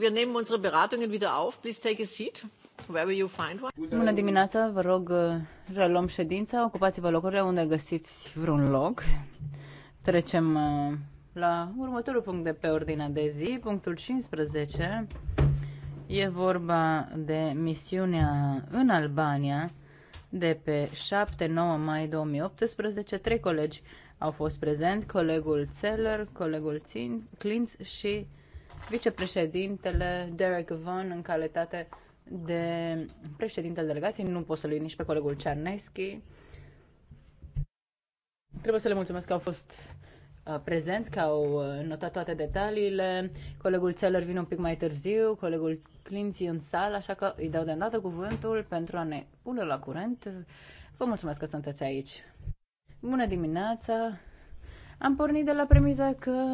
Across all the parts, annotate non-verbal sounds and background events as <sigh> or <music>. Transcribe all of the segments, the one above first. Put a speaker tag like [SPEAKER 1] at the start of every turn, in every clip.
[SPEAKER 1] wir nehmen unsere Beratungen wieder auf. Please take a seat. Wherever you find one. Bună dimineața,
[SPEAKER 2] vă rog, uh, reluăm ședința, ocupați-vă locurile unde găsiți vreun loc. Trecem uh, la următorul punct de pe ordinea de zi, punctul 15. E vorba de misiunea în Albania de pe 7-9 mai 2018. Trei colegi au fost prezenți, colegul Zeller, colegul Klintz și vicepreședintele Derek Vaughan în calitate de președintele delegației. Nu pot să-l nici pe colegul Cerneschi. Trebuie să le mulțumesc că au fost uh, prezenți, că au uh, notat toate detaliile. Colegul Țeller vine un pic mai târziu, colegul Clinții în sală, așa că îi dau de îndată cuvântul pentru a ne pune la curent. Vă mulțumesc că sunteți aici. Bună dimineața! Am pornit de la premiza că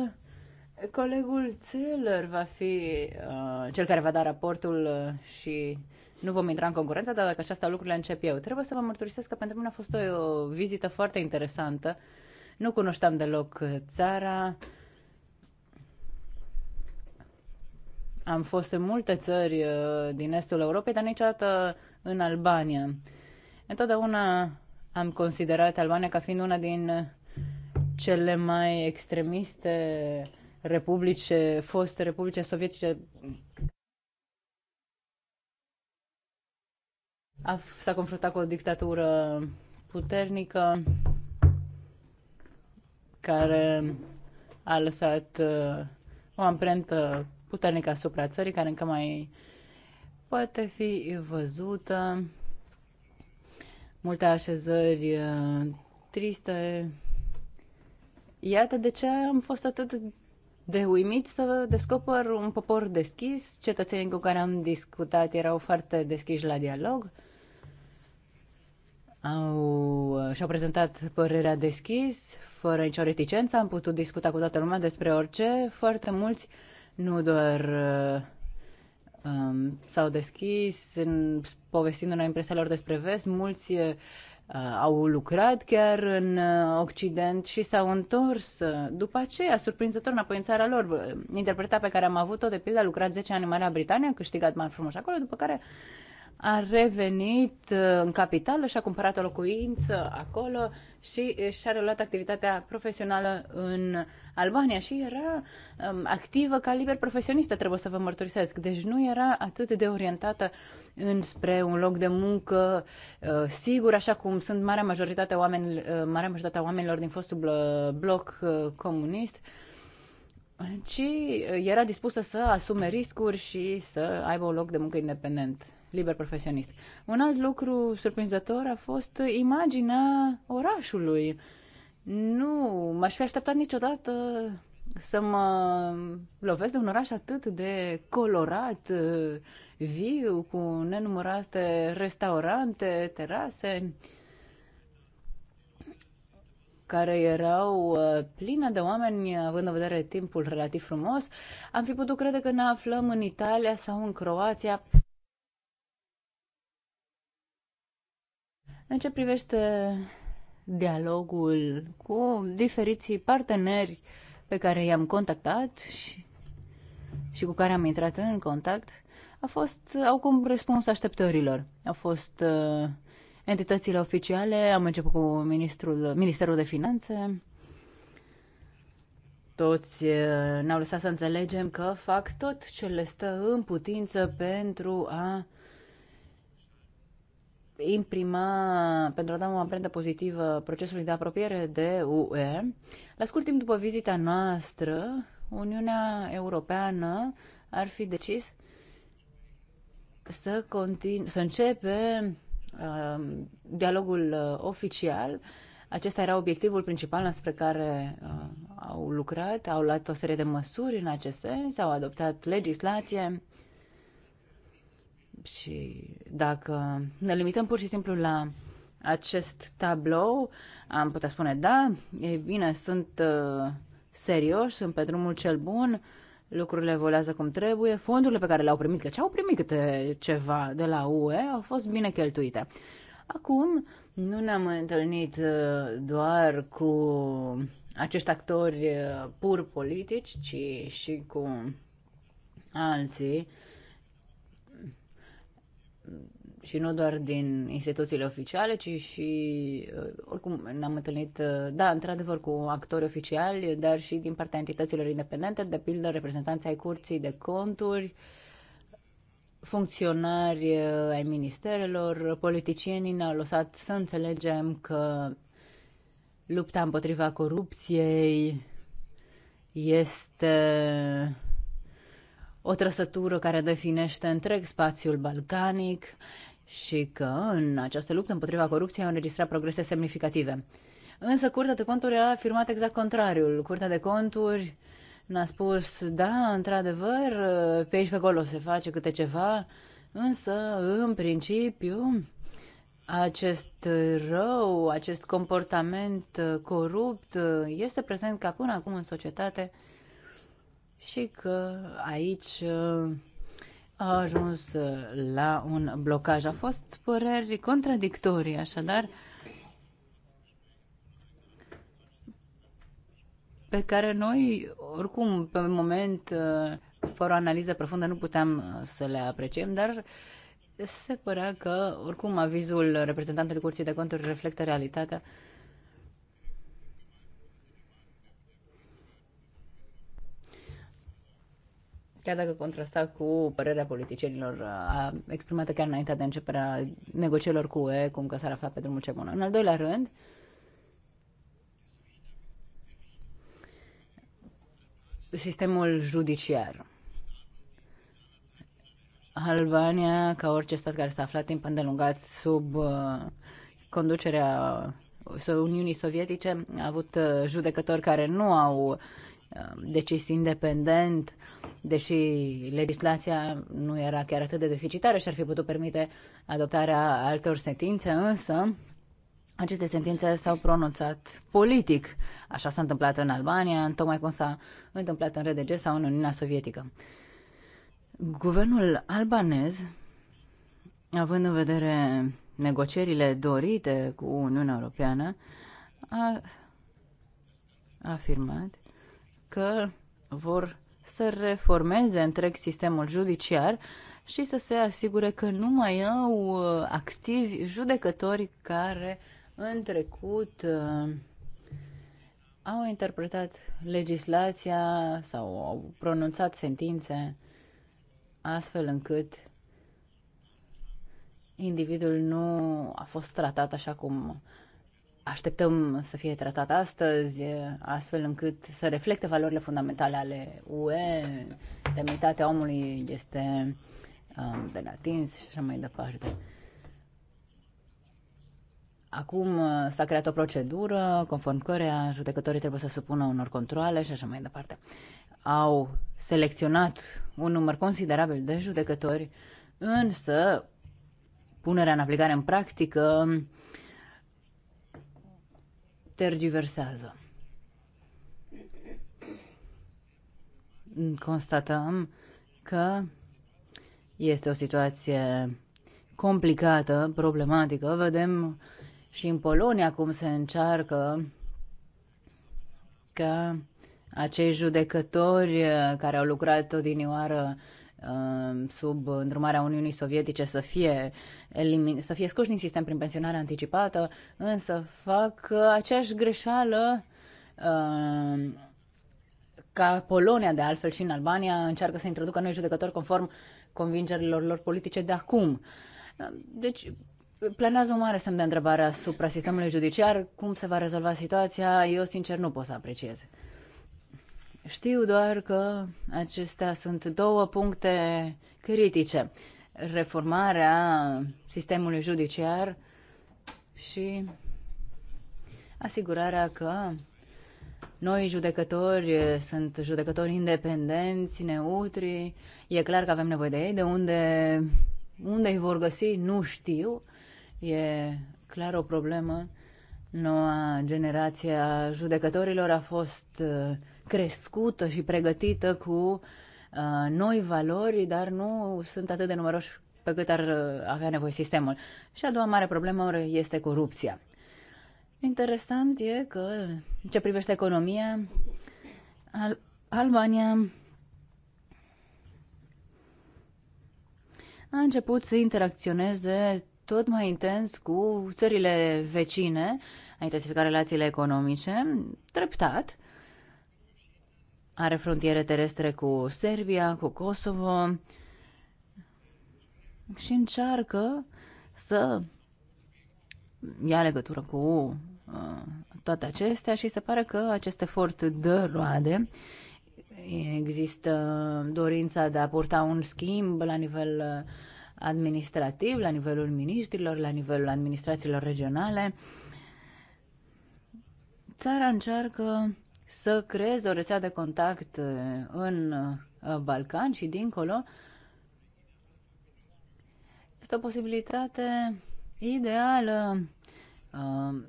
[SPEAKER 2] Colegul Țeller va fi uh, cel care va da raportul uh, și nu vom intra în concurență, dar dacă aceasta lucrurile încep eu. Trebuie să vă mărturisesc că pentru mine a fost o, o vizită foarte interesantă. Nu cunoșteam deloc țara. Am fost în multe țări uh, din estul Europei, dar niciodată în Albania. Întotdeauna am considerat Albania ca fiind una din cele mai extremiste republice, foste republice sovietice. S-a confruntat cu o dictatură puternică care a lăsat uh, o amprentă puternică asupra țării, care încă mai poate fi văzută. Multe așezări uh, triste. Iată de ce am fost atât de uimit să descoper un popor deschis. Cetățenii cu care am discutat erau foarte deschiși la dialog. Au, și-au prezentat părerea deschis, fără nicio reticență. Am putut discuta cu toată lumea despre orice. Foarte mulți, nu doar um, s-au deschis, povestindu-ne impresia lor despre vest, mulți Uh, au lucrat chiar în uh, Occident și s-au întors uh, după aceea, surprinzător, înapoi în țara lor. Interpreta pe care am avut-o, de pildă, a lucrat 10 ani în Marea Britanie, a câștigat mai frumos acolo, după care a revenit uh, în capitală și a cumpărat o locuință acolo și și-a reluat activitatea profesională în Albania și era um, activă ca liber profesionistă, trebuie să vă mărturisesc. Deci nu era atât de orientată înspre un loc de muncă uh, sigur, așa cum sunt marea majoritate oameni, uh, marea majoritatea oamenilor din fostul uh, bloc uh, comunist, ci era dispusă să asume riscuri și să aibă un loc de muncă independent liber profesionist. Un alt lucru surprinzător a fost imaginea orașului. Nu m-aș fi așteptat niciodată să mă lovesc de un oraș atât de colorat, viu, cu nenumărate restaurante, terase, care erau uh, pline de oameni, având în vedere timpul relativ frumos, am fi putut crede că ne aflăm în Italia sau în Croația. În ce privește dialogul cu diferiții parteneri pe care i-am contactat și, și cu care am intrat în contact, a fost, au cum răspuns așteptărilor. Au fost uh, entitățile oficiale, am început cu ministrul, Ministerul de Finanțe, toți uh, ne-au lăsat să înțelegem că fac tot ce le stă în putință pentru a imprima, pentru a da o amprentă pozitivă procesului de apropiere de UE, la scurt timp după vizita noastră, Uniunea Europeană ar fi decis să, continu- să începe uh, dialogul uh, oficial. Acesta era obiectivul principal spre care uh, au lucrat, au luat o serie de măsuri în acest sens, au adoptat legislație și dacă ne limităm pur și simplu la acest tablou, am putea spune, da, e bine, sunt uh, serioși, sunt pe drumul cel bun, lucrurile volează cum trebuie, fondurile pe care le-au primit, că ce-au primit câte ceva de la UE, au fost bine cheltuite. Acum nu ne-am întâlnit uh, doar cu acești actori uh, pur politici, ci și cu alții și nu doar din instituțiile oficiale, ci și, uh, oricum, ne-am întâlnit, uh, da, într-adevăr, cu actori oficiali, dar și din partea entităților independente, de pildă reprezentanții ai curții de conturi, funcționari uh, ai ministerelor, politicienii ne-au lăsat să înțelegem că lupta împotriva corupției este o trăsătură care definește întreg spațiul balcanic și că în această luptă împotriva corupției au înregistrat progrese semnificative. Însă Curtea de Conturi a afirmat exact contrariul. Curtea de Conturi ne-a spus, da, într-adevăr, pe aici pe acolo se face câte ceva, însă, în principiu, acest rău, acest comportament corupt este prezent ca până acum în societate și că aici a ajuns uh, la un blocaj. A fost păreri contradictorii, așadar, pe care noi, oricum, pe moment, uh, fără o analiză profundă, nu puteam uh, să le apreciem, dar se părea că, oricum, avizul reprezentantului Curții de Conturi reflectă realitatea uh, chiar dacă contrasta cu părerea politicienilor uh, a, exprimată chiar înainte de începerea negocierilor cu UE, cum că s-ar afla pe drumul ce bun. În al doilea rând, sistemul judiciar. Albania, ca orice stat care s-a aflat timp îndelungat sub uh, conducerea Uniunii Sovietice, a avut uh, judecători care nu au Um, decis independent, deși legislația nu era chiar atât de deficitară și ar fi putut permite adoptarea altor sentințe, însă aceste sentințe s-au pronunțat politic. Așa s-a întâmplat în Albania, tocmai cum s-a întâmplat în RDG sau în Uniunea Sovietică. Guvernul albanez, având în vedere negocierile dorite cu Uniunea Europeană, a afirmat că vor să reformeze întreg sistemul judiciar și să se asigure că nu mai au uh, activi judecători care în trecut uh, au interpretat legislația sau au pronunțat sentințe astfel încât individul nu a fost tratat așa cum Așteptăm să fie tratat astăzi, astfel încât să reflecte valorile fundamentale ale UE. Demnitatea omului este um, de neatins și așa mai departe. Acum uh, s-a creat o procedură conform căreia judecătorii trebuie să supună unor controle și așa mai departe. Au selecționat un număr considerabil de judecători, însă punerea în aplicare în practică uh, tergiversează. Constatăm că este o situație complicată, problematică. Vedem și în Polonia cum se încearcă ca acei judecători care au lucrat odinioară Um, sub îndrumarea Uniunii Sovietice să fie, elimin, să fie scoși din sistem prin pensionare anticipată, însă fac aceeași greșeală um, ca Polonia, de altfel, și în Albania, încearcă să introducă noi judecători conform convingerilor lor politice de acum. Um, deci, planează o mare semn de întrebare asupra sistemului judiciar, cum se va rezolva situația, eu sincer nu pot să apreciez. Știu doar că acestea sunt două puncte critice. Reformarea sistemului judiciar și asigurarea că noi judecători sunt judecători independenți, neutri, e clar că avem nevoie de ei, de unde, unde îi vor găsi nu știu, e clar o problemă. Noua generație a judecătorilor a fost crescută și pregătită cu uh, noi valori, dar nu sunt atât de numeroși pe cât ar uh, avea nevoie sistemul. Și a doua mare problemă este corupția. Interesant e că, în ce privește economia, Al- Albania a început să interacționeze tot mai intens cu țările vecine, a intensificat relațiile economice, treptat, are frontiere terestre cu Serbia, cu Kosovo și încearcă să ia legătură cu uh, toate acestea și se pare că acest efort dă roade. Există dorința de a purta un schimb la nivel uh, administrativ, la nivelul ministrilor, la nivelul administrațiilor regionale. Țara încearcă să creeze o rețea de contact uh, în uh, Balcan și dincolo. Este o posibilitate ideală uh,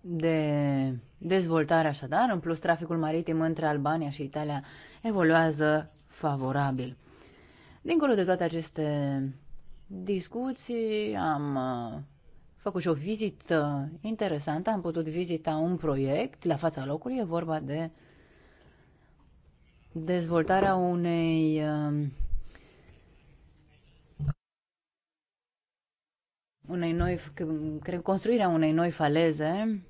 [SPEAKER 2] de dezvoltare așadar, în plus traficul maritim între Albania și Italia evoluează favorabil. Dincolo de toate aceste discuții, am făcut și o vizită interesantă, am putut vizita un proiect la fața locului, e vorba de dezvoltarea unei um, unei noi, cred, construirea unei noi faleze.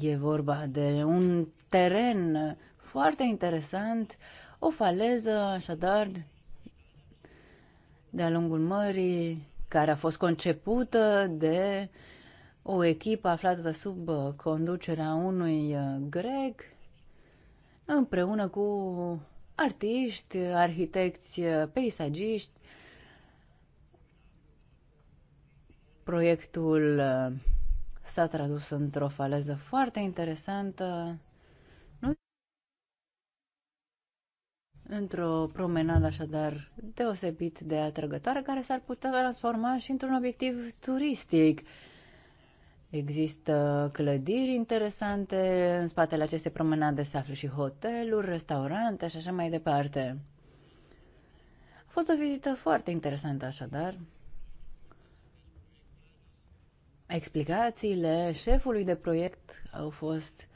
[SPEAKER 2] E vorba de un teren foarte interesant, o faleză, așadar, de-a lungul mării, care a fost concepută de o echipă aflată sub uh, conducerea unui uh, grec, împreună cu artiști, arhitecți, uh, peisagiști. Proiectul s-a tradus într-o faleză foarte interesantă într-o promenadă așadar deosebit de atrăgătoare care s-ar putea transforma și într-un obiectiv turistic. Există clădiri interesante, în spatele acestei promenade se află și hoteluri, restaurante și așa mai departe. A fost o vizită foarte interesantă așadar. Explicațiile șefului de proiect au fost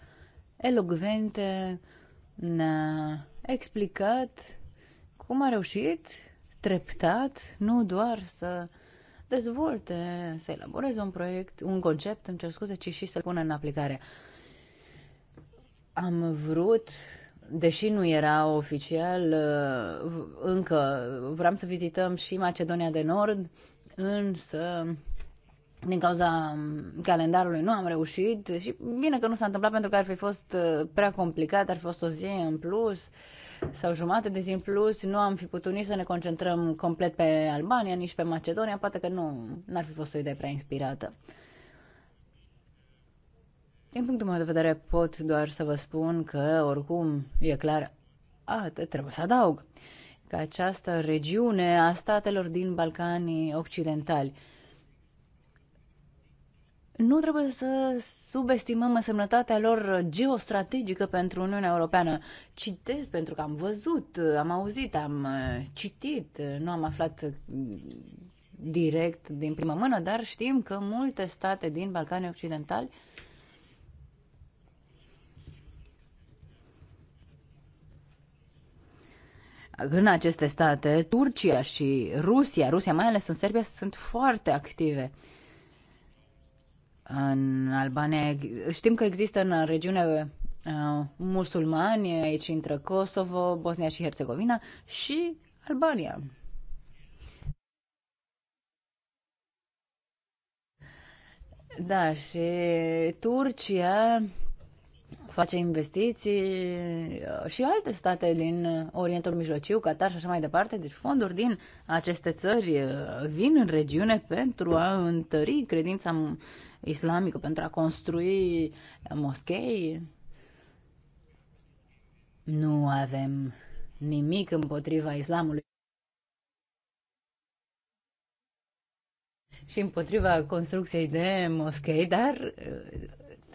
[SPEAKER 2] elogvente, ne-a explicat cum a reușit treptat, nu doar să dezvolte, să elaboreze un proiect, un concept, îmi cer scuze, ci și să-l pună în aplicare. Am vrut, deși nu era oficial uh, încă, vreau să vizităm și Macedonia de Nord, însă din cauza um, calendarului nu am reușit și bine că nu s-a întâmplat pentru că ar fi fost uh, prea complicat, ar fi fost o zi în plus sau jumate de zi în plus, nu am fi putut nici să ne concentrăm complet pe Albania, nici pe Macedonia, poate că nu n-ar fi fost o idee prea inspirată. Din punctul meu de vedere pot doar să vă spun că oricum e clar, a, trebuie să adaug că această regiune a statelor din Balcanii Occidentali nu trebuie să subestimăm însemnătatea lor geostrategică pentru Uniunea Europeană. Citesc pentru că am văzut, am auzit, am uh, citit, nu am aflat uh, direct din prima mână, dar știm că multe state din Balcanii Occidentali În aceste state, Turcia și Rusia, Rusia mai ales în Serbia, sunt foarte active. Uh, în Albania. Știm că există în regiune uh, musulmani, aici între Kosovo, Bosnia și Herțegovina și Albania. Da, și Turcia face investiții uh, și alte state din uh, Orientul Mijlociu, Qatar și așa mai departe. Deci fonduri din aceste țări uh, vin în regiune pentru a întări credința islamică, pentru a construi moschei. Nu avem nimic împotriva islamului. și împotriva construcției de moschei, dar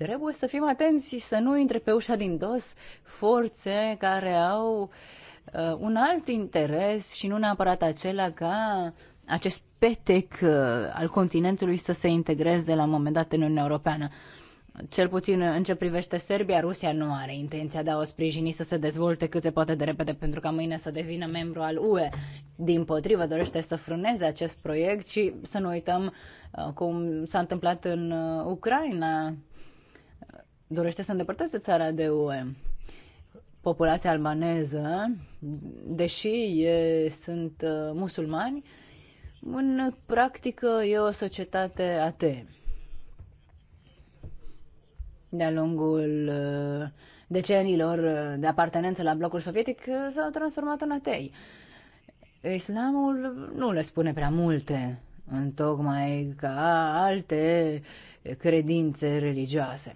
[SPEAKER 2] Trebuie să fim atenți să nu intre pe ușa din dos forțe care au uh, un alt interes și nu neapărat acela ca acest petec uh, al continentului să se integreze la un moment dat în Uniunea Europeană. Cel puțin în ce privește Serbia, Rusia nu are intenția de a o sprijini să se dezvolte cât se poate de repede pentru ca mâine să devină membru al UE. Din potrivă, dorește să frâneze acest proiect și să nu uităm uh, cum s-a întâmplat în uh, Ucraina dorește să îndepărteze țara de UE. Populația albaneză, deși e, sunt uh, musulmani, în practică e o societate atee. De-a lungul uh, deceniilor uh, de apartenență la blocul sovietic uh, s-au transformat în atei. Islamul nu le spune prea multe, întocmai ca alte credințe religioase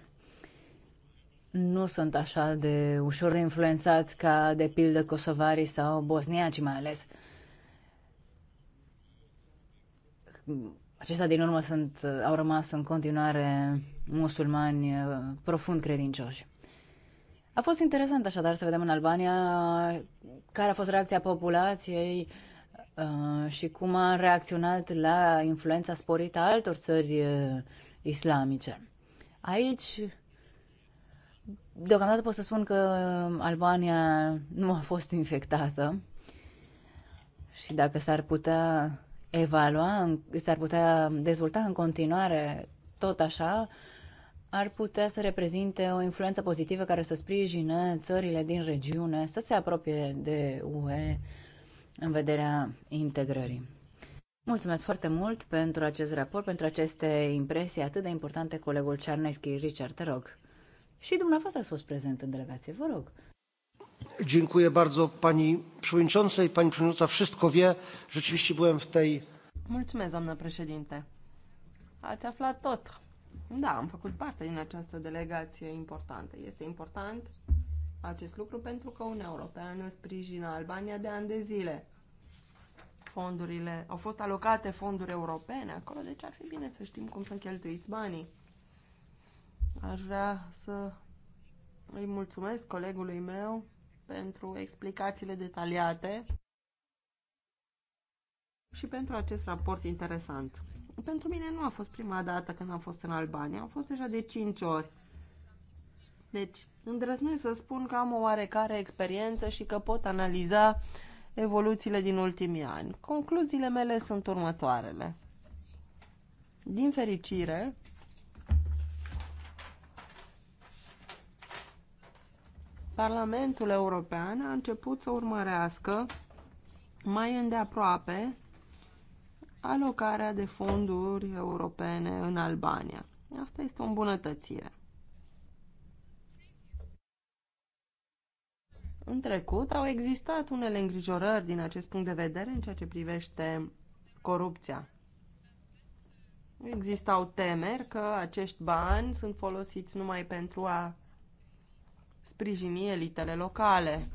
[SPEAKER 2] nu sunt așa de ușor de influențat ca, de pildă, kosovarii sau bosniaci mai ales. Aceștia din urmă sunt, au rămas în continuare musulmani eh, profund credincioși. A fost interesant așadar să vedem în Albania care a fost reacția populației eh, și cum a reacționat la influența sporită a altor țări eh, islamice. Aici Deocamdată pot să spun că Albania nu a fost infectată și dacă s-ar putea evalua, s-ar putea dezvolta în continuare tot așa, ar putea să reprezinte o influență pozitivă care să sprijine țările din regiune să se apropie de UE în vederea integrării. Mulțumesc foarte mult pentru acest raport, pentru aceste impresii atât de importante, colegul Cerneschi. Richard, te rog. Și dumneavoastră ați fost prezent în delegație, vă rog.
[SPEAKER 3] Dziękuję bardzo pani przewodniczącej. Pani przewodnicząca wszystko wie. Rzeczywiście byłem w tej... Mulțumesc, doamnă președinte. Ați aflat tot. Da, am făcut parte din această delegație importantă. Este important acest lucru pentru că Uniunea Europeană sprijină Albania de ani de zile. Fondurile, au fost alocate fonduri europene acolo, deci ar fi bine să știm cum sunt cheltuiți banii. Aș vrea să îi mulțumesc colegului meu pentru explicațiile detaliate și pentru acest raport interesant. Pentru mine nu a fost prima dată când am fost în Albania, am fost deja de 5 ori. Deci, îndrăznesc să spun că am o oarecare experiență și că pot analiza evoluțiile din ultimii ani. Concluziile mele sunt următoarele. Din fericire, Parlamentul European a început să urmărească mai îndeaproape alocarea de fonduri europene în Albania. Asta este o îmbunătățire. În trecut au existat unele îngrijorări din acest punct de vedere în ceea ce privește corupția. Existau temeri că acești bani sunt folosiți numai pentru a sprijini elitele locale.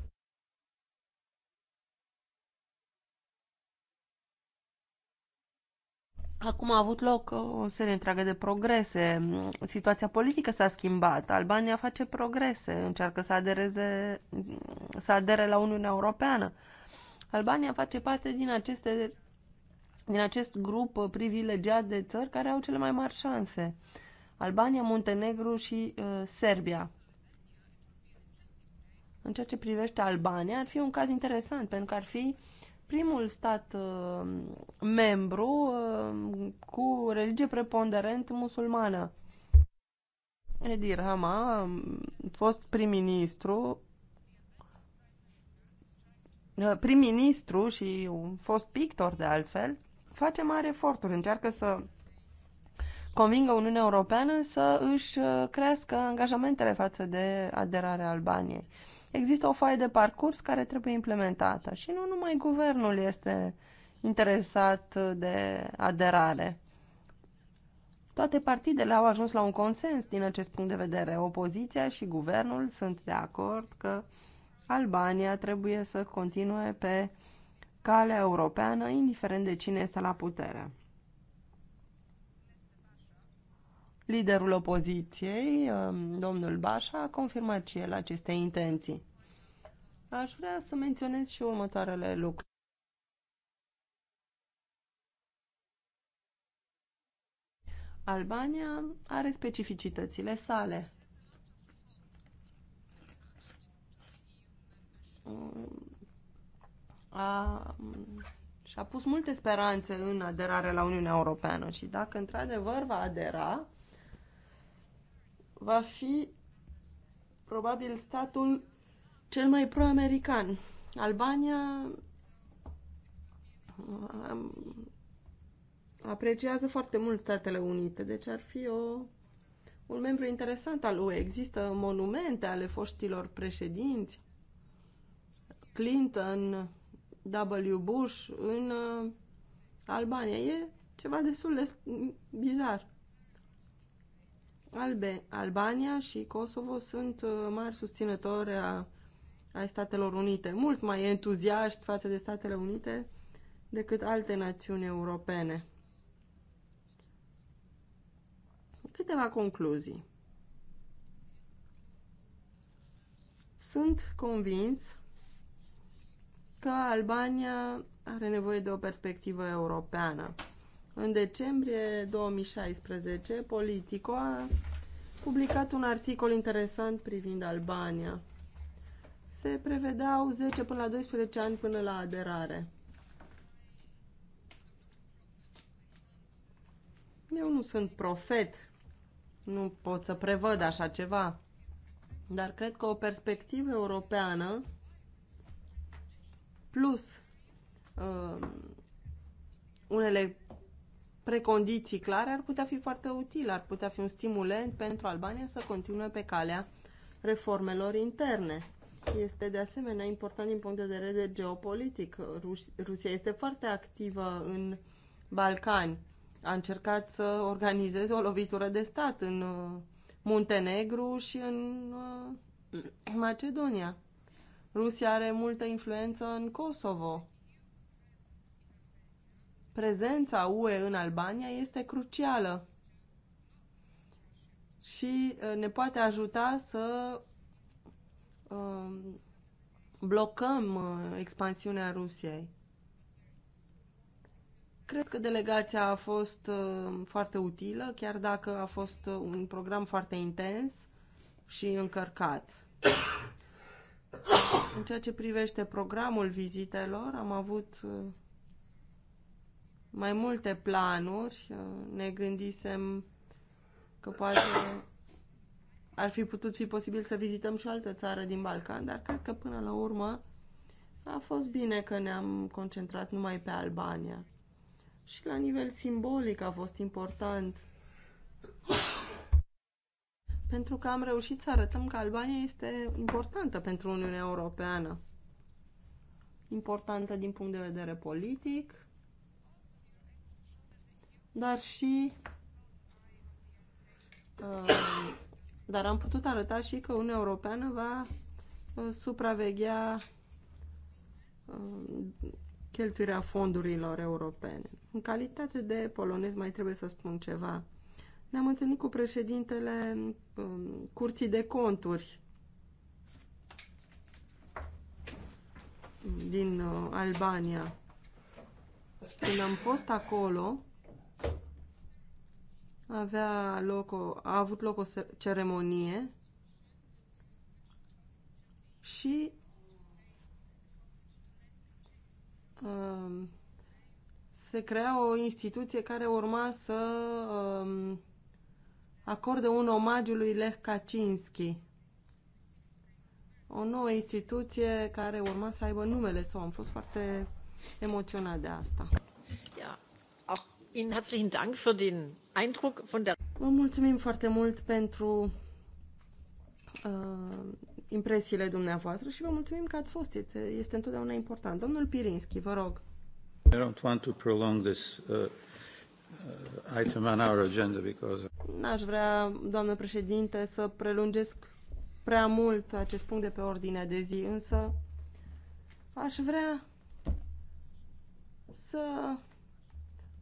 [SPEAKER 3] Acum a avut loc o serie întreagă de progrese. Situația politică s-a schimbat. Albania face progrese, încearcă să, adereze, să adere la Uniunea Europeană. Albania face parte din, aceste, din acest grup privilegiat de țări care au cele mai mari șanse. Albania, Muntenegru și uh, Serbia în ceea ce privește Albania, ar fi un caz interesant, pentru că ar fi primul stat uh, membru uh, cu religie preponderent musulmană. Edi Rama, um, fost prim-ministru, uh, prim-ministru și un fost pictor de altfel, face mari eforturi, încearcă să convingă Uniunea Europeană să își uh, crească angajamentele față de aderarea Albaniei există o foaie de parcurs care trebuie implementată și nu numai guvernul este interesat de aderare. Toate partidele au ajuns la un consens din acest punct de vedere. Opoziția și guvernul sunt de acord că Albania trebuie să continue pe calea europeană, indiferent de cine este la putere. Liderul opoziției, um, domnul Bașa, a confirmat și el aceste intenții. Aș vrea să menționez și următoarele lucruri. Albania are specificitățile sale. A, și-a pus multe speranțe în aderarea la Uniunea Europeană și dacă într-adevăr va adera, va fi probabil statul cel mai pro-american. Albania uh, apreciază foarte mult Statele Unite, deci ar fi o, un membru interesant al UE. Există monumente ale foștilor președinți, Clinton, W. Bush, în uh, Albania. E ceva destul de bizar. Albe, Albania și Kosovo sunt uh, mari susținători a, ai Statelor Unite, mult mai entuziaști față de Statele Unite decât alte națiuni europene. Câteva concluzii. Sunt convins că Albania are nevoie de o perspectivă europeană în decembrie 2016, Politico a publicat un articol interesant privind Albania. Se prevedeau 10 până la 12 ani până la aderare. Eu nu sunt profet, nu pot să prevăd așa ceva, dar cred că o perspectivă europeană plus uh, unele precondiții clare ar putea fi foarte util, ar putea fi un stimulent pentru Albania să continue pe calea reformelor interne. Este de asemenea important din punct de vedere de geopolitic. Rus Rusia este foarte activă în Balcani. A încercat să organizeze o lovitură de stat în uh, Muntenegru și în uh, Macedonia. Rusia are multă influență în Kosovo prezența UE în Albania este crucială și uh, ne poate ajuta să um, blocăm uh, expansiunea Rusiei. Cred că delegația a fost uh, foarte utilă, chiar dacă a fost un program foarte intens și încărcat. În ceea ce privește programul vizitelor, am avut mai multe planuri. Uh, ne gândisem că poate ar fi putut fi posibil să vizităm și altă țară din Balcan, dar cred că până la urmă a fost bine că ne-am concentrat numai pe Albania. Și la nivel simbolic a fost important. pentru că am reușit să arătăm că Albania este importantă pentru Uniunea Europeană. Importantă din punct de vedere politic, dar și um, dar am putut arăta și că Uniunea Europeană va uh, supraveghea um, cheltuirea fondurilor europene. În calitate de polonez mai trebuie să spun ceva. Ne-am întâlnit cu președintele um, Curții de Conturi din uh, Albania. Când am fost acolo, avea loc o, a avut loc o ceremonie și um, se crea o instituție care urma să um, acorde un omagiu lui Lech Kaczynski. O nouă instituție care urma să aibă numele sau am fost foarte emoționat de asta. Ja, auch Ihnen herzlichen Dank für den Eindruck von der... Vă mulțumim foarte mult pentru uh, impresiile dumneavoastră și vă mulțumim că ați fost. Este, este întotdeauna important. Domnul Pirinski, vă rog.
[SPEAKER 2] I don't want to prolong this uh,
[SPEAKER 4] uh item on our agenda because... N-aș
[SPEAKER 3] vrea, doamnă președinte, să prelungesc prea mult acest punct de pe ordinea de zi, însă aș vrea să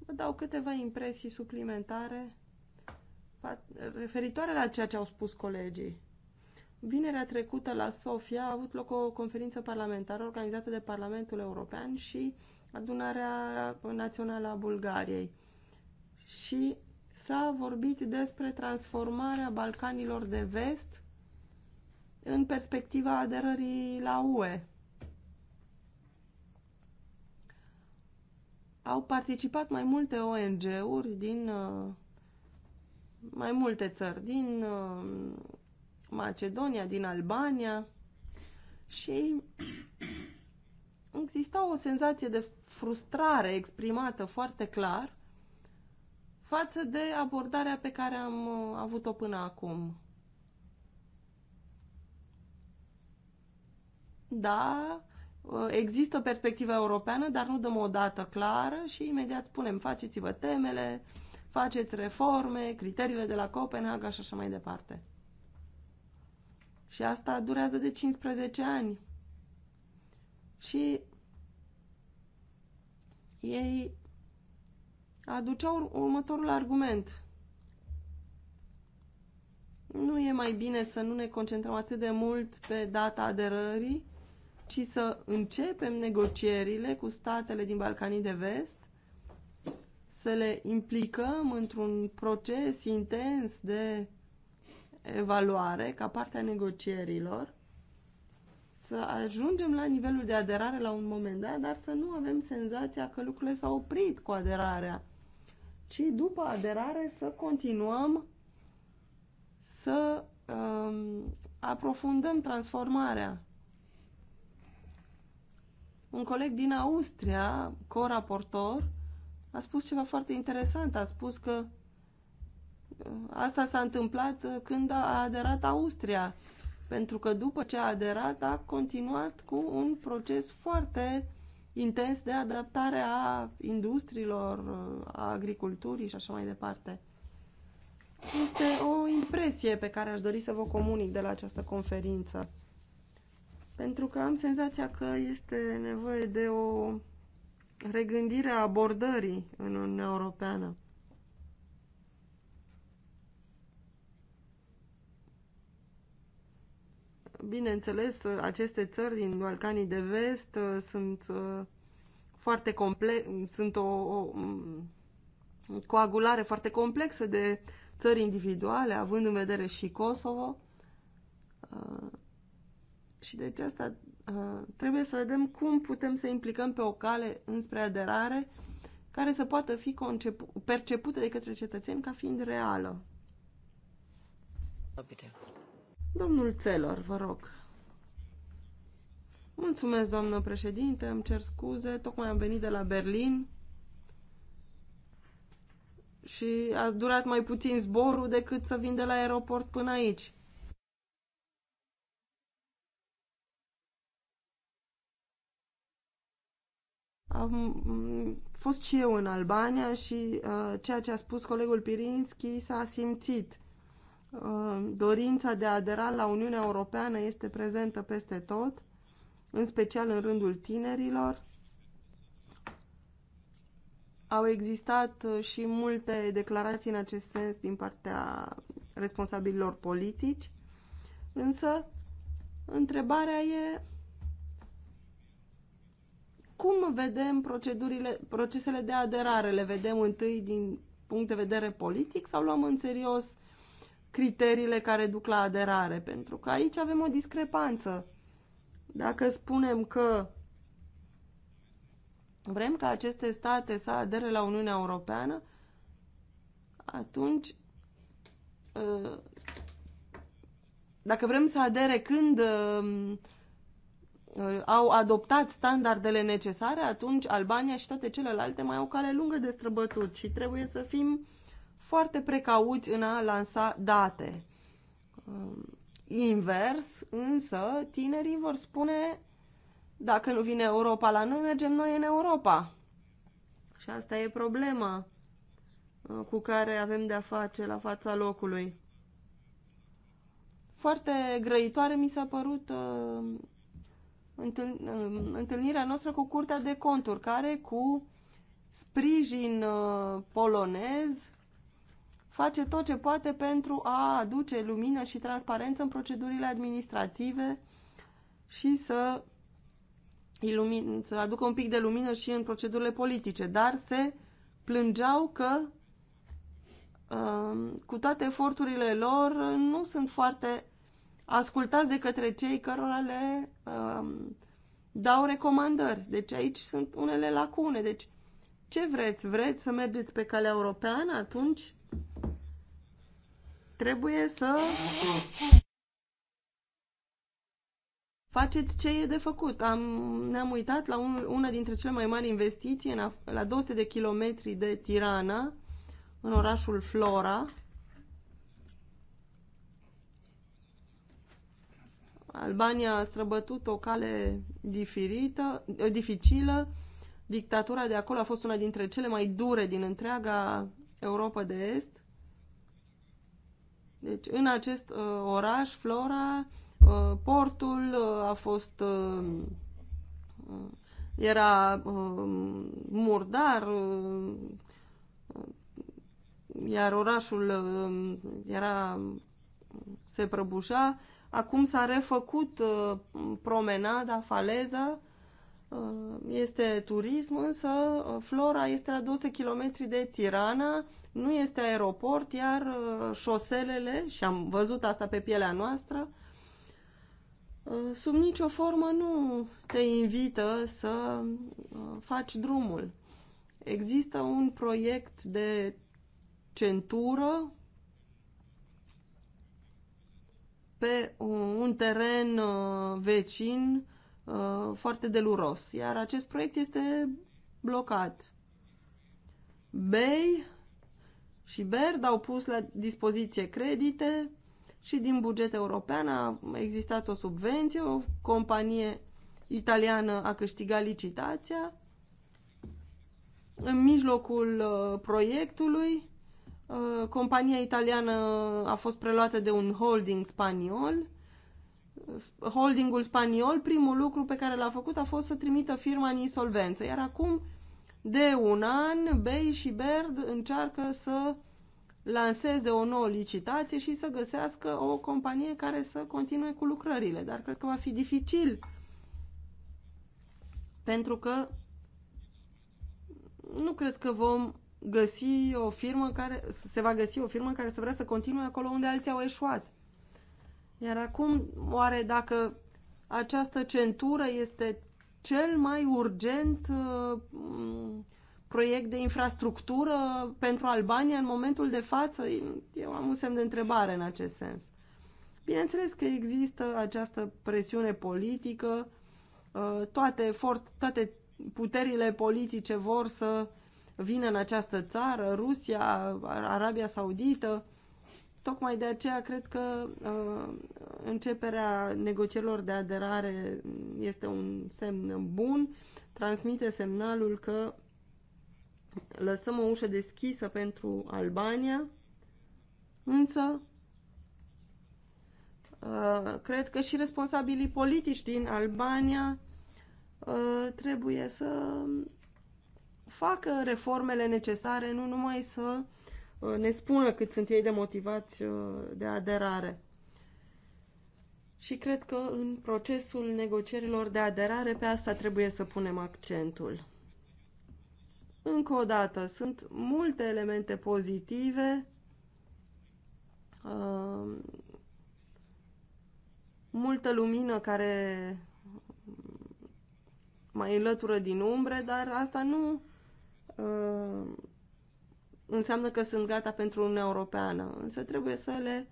[SPEAKER 3] Vă dau câteva impresii suplimentare referitoare la ceea ce au spus colegii. Vinerea trecută la Sofia a avut loc o conferință parlamentară organizată de Parlamentul European și adunarea națională a Bulgariei. Și s-a vorbit despre transformarea Balcanilor de vest în perspectiva aderării la UE. au participat mai multe ONG-uri din uh, mai multe țări, din uh, Macedonia, din Albania și exista o senzație de frustrare exprimată foarte clar față de abordarea pe care am uh, avut-o până acum. Da, Uh, există perspectiva europeană, dar nu dăm o dată clară și imediat punem faceți-vă temele, faceți reforme, criteriile de la Copenhaga și așa mai departe. Și asta durează de 15 ani. Și ei aduceau următorul argument. Nu e mai bine să nu ne concentrăm atât de mult pe data aderării, ci să începem negocierile cu statele din Balcanii de Vest, să le implicăm într-un proces intens de evaluare ca parte a negocierilor, să ajungem la nivelul de aderare la un moment dat, dar să nu avem senzația că lucrurile s-au oprit cu aderarea, ci după aderare să continuăm să um, aprofundăm transformarea un coleg din Austria, co-raportor, a spus ceva foarte interesant. A spus că uh, asta s-a întâmplat uh, când a aderat Austria, pentru că după ce a aderat a continuat cu un proces foarte intens de adaptare a industriilor, uh, a agriculturii și așa mai departe. Este o impresie pe care aș dori să vă comunic de la această conferință pentru că am senzația că este nevoie de o regândire a abordării în Uniunea Europeană. Bineînțeles, aceste țări din Balcanii de Vest uh, sunt uh, foarte complexe, sunt o, o mm, coagulare foarte complexă de țări individuale, având în vedere și Kosovo. Uh, și deci asta uh, trebuie să vedem cum putem să implicăm pe o cale înspre aderare care să poată fi percepută de către cetățeni ca fiind reală. Domnul Țelor, vă rog. Mulțumesc, doamnă președinte, îmi cer scuze, tocmai am venit de la Berlin și a durat mai puțin zborul decât să vin de la aeroport până aici. Am mm, fost și eu în Albania și uh, ceea ce a spus colegul Pirinski s-a simțit. Uh, dorința de a adera la Uniunea Europeană este prezentă peste tot, în special în rândul tinerilor. Au existat uh, și multe declarații în acest sens din partea responsabililor politici, însă întrebarea e cum vedem procedurile, procesele de aderare? Le vedem întâi din punct de vedere politic sau luăm în serios criteriile care duc la aderare? Pentru că aici avem o discrepanță. Dacă spunem că vrem ca aceste state să adere la Uniunea Europeană, atunci ă, dacă vrem să adere când ă, Uh, au adoptat standardele necesare, atunci Albania și toate celelalte mai au cale lungă de străbătut și trebuie să fim foarte precauți în a lansa date. Um, invers, însă, tinerii vor spune dacă nu vine Europa la noi, mergem noi în Europa. Și asta e problema uh, cu care avem de-a face la fața locului. Foarte grăitoare mi s-a părut uh, Um, întâlnirea noastră cu Curtea de Conturi, care cu sprijin uh, polonez face tot ce poate pentru a aduce lumină și transparență în procedurile administrative și să, să aducă un pic de lumină și în procedurile politice, dar se plângeau că um, cu toate eforturile lor nu sunt foarte ascultați de către cei cărora le um, dau recomandări. Deci aici sunt unele lacune. Deci ce vreți? Vreți să mergeți pe calea europeană? Atunci trebuie să faceți ce e de făcut. Am, ne-am uitat la un, una dintre cele mai mari investiții, în, la 200 de kilometri de Tirana, în orașul Flora, Albania a străbătut o cale diferită, dificilă. Dictatura de acolo a fost una dintre cele mai dure din întreaga Europa de Est. Deci, în acest uh, oraș, Flora, uh, portul uh, a fost. Uh, era uh, murdar, uh, iar orașul uh, era. se prăbușea. Uh, Acum s-a refăcut uh, promenada, faleza, uh, este turism, însă uh, Flora este la 200 km de Tirana, nu este aeroport, iar uh, șoselele, și am văzut asta pe pielea noastră, sub nicio formă nu te invită să faci drumul. Există un proiect de centură pe un teren uh, vecin uh, foarte deluros, iar acest proiect este blocat. Bay și Baird au pus la dispoziție credite și din buget european a existat o subvenție, o companie italiană a câștigat licitația. În mijlocul uh, proiectului Uh, compania italiană a fost preluată de un holding spaniol. Uh, holdingul spaniol, primul lucru pe care l-a făcut a fost să trimită firma în insolvență, iar acum, de un an, Bay și Baird încearcă să lanseze o nouă licitație și să găsească o companie care să continue cu lucrările, dar cred că va fi dificil pentru că nu cred că vom găsi o firmă care, se va găsi o firmă care să vrea să continue acolo unde alții au eșuat. Iar acum, oare dacă această centură este cel mai urgent uh, proiect de infrastructură pentru Albania în momentul de față? Eu am un semn de întrebare în acest sens. Bineînțeles că există această presiune politică, uh, toate, for- toate puterile politice vor să vină în această țară, Rusia, Arabia Saudită. Tocmai de aceea cred că uh, începerea negocierilor de aderare este un semn bun, transmite semnalul că lăsăm o ușă deschisă pentru Albania, însă uh, cred că și responsabilii politici din Albania uh, trebuie să facă reformele necesare, nu numai să uh, ne spună cât sunt ei de motivați uh, de aderare. Și cred că în procesul negocierilor de aderare pe asta trebuie să punem accentul. Încă o dată, sunt multe elemente pozitive, uh, multă lumină care mai înlătură din umbre, dar asta nu Uh, înseamnă că sunt gata pentru Uniunea Europeană, însă trebuie să le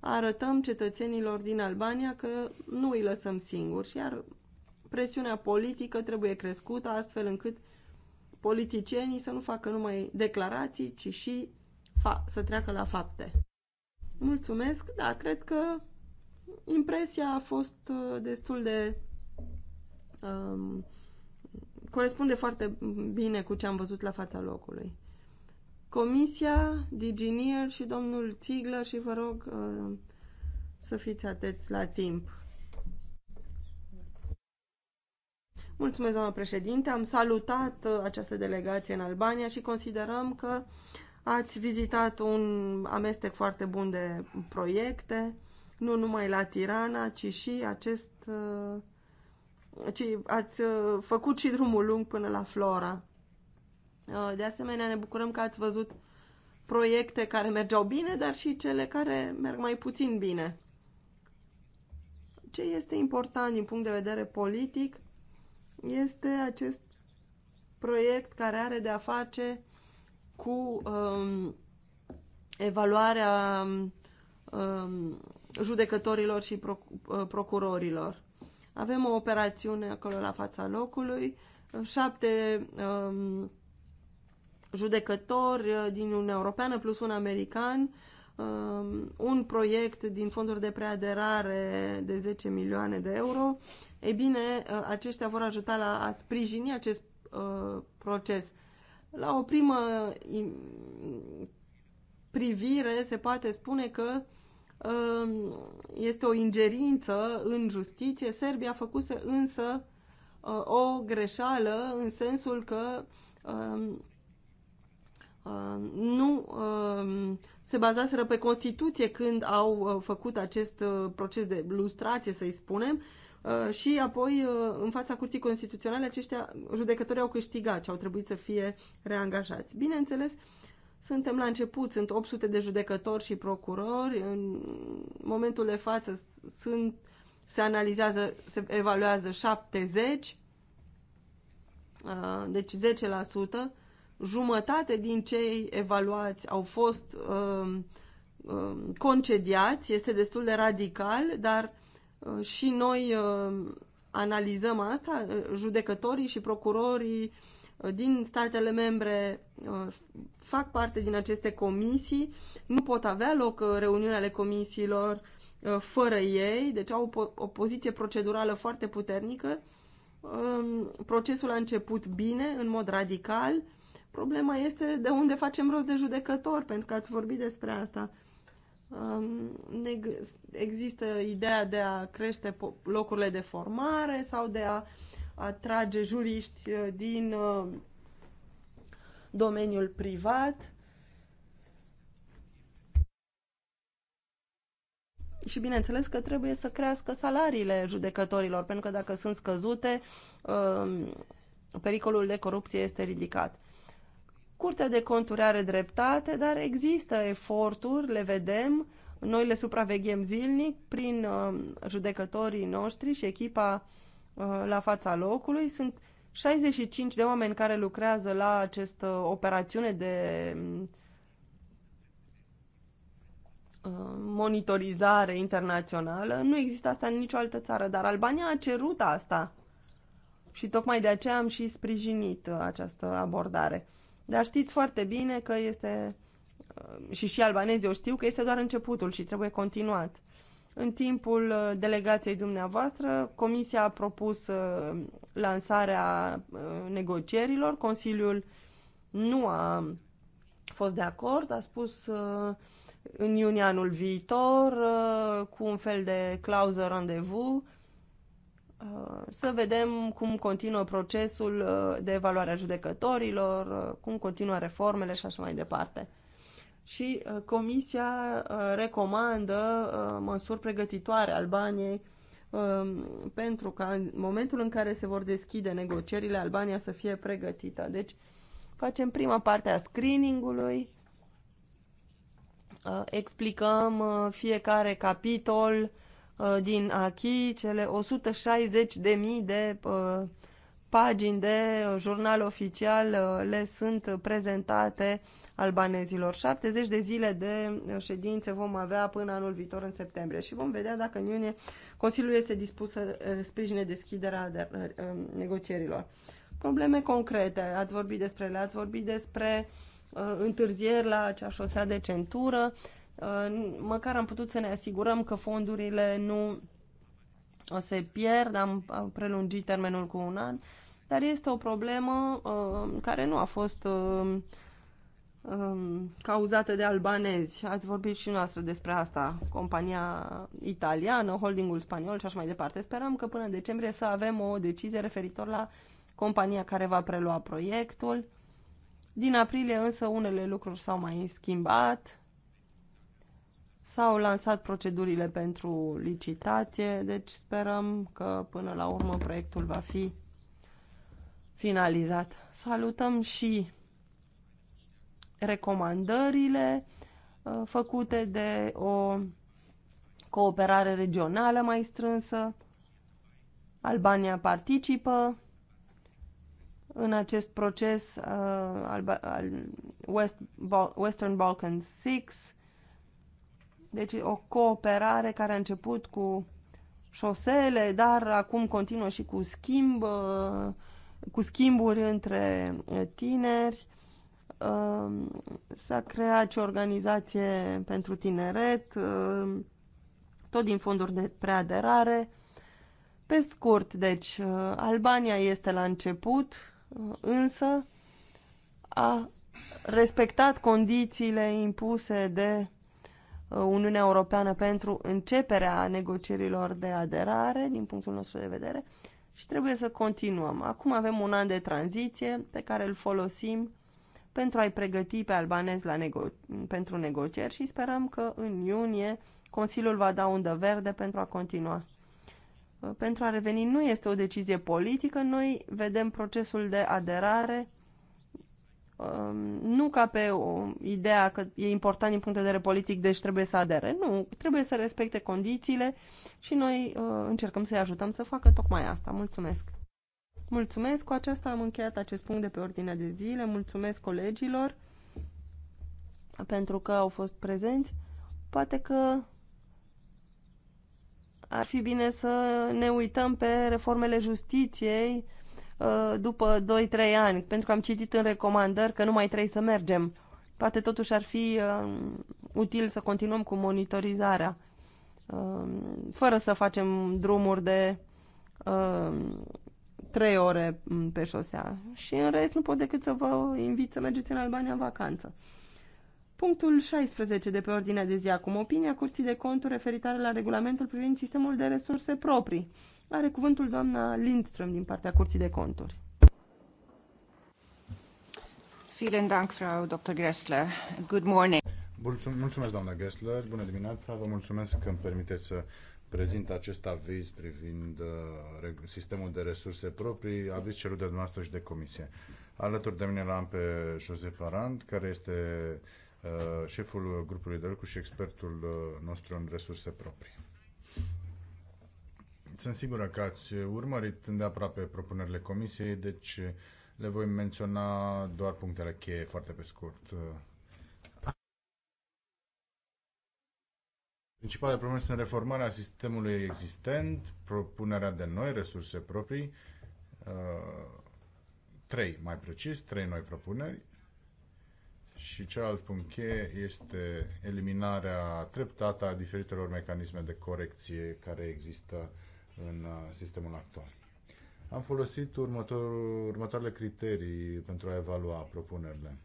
[SPEAKER 3] arătăm cetățenilor din Albania că nu îi lăsăm singuri, iar presiunea politică trebuie crescută astfel încât politicienii să nu facă numai declarații, ci și să treacă la fapte. Mulțumesc, da, cred că impresia a fost uh, destul de um, corespunde foarte bine cu ce am văzut la fața locului. Comisia, Diginier și domnul Țigler și vă rog uh, să fiți atenți la timp. Mulțumesc, doamnă președinte. Am salutat uh, această delegație în Albania și considerăm că ați vizitat un amestec foarte bun de proiecte, nu numai la Tirana, ci și acest uh, ci ați uh, făcut și drumul lung până la Flora. Uh, de asemenea, ne bucurăm că ați văzut proiecte care mergeau bine, dar și cele care merg mai puțin bine. Ce este important din punct de vedere politic este acest proiect care are de a face cu um, evaluarea um, judecătorilor și proc uh, procurorilor. Avem o operațiune acolo la fața locului, șapte um, judecători uh, din Uniunea Europeană plus un american, um, un proiect din fonduri de preaderare de 10 milioane de euro. Ei bine, uh, aceștia vor ajuta la a sprijini acest uh, proces. La o primă privire se poate spune că Ehm, este o ingerință în justiție. Serbia făcuse însă eh, o greșeală în sensul că ehm, ehm, nu se bazaseră pe Constituție când au eh, făcut acest eh, proces de lustrație, să-i spunem, și apoi, în fața Curții Constituționale, aceștia judecători au câștigat și au trebuit să fie reangajați. Bineînțeles, suntem la început, sunt 800 de judecători și procurori. În momentul de față sunt, se analizează, se evaluează 70, uh, deci 10%. Jumătate din cei evaluați au fost um, um, concediați, este destul de radical, dar uh, și noi uh, analizăm asta, judecătorii și procurorii din statele membre uh, fac parte din aceste comisii, nu pot avea loc uh, reuniuni ale comisiilor uh, fără ei, deci au o, poziție procedurală foarte puternică. Um, procesul a început bine, în mod radical. Problema este de unde facem rost de judecători, pentru că ați vorbit despre asta. Um, există ideea de a crește locurile de formare sau de a atrage juriști uh, din uh, domeniul privat. Și bineînțeles că trebuie să crească salariile judecătorilor, pentru că dacă sunt scăzute, um, pericolul de corupție este ridicat. Curtea de conturi are dreptate, dar există eforturi, le vedem, noi le supraveghem zilnic prin um, judecătorii noștri și echipa uh, Uh, la fața locului. Sunt 65 de oameni care lucrează la această operațiune de uh, monitorizare internațională. Nu există asta în nicio altă țară, dar Albania a cerut asta. Și tocmai de aceea am și sprijinit uh, această abordare. Dar știți foarte bine că este, și și albanezii o știu, că este doar începutul și trebuie continuat. În timpul uh, delegației dumneavoastră, Comisia a propus uh, lansarea uh, negocierilor, Consiliul nu a fost de acord, a spus în iunie anul viitor, cu un fel de clauză rendezvous, să vedem cum continuă procesul de evaluare a judecătorilor, cum continuă reformele și așa mai departe și uh, Comisia uh, recomandă uh, măsuri pregătitoare Albaniei um, pentru ca în momentul în care se vor deschide negocierile, Albania să fie pregătită. Deci facem prima parte a screeningului, explicăm fiecare capitol din ACHI, cele 160.000 de pagini de jurnal oficial le sunt prezentate albanezilor. 70 de zile de uh, ședințe vom avea până anul viitor în septembrie și vom vedea dacă în iunie Consiliul este dispus să uh, sprijine deschiderea de, uh, negocierilor. Probleme concrete, ați vorbit despre ele, ați vorbit despre uh, întârzieri la acea șosea de centură, uh, măcar am putut să ne asigurăm că fondurile nu o să pierd, am, am prelungit termenul cu un an, dar este o problemă uh, care nu a fost uh, um, cauzate de albanezi. Ați vorbit și noastră despre asta, compania italiană, holdingul spaniol și așa mai departe. Sperăm că până în decembrie să avem o decizie referitor la compania care va prelua proiectul. Din aprilie însă unele lucruri s-au mai schimbat, s-au lansat procedurile pentru licitație, deci sperăm că până la urmă proiectul va fi finalizat. Salutăm și recomandările uh, făcute de o cooperare regională mai strânsă. Albania participă în acest proces uh, al, Western Balkans 6. Deci o cooperare care a început cu șosele, dar acum continuă și cu schimb, uh, cu schimburi între tineri Um, s-a creat și o organizație pentru tineret, um, tot din fonduri de preaderare. Pe scurt, deci, uh, Albania este la început, uh, însă a respectat condițiile impuse de uh, Uniunea Europeană pentru începerea negocierilor de aderare, din punctul nostru de vedere, și trebuie să continuăm. Acum avem un an de tranziție pe care îl folosim pentru a-i pregăti pe albanezi la nego- pentru negocieri și sperăm că în iunie Consiliul va da undă verde pentru a continua. Pentru a reveni, nu este o decizie politică, noi vedem procesul de aderare um, nu ca pe o ideea că e important din punct de vedere politic, deci trebuie să adere. Nu, trebuie să respecte condițiile și noi uh, încercăm să-i ajutăm să facă tocmai asta. Mulțumesc! Mulțumesc, cu aceasta am încheiat acest punct de pe ordinea de zi. Le mulțumesc colegilor pentru că au fost prezenți. Poate că ar fi bine să ne uităm pe reformele justiției uh, după 2-3 ani, pentru că am citit în recomandări că nu mai trebuie să mergem. Poate totuși ar fi um, util să continuăm cu monitorizarea, um, fără să facem drumuri de um, trei ore mm, pe șosea. Și în rest nu pot decât să vă invit să mergeți în Albania în vacanță. Punctul 16 de pe ordinea de zi acum. Opinia Curții de Conturi referitare la regulamentul privind sistemul de resurse proprii. Are cuvântul doamna Lindström din partea Curții de Conturi. Vielen Dank, Frau Dr. Gressler. Good morning.
[SPEAKER 4] Mulțumesc, doamna Gessler. Bună dimineața. Vă mulțumesc că îmi permiteți să prezintă acest aviz privind uh, sistemul de resurse proprii, aviz cerut de dumneavoastră și de comisie. Alături de mine l-am pe Josep Arand, care este uh, șeful grupului de lucru și expertul uh, nostru în resurse proprii. Sunt sigură că ați urmărit îndeaproape propunerile comisiei, deci le voi menționa doar punctele cheie foarte pe scurt. Principale probleme sunt reformarea sistemului existent, propunerea de noi resurse proprii, uh, trei mai precis, trei noi propuneri și celălalt punct cheie este eliminarea treptată a diferitelor mecanisme de corecție care există în uh, sistemul actual. Am folosit următor, următoarele criterii pentru a evalua propunerile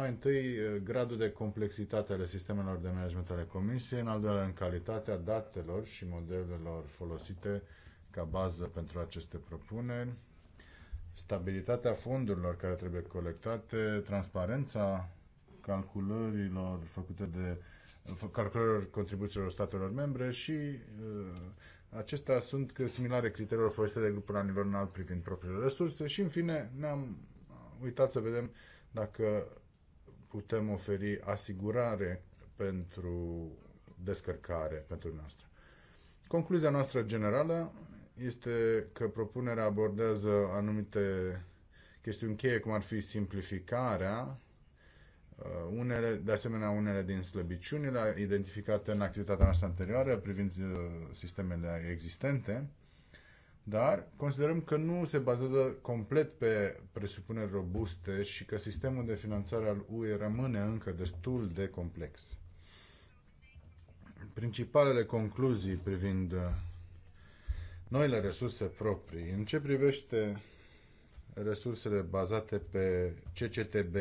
[SPEAKER 4] mai întâi, eh, gradul de complexitate ale sistemelor de management ale Comisiei, în al doilea rând, calitatea datelor și modelelor folosite ca bază pentru aceste propuneri, stabilitatea fondurilor care trebuie colectate, transparența calculărilor făcute de calculărilor contribuțiilor statelor membre și uh, acestea sunt similare criteriilor folosite de grupul la nivel înalt privind propriile resurse și, în fine, ne-am uitat să vedem dacă putem oferi asigurare pentru descărcare pentru noastră. Concluzia noastră generală este că propunerea abordează anumite chestiuni cheie, cum ar fi simplificarea, uh, unele, de asemenea unele din slăbiciunile identificate în activitatea noastră anterioară privind uh, sistemele existente, dar considerăm că nu se bazează complet pe presupuneri robuste și că sistemul de finanțare al UE rămâne încă destul de complex. Principalele concluzii privind uh, noile resurse proprii. În ce privește resursele bazate pe CCTB,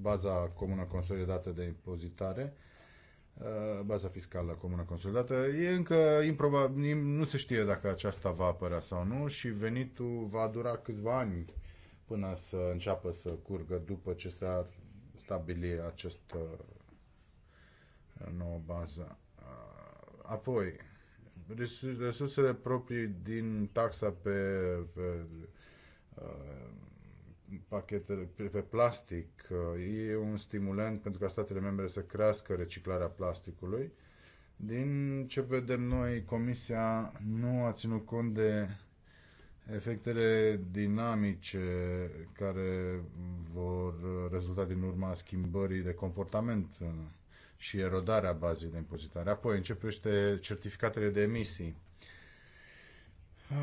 [SPEAKER 4] baza comună consolidată de impozitare, Uh, baza fiscală comună consolidată. E încă improbabil, nu se știe dacă aceasta va apărea sau nu și venitul va dura câțiva ani până să înceapă să curgă după ce s-ar stabili această uh, nouă bază. Uh, apoi, resursele proprii din taxa pe, pe pachetele pe plastic. Uh, e un stimulant pentru ca statele membre să crească reciclarea plasticului. Din ce vedem noi, Comisia nu a ținut cont de efectele dinamice care vor rezulta din urma schimbării de comportament uh, și erodarea bazei de impozitare. Apoi începește certificatele de emisii.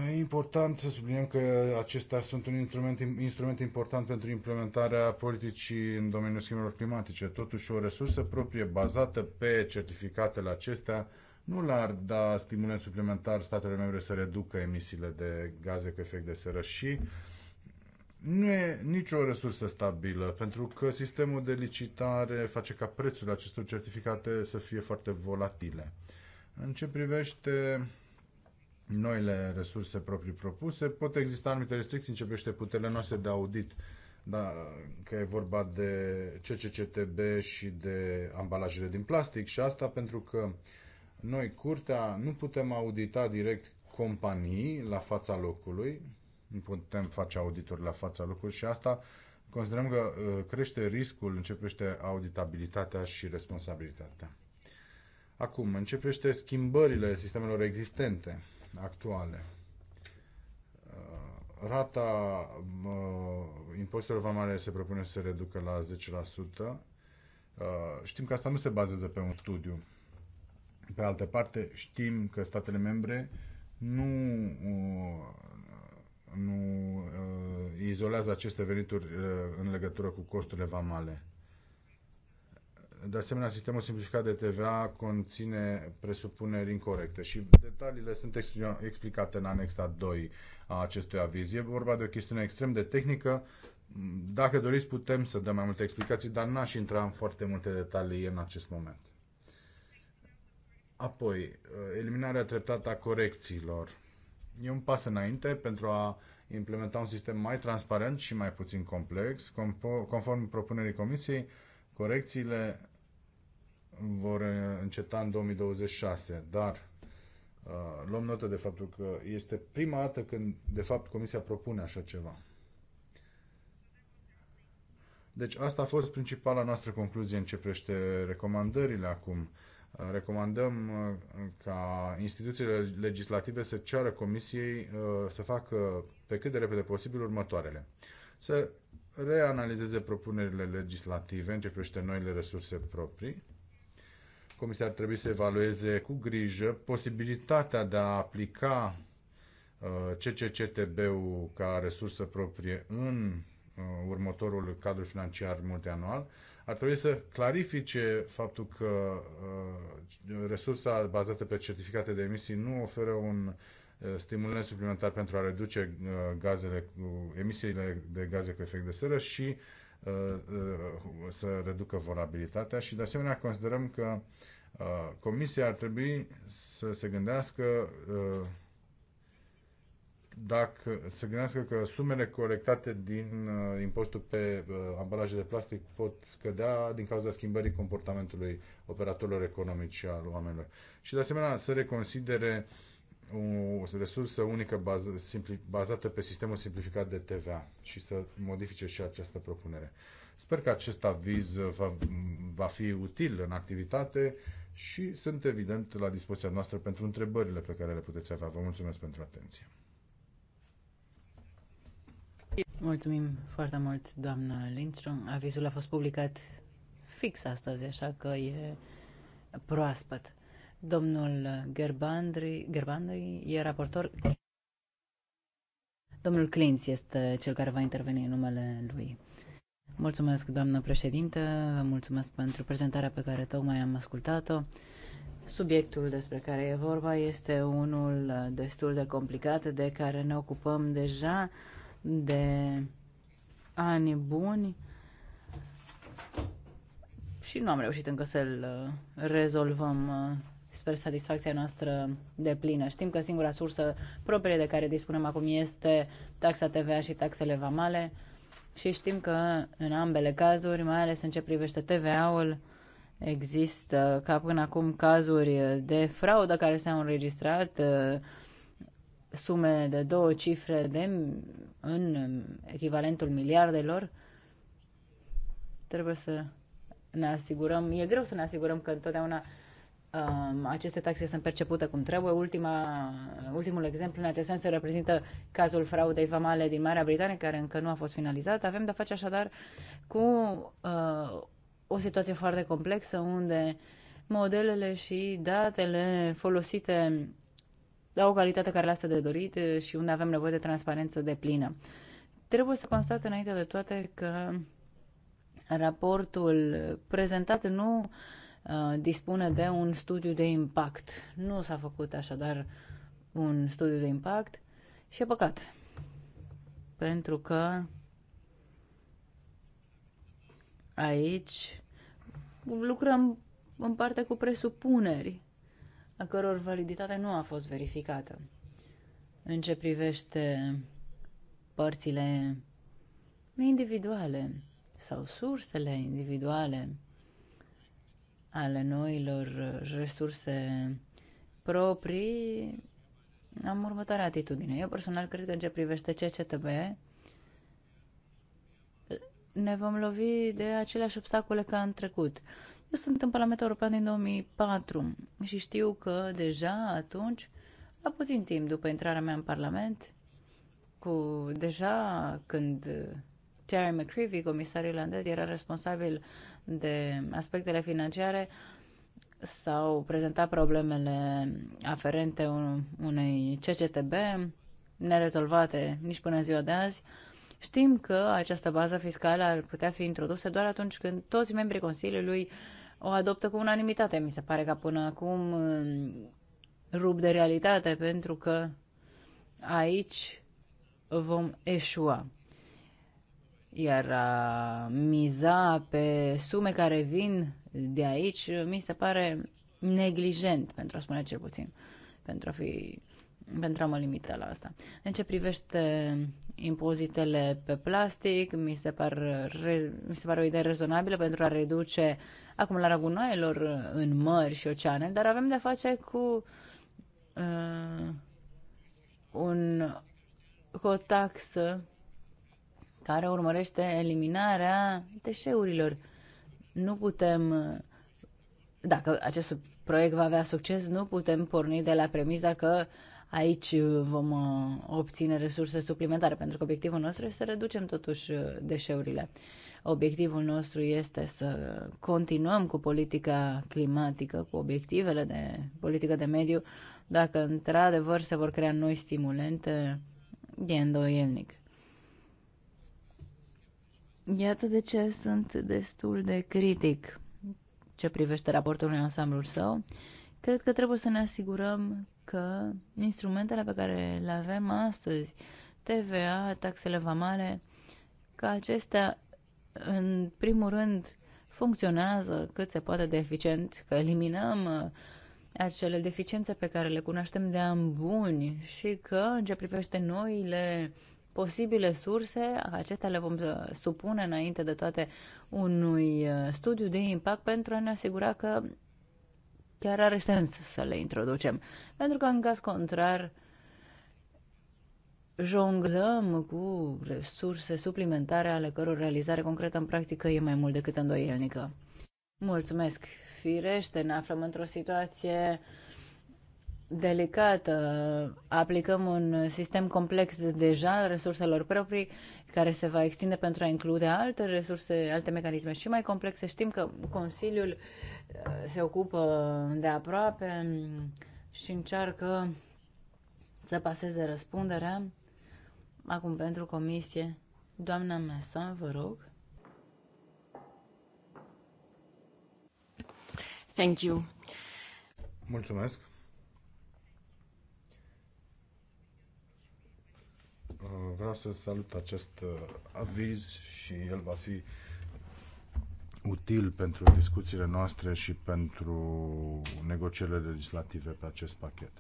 [SPEAKER 4] E important să subliniem că acestea sunt un instrument, instrument important pentru implementarea politicii în domeniul schimbărilor climatice. Totuși, o resursă proprie bazată pe certificatele acestea nu le-ar da stimulent suplimentar statele membre să reducă emisiile de gaze cu efect de seră și nu e nicio resursă stabilă, pentru că sistemul de licitare face ca prețurile acestor certificate să fie foarte volatile. În ce privește noile resurse proprii propuse. Pot exista anumite restricții în ce privește puterile noastre de audit, da, că e vorba de CCCTB și de ambalajele din plastic și asta pentru că noi, curtea, nu putem audita direct companii la fața locului, nu putem face audituri la fața locului și asta considerăm că uh, crește riscul, începește auditabilitatea și responsabilitatea. Acum, începește schimbările sistemelor existente actuale. Uh, rata uh, impozitelor vamale se propune să se reducă la 10%. Uh, știm că asta nu se bazează pe un studiu. Pe altă parte, știm că statele membre nu, nu izolează aceste venituri în legătură cu costurile vamale. De asemenea, sistemul simplificat de TVA conține presupuneri incorrecte și detaliile sunt explicate în anexa 2 a acestui aviz. E vorba de o chestiune extrem de tehnică. Dacă doriți, putem să dăm mai multe explicații, dar n-aș intra în foarte multe detalii în acest moment. Apoi, eliminarea treptată a corecțiilor. E un pas înainte pentru a implementa un sistem mai transparent și mai puțin complex. Conform propunerii Comisiei, corecțiile vor înceta în 2026, dar uh, luăm notă de faptul că este prima dată când, de fapt, Comisia propune așa ceva. Deci asta a fost principala noastră concluzie în ce prește recomandările acum. Uh, recomandăm uh, ca instituțiile legislative să ceară Comisiei să facă pe cât de repede posibil următoarele. Să reanalizeze propunerile legislative în ce privește noile resurse proprii, Comisia ar trebui să evalueze cu grijă posibilitatea de a aplica uh, CCCTB-ul ca resursă proprie în uh, următorul cadru financiar multianual, ar trebui să clarifice faptul că uh, resursa bazată pe certificate de emisii nu oferă un stimulant suplimentar pentru a reduce gazele, emisiile de gaze cu efect de seră și uh, Uh, să reducă volabilitatea și de asemenea considerăm că uh, Comisia ar trebui să se gândească uh, dacă se gândească că sumele colectate din uh, impostul pe uh, ambalaje de plastic pot scădea din cauza schimbării comportamentului operatorilor economici al oamenilor. Și de asemenea să reconsidere o resursă unică bază, simpli, bazată pe sistemul simplificat de TVA și să modifice și această propunere. Sper că acest aviz uh, va, va fi util în activitate și sunt evident la dispoziția noastră pentru întrebările pe care le puteți avea. Vă mulțumesc pentru atenție.
[SPEAKER 2] Mulțumim foarte mult, doamna Lindström. Avizul a fost publicat fix astăzi, așa că e proaspăt. Domnul Gerbandri, Gerbandri e raportor. Domnul Clinț este cel care va interveni în numele lui. Mulțumesc, doamnă președintă, vă mulțumesc pentru prezentarea pe care tocmai am ascultat-o. Subiectul despre care e vorba este unul destul de complicat, de care ne ocupăm deja de ani buni și nu am reușit încă să-l rezolvăm spre satisfacția noastră de plină. Știm că singura sursă proprie de care dispunem acum este taxa TVA și taxele vamale și știm că în ambele cazuri, mai ales în ce privește TVA-ul, există ca până acum cazuri de fraudă care s-au înregistrat, sume de două cifre de, în echivalentul miliardelor, trebuie să ne asigurăm, e greu să ne asigurăm că întotdeauna um, aceste taxe sunt percepute cum trebuie. Ultima, ultimul exemplu în acest sens reprezintă cazul fraudei vamale din Marea Britanie, care încă nu a fost finalizat. Avem de-a face așadar cu uh, o situație foarte complexă unde modelele și datele folosite au o calitate care lasă de dorit și unde avem nevoie de transparență de plină. Trebuie să constat înainte de toate că raportul prezentat nu uh, Uh, dispune de un studiu de impact. Nu s-a făcut așadar un studiu de impact și e păcat. Pentru că aici lucrăm în parte cu presupuneri a căror validitate nu a fost verificată. În ce privește părțile individuale sau sursele individuale ale noilor uh, resurse proprii, am următoarea atitudine. Eu personal cred că în ce privește CCTB, ne vom lovi de aceleași obstacole ca în trecut. Eu sunt în Parlamentul European din 2004 și știu că deja atunci, la puțin timp după intrarea mea în Parlament, cu deja când uh, Terry McCreevy, comisarul irlandez, era responsabil de aspectele financiare, s-au prezentat problemele aferente unei CCTB nerezolvate nici până ziua de azi. Știm că această bază fiscală ar putea fi introdusă doar atunci când toți membrii Consiliului o adoptă cu unanimitate. Mi se pare că până acum rup de realitate pentru că aici vom eșua. Iar a miza pe sume care vin de aici mi se pare neglijent, pentru a spune cel puțin, pentru a fi pentru a mă limita la asta. În ce privește impozitele pe plastic, mi se, par, re, mi se pare o idee rezonabilă pentru a reduce acumularea gunoaielor în mări și oceane, dar avem de-a face cu uh, un, cu o taxă care urmărește eliminarea deșeurilor. Nu putem, dacă acest proiect va avea succes, nu putem porni de la premiza că aici vom uh, obține resurse suplimentare, pentru că obiectivul nostru este să reducem totuși uh, deșeurile. Obiectivul nostru este să continuăm cu politica climatică, cu obiectivele de politică de mediu, dacă într-adevăr se vor crea noi stimulente, e îndoielnic. Iată de ce sunt destul de critic ce privește raportul în ansamblul său. Cred că trebuie să ne asigurăm că instrumentele pe care le avem astăzi, TVA, taxele vamale, că acestea, în primul rând, funcționează cât se poate de eficient, că eliminăm uh, acele deficiențe pe care le cunoaștem de ani buni și că, în ce privește noile posibile surse, acestea le vom uh, supune înainte de toate unui uh, studiu de impact pentru a ne asigura că chiar are sens să le introducem. Pentru că, în caz contrar, jonglăm cu resurse suplimentare ale căror realizare concretă în practică e mai mult decât îndoielnică. Mulțumesc! Firește, ne aflăm într-o situație uh, delicată. Aplicăm un sistem complex deja al resurselor proprii, care se va extinde pentru a include alte resurse, alte mecanisme și mai complexe. Știm că Consiliul uh, se ocupă de aproape și încearcă să paseze răspunderea. Acum pentru comisie, doamna Mesa, vă rog. Thank you.
[SPEAKER 4] Mulțumesc. Uh, vreau să salut acest uh, aviz și el va fi util pentru discuțiile noastre și pentru negocierile legislative pe acest pachet.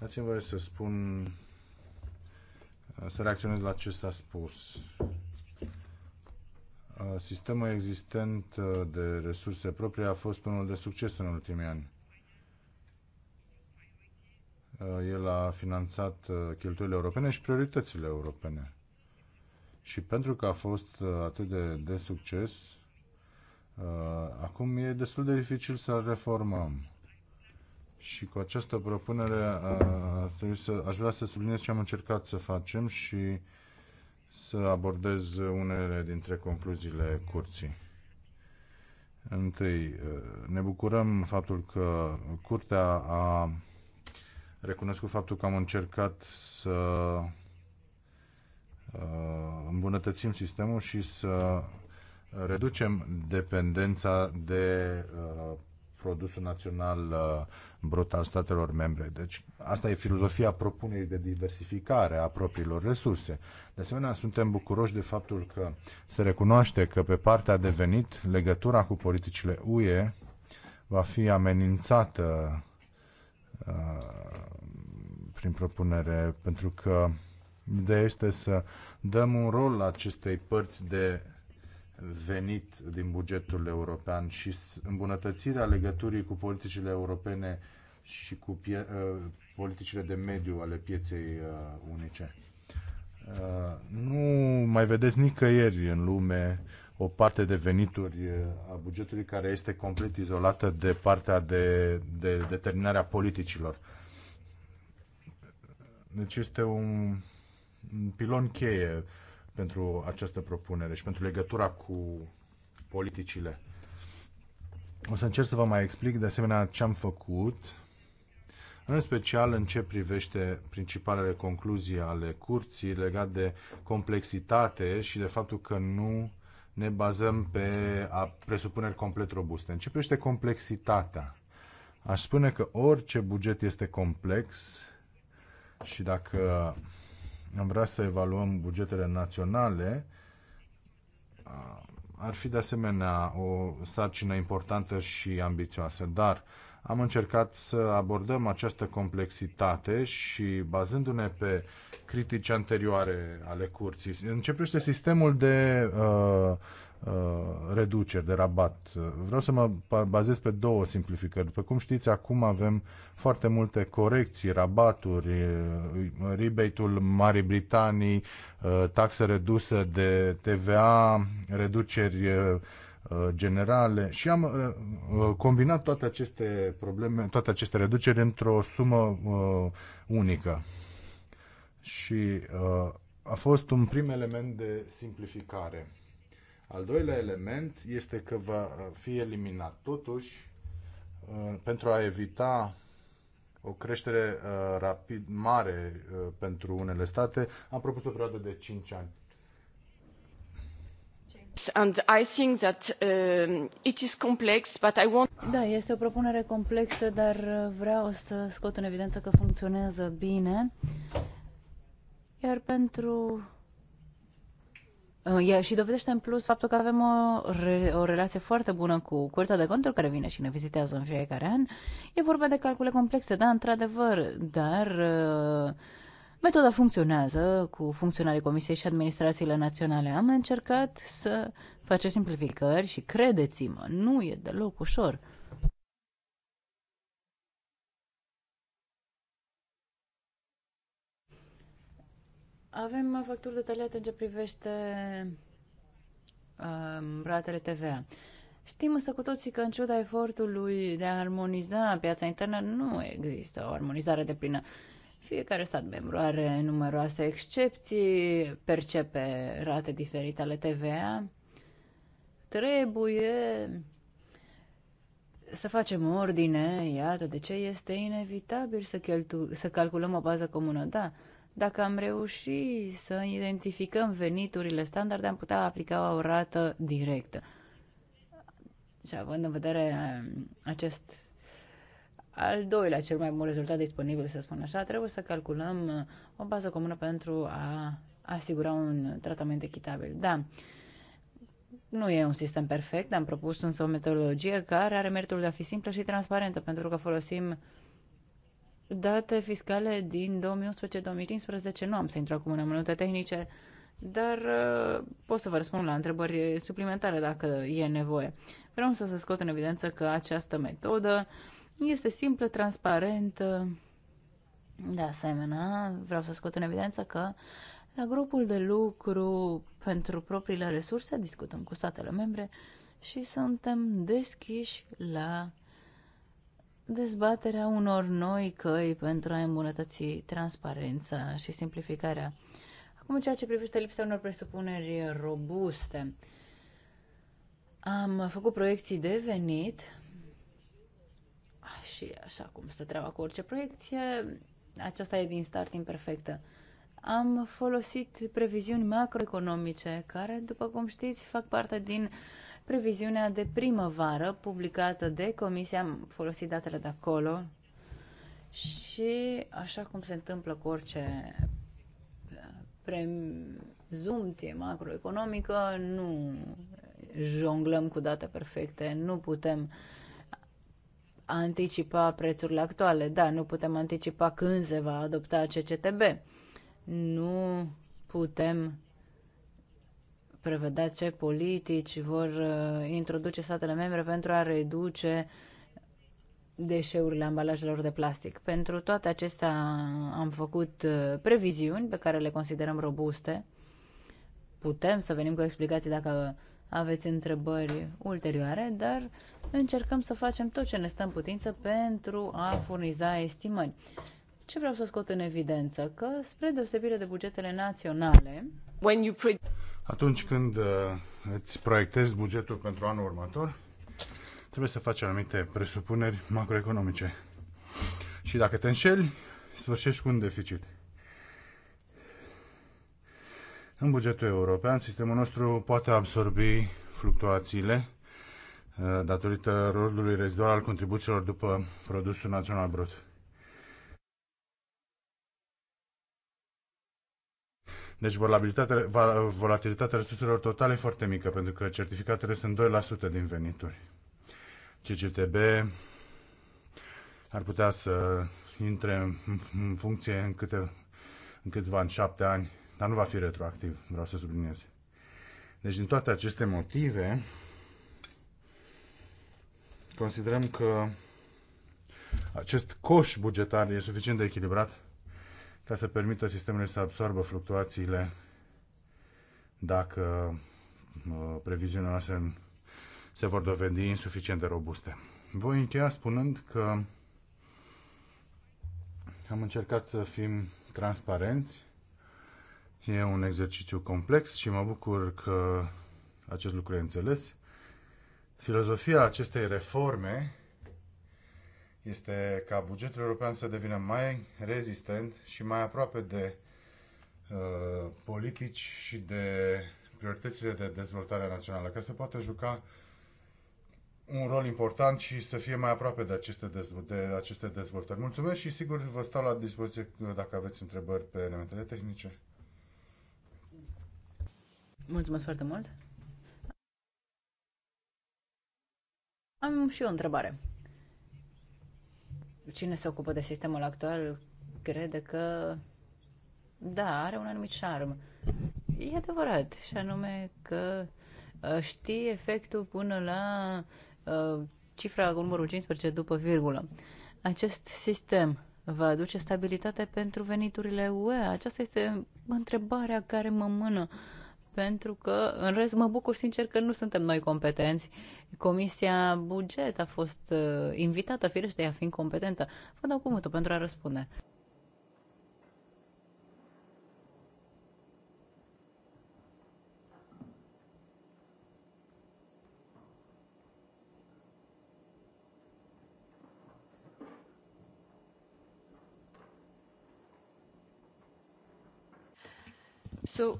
[SPEAKER 4] Dați-mi voie să spun, uh, să reacționez la ce s-a spus. Sistemul existent de resurse proprii a fost unul de succes în ultimii ani. Uh, el a finanțat uh, cheltuielile europene și prioritățile europene. Și pentru că a fost uh, atât de, de succes, acum e destul de dificil să reformăm. Și cu această propunere ar trebui să, aș vrea să subliniez ce am încercat să facem și să abordez unele dintre concluziile curții. Întâi, ne bucurăm faptul că Curtea a Recunosc cu faptul că am încercat să uh, îmbunătățim sistemul și să reducem dependența de uh, produsul național uh, brut al statelor membre. Deci asta e filozofia propunerii de diversificare a propriilor resurse. De asemenea, suntem bucuroși de faptul că se recunoaște că pe partea de venit legătura cu politicile UE va fi amenințată prin propunere, pentru că ideea este să dăm un rol acestei părți de venit din bugetul european și îmbunătățirea legăturii cu politicile europene și cu pie- uh, politicile de mediu ale pieței uh, unice. Uh, nu mai vedeți nicăieri în lume o parte de venituri a bugetului care este complet izolată de partea de, de determinarea politicilor. Deci este un pilon cheie pentru această propunere și pentru legătura cu politicile. O să încerc să vă mai explic de asemenea ce am făcut, în special în ce privește principalele concluzii ale curții legat de complexitate și de faptul că nu ne bazăm pe a presupuneri complet robuste. Începește complexitatea, aș spune că orice buget este complex și dacă am vrea să evaluăm bugetele naționale, ar fi de asemenea o sarcină importantă și ambițioasă, dar am încercat să abordăm această complexitate și bazându-ne pe critici anterioare ale curții. Începește sistemul de uh, Uh, reduceri de rabat. Vreau să mă bazez pe două simplificări. După cum știți, acum avem foarte multe corecții, rabaturi, uh, rebate-ul Marii Britanii, uh, taxe reduse de TVA, reduceri generale și am combinat toate aceste probleme, toate aceste reduceri într-o sumă unică. Și a fost un prim element de simplificare al doilea element este că va fi eliminat totuși uh, pentru a evita o creștere uh, rapid mare uh, pentru unele state. Am propus o perioadă de 5 ani.
[SPEAKER 2] And I I think that it is complex, but want. Da, este o propunere complexă, dar vreau să scot în evidență că funcționează bine. Iar pentru Uh, e, și dovedește în plus faptul că avem o, re, o relație foarte bună cu Curtea de Conturi care vine și ne vizitează în fiecare an. E vorba de calcule complexe, da, într-adevăr, dar uh, metoda funcționează cu funcționarii Comisiei și administrațiile naționale. Am încercat să facem simplificări și credeți-mă, nu e deloc ușor. Avem facturi detaliate în ce privește uh, ratele TVA. Știm însă cu toții că în ciuda efortului de a armoniza piața internă nu există o armonizare de plină. Fiecare stat membru are numeroase excepții, percepe rate diferite ale TVA. Trebuie să facem ordine, iată de ce este inevitabil să, cheltu- să calculăm o bază comună. Da, dacă am reușit să identificăm veniturile standard, am putea aplica o rată directă. Și având în vedere um, acest al doilea cel mai bun rezultat disponibil, să spun așa, trebuie să calculăm uh, o bază comună pentru a asigura un tratament echitabil. Da, nu e un sistem perfect, am propus însă o metodologie care are meritul de a fi simplă și transparentă, pentru că folosim date fiscale din 2011-2015. Nu am să intru acum în amănunte tehnice, dar uh, pot să vă răspund la întrebări suplimentare dacă e nevoie. Vreau să se scot în evidență că această metodă este simplă, transparentă. De asemenea, vreau să scot în evidență că la grupul de lucru pentru propriile resurse discutăm cu statele membre și suntem deschiși la dezbaterea unor noi căi pentru a îmbunătăți transparența și simplificarea. Acum, ceea ce privește lipsa unor presupuneri robuste, am făcut proiecții de venit și așa cum stă treaba cu orice proiecție, aceasta e din start imperfectă. Am folosit previziuni macroeconomice care, după cum știți, fac parte din uh, previziunea de primăvară publicată de comisie. Am folosit datele de acolo și așa cum se întâmplă cu orice uh, prezumție macroeconomică, nu jonglăm cu date perfecte, nu putem anticipa prețurile actuale, da, nu putem anticipa când se va adopta CCTB, nu putem prevedea ce politici vor uh, introduce statele membre pentru a reduce deșeurile ambalajelor de plastic. Pentru toate acestea am făcut uh, previziuni pe care le considerăm robuste. Putem să venim cu explicații dacă aveți întrebări ulterioare, dar încercăm să facem tot ce ne stă în putință pentru a furniza estimări. Ce vreau să scot în evidență? Că, spre deosebire de bugetele naționale,
[SPEAKER 5] When you atunci
[SPEAKER 4] când uh, îți proiectezi bugetul pentru anul următor, trebuie să faci anumite presupuneri macroeconomice. Și dacă te înșeli, sfârșești cu un deficit. În bugetul european, sistemul nostru poate absorbi fluctuațiile uh, datorită rolului rezidual al contribuțiilor după produsul național brut. Deci volatilitatea, volatilitatea resurselor totale e foarte mică, pentru că certificatele sunt 2% din venituri. CCTB ar putea să intre în funcție în, câte, în câțiva, în șapte ani, dar nu va fi retroactiv, vreau să subliniez. Deci, din toate aceste motive, considerăm că acest coș bugetar e suficient de echilibrat ca să permită sistemului să absorbă fluctuațiile dacă previziunile noastre se vor dovedi insuficient de robuste. Voi încheia spunând că am încercat să fim transparenți. E un exercițiu complex și mă bucur că acest lucru e înțeles. Filozofia acestei reforme este ca bugetul european să devină mai rezistent și mai aproape de uh, politici și de prioritățile de dezvoltare națională, ca să poată juca un rol important și să fie mai aproape de aceste, dezvo- de aceste dezvoltări. Mulțumesc și sigur vă stau la dispoziție dacă aveți întrebări pe elementele tehnice.
[SPEAKER 2] Mulțumesc foarte mult! Am și o întrebare cine se ocupă de sistemul actual crede că, da, are un anumit șarm. E adevărat, și anume că uh, știi efectul până la uh, cifra cu numărul 15 după virgulă. Acest sistem va aduce stabilitate pentru veniturile UE? Aceasta este întrebarea care mă mână. Uh, pentru că, în rest, mă bucur sincer că nu suntem noi competenți. Comisia Buget a fost uh, invitată, firește, ea fiind competentă. Vă dau cuvântul pentru a răspunde.
[SPEAKER 3] So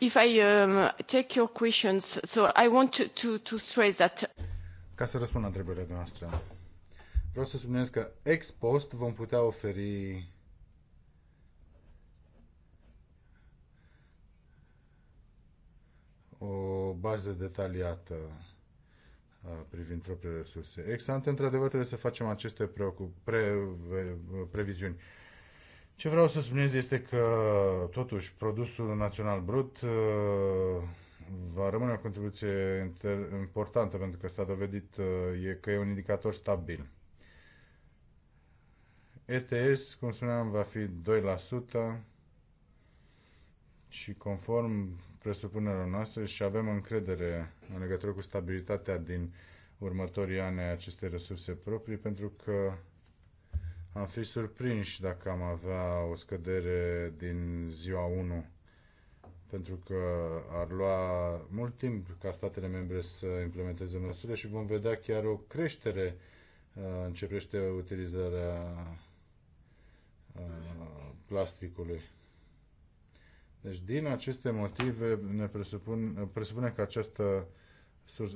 [SPEAKER 1] if I um, take your questions, so I want to, to, to stress that...
[SPEAKER 4] Ca să răspund la întrebările noastre, vreau să subliniez că ex post vom putea oferi o bază detaliată uh, privind propriile resurse. Ex ante, într-adevăr, trebuie să facem aceste pre, pre, uh, previziuni. Ce vreau să subliniez este că, totuși, produsul național brut uh, va rămâne o contribuție importantă pentru că s-a dovedit uh, că e un indicator stabil. ETS, cum spuneam, va fi 2% și conform presupunerilor noastre și avem încredere în legătură cu stabilitatea din următorii ani acestei resurse proprii pentru că am fi surprinși dacă am avea o scădere din ziua 1 pentru că ar lua mult timp ca statele membre să implementeze măsurile și vom vedea chiar o creștere uh, în ce privește utilizarea uh, plasticului. Deci, din aceste motive, ne presupun, presupune că această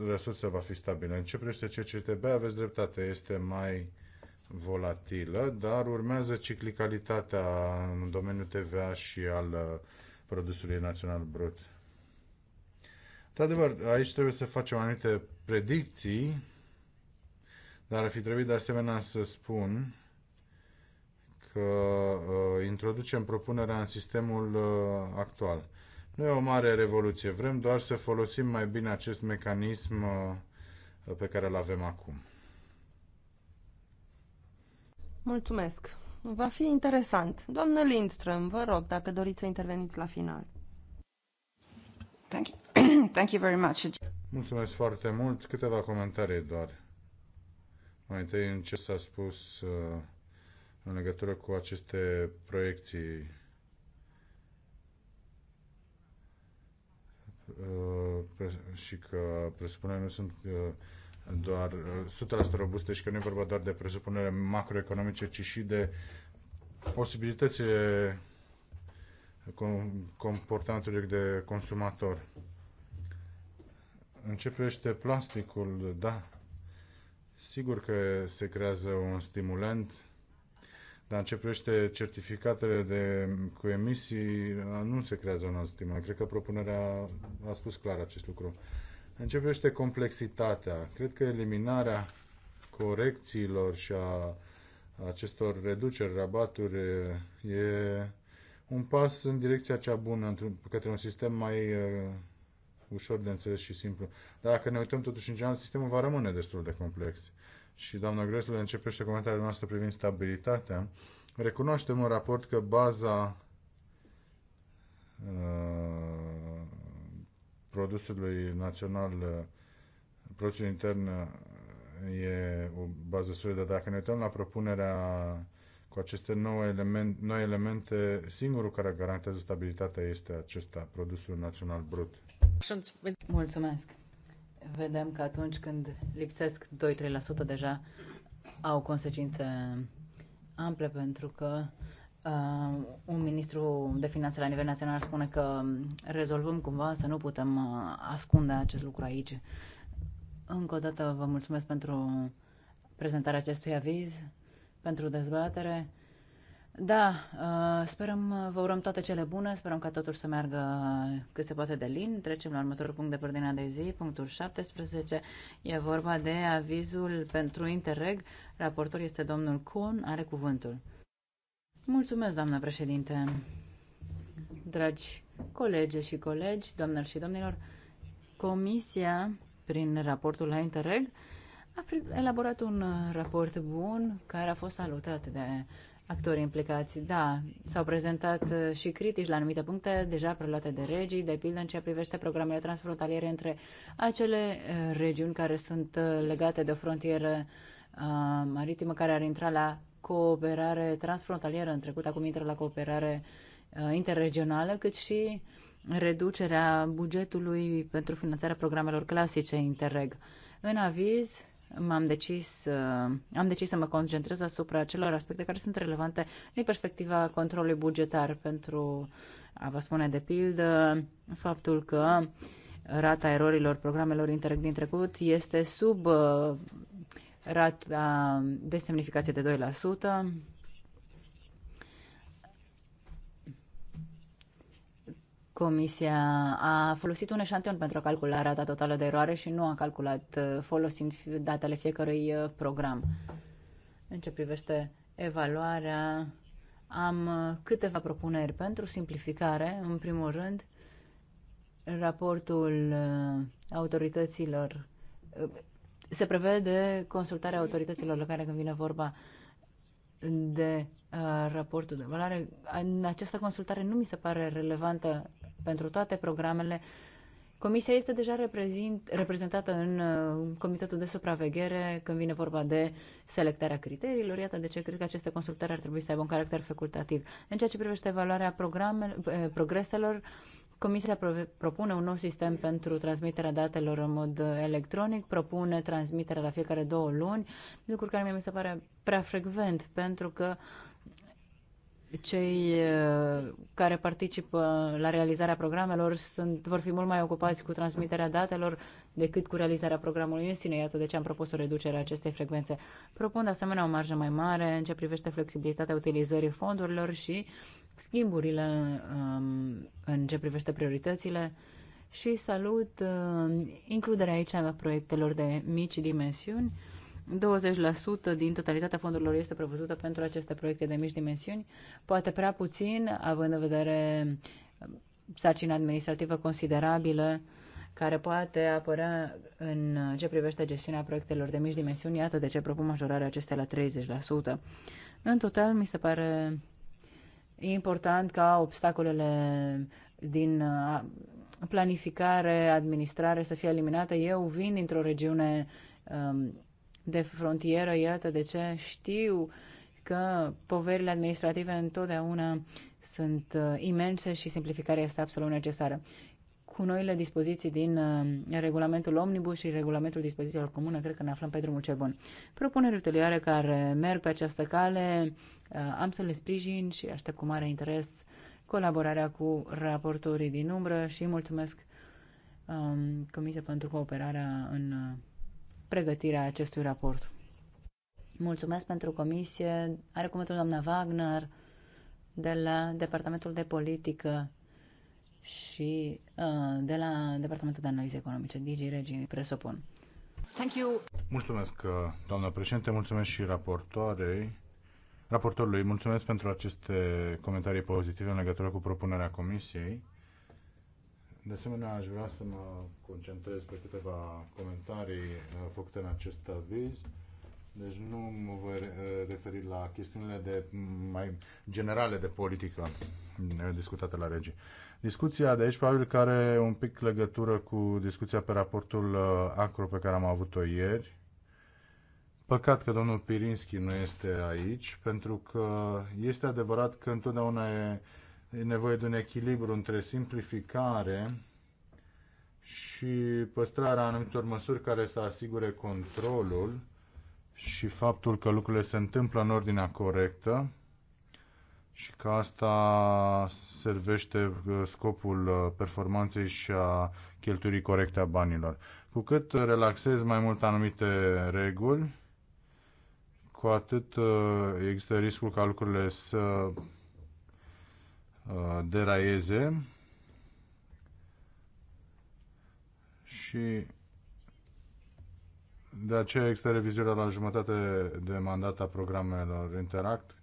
[SPEAKER 4] resursă va fi stabilă. În ce privește CCTB, aveți dreptate, este mai volatilă, dar urmează ciclicalitatea în domeniul TVA și al uh, produsului național brut. Într-adevăr, aici trebuie să facem anumite predicții, dar ar fi trebuit de asemenea să spun că uh, introducem propunerea în sistemul uh, actual. Nu e o mare revoluție, vrem doar să folosim mai bine acest mecanism uh, pe care îl avem acum.
[SPEAKER 3] Mulțumesc. Va fi interesant. Doamnă Lindström, vă rog, dacă doriți să interveniți la final. Thank you. <clears throat> Thank you very much.
[SPEAKER 4] Mulțumesc foarte mult. Câteva comentarii doar. Mai întâi în ce s-a spus uh, în legătură cu aceste proiecții uh, și că presupunerea nu sunt uh, doar uh, 100% robuste și că nu e vorba doar de presupunere macroeconomice, ci și de posibilitățile comportamentului de consumator. Începește plasticul, da. Sigur că se creează un stimulant, dar începește certificatele de, cu emisii, nu se creează un alt stimulant. Cred că propunerea a spus clar acest lucru. În ce privește complexitatea, cred că eliminarea corecțiilor și a acestor reduceri, rabaturi, e un pas în direcția cea bună, către un sistem mai uh, ușor de înțeles și simplu. Dar dacă ne uităm totuși în general, sistemul va rămâne destul de complex. Și doamna Gresle începește comentariul noastră privind stabilitatea. Recunoaștem în raport că baza uh, produsului național, uh, produsul intern uh, e o bază solidă. Dacă ne uităm la propunerea cu aceste nouă element, noi elemente, singurul care garantează stabilitatea este acesta, produsul național brut.
[SPEAKER 2] Mulțumesc! Vedem că atunci când lipsesc 2-3% deja au consecințe ample pentru că uh, un ministru de finanțe la nivel național spune că rezolvăm cumva să nu putem uh, ascunde acest lucru aici. Încă o dată vă mulțumesc pentru prezentarea acestui aviz, pentru dezbatere. Da, uh, sperăm, vă urăm toate cele bune, sperăm ca totul să meargă cât se poate de lin. Trecem la următorul punct de pe de zi, punctul 17. E vorba de avizul pentru Interreg. Raportor este domnul Kuhn, are cuvântul. Mulțumesc, doamnă președinte. Dragi colege și colegi, doamnelor și domnilor, Comisia, prin raportul la Interreg, a elaborat un uh, raport bun care a fost salutat de actorii implicați. Da, s-au prezentat uh, și critici la anumite puncte deja preluate de regii, de pildă în ceea privește programele transfrontaliere între acele uh, regiuni care sunt legate de o frontieră maritimă care ar intra la cooperare transfrontalieră în trecut, acum intră la cooperare uh, interregională, cât și reducerea bugetului pentru finanțarea programelor clasice Interreg. În aviz, m-am decis, uh, am decis să mă concentrez asupra celor aspecte care sunt relevante din perspectiva controlului bugetar pentru a vă spune de pildă faptul că rata erorilor programelor Interreg din trecut este sub uh, rata de semnificație de 2%. Comisia a folosit un eșantion pentru a calcula rata totală de eroare și nu a calculat uh, folosind datele fiecărui uh, program. În ce privește evaluarea, am uh, câteva propuneri pentru simplificare. În primul rând, raportul autorităților se prevede consultarea autorităților locale când vine vorba de uh, raportul de valoare. În această consultare nu mi se pare relevantă pentru toate programele. Comisia este deja reprezint, reprezentată în uh, Comitetul de Supraveghere când vine vorba de selectarea criteriilor. Iată de ce cred că aceste consultări ar trebui să aibă un caracter facultativ. În ceea ce privește evaluarea programe, uh, progreselor, uh, Comisia propune un nou sistem pentru transmiterea datelor în mod electronic, propune transmiterea la fiecare două luni, lucru care mi se pare prea frecvent, pentru că uh, cei uh, care participă la realizarea programelor sunt, vor fi mult mai ocupați cu transmiterea datelor decât cu realizarea programului în sine. Iată de ce am propus o reducere a acestei frecvențe. Propun de asemenea o marjă mai mare în ce privește flexibilitatea utilizării fondurilor și schimburile um, în ce privește prioritățile și salut uh, includerea aici a proiectelor de mici dimensiuni 20% din totalitatea fondurilor este prevăzută pentru aceste proiecte de mici dimensiuni, poate prea puțin, având în vedere um, sarcina administrativă considerabilă care poate apărea în uh, ce privește gestiunea proiectelor de mici dimensiuni, iată de ce propun majorarea acestea la 30%. În total, mi se pare important ca obstacolele din uh, planificare, administrare să fie eliminate. Eu vin dintr-o regiune um, de frontieră, iată de ce știu că poverile administrative întotdeauna sunt uh, imense și simplificarea este absolut necesară. Cu noile dispoziții din uh, regulamentul Omnibus și regulamentul dispozițiilor comune, cred că ne aflăm pe drumul cel bun. Propuneri utilioare care merg pe această cale, uh, am să le sprijin și aștept cu mare interes colaborarea cu raportorii din umbră și mulțumesc um, Comisia pentru Cooperarea în pregătirea acestui raport. Mulțumesc pentru comisie. Are cuvântul doamna Wagner de la Departamentul de Politică și uh, de la Departamentul de Analize Economice, Digi Regi, presupun. Thank you.
[SPEAKER 4] Mulțumesc, uh, doamna președinte, mulțumesc și raportoarei. Raportorului, mulțumesc pentru aceste comentarii pozitive în legătură cu propunerea comisiei. De asemenea, aș vrea să mă concentrez pe câteva comentarii uh, făcute în acest aviz. Deci nu mă voi uh, referi la chestiunile de mai generale de politică uh, discutate la regi. Discuția de aici probabil că are un pic legătură cu discuția pe raportul ACRO pe care am avut-o ieri. Păcat că domnul Pirinski nu este aici, pentru că este adevărat că întotdeauna e E nevoie de un echilibru între simplificare și păstrarea anumitor măsuri care să asigure controlul și faptul că lucrurile se întâmplă în ordinea corectă și că asta servește uh, scopul uh, performanței și a cheltuirii corecte a banilor. Cu cât relaxezi mai mult anumite reguli, cu atât uh, există riscul ca lucrurile să Uh, deraieze și de aceea există revizuirea la jumătate de mandat a programelor Interact.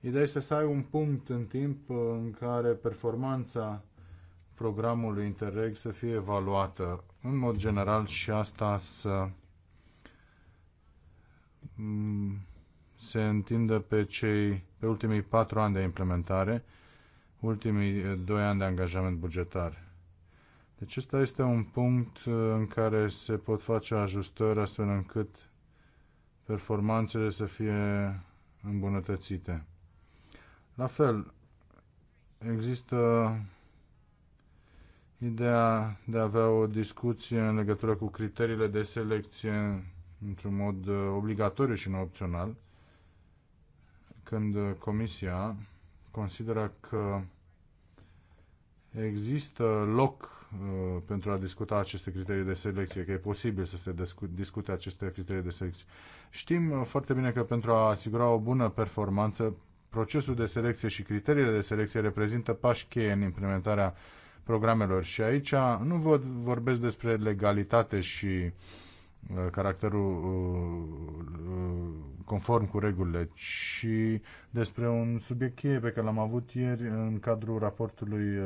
[SPEAKER 4] Ideea este să ai un punct în timp în care performanța programului Interreg să fie evaluată în mod general și asta să mm, se întindă pe cei pe ultimii patru ani de implementare ultimii eh, doi ani de angajament bugetar. Deci ăsta este un punct eh, în care se pot face ajustări astfel încât performanțele să fie îmbunătățite. La fel, există ideea de a avea o discuție în legătură cu criteriile de selecție într-un mod eh, obligatoriu și nu opțional, când Comisia consideră că există loc uh, pentru a discuta aceste criterii de selecție, că e posibil să se discute aceste criterii de selecție. Știm uh, foarte bine că pentru a asigura o bună performanță, procesul de selecție și criteriile de selecție reprezintă pași cheie în implementarea programelor. Și aici nu vorbesc despre legalitate și Uh, caracterul uh, uh, conform cu regulile, ci despre un subiect cheie pe care l-am avut ieri în cadrul raportului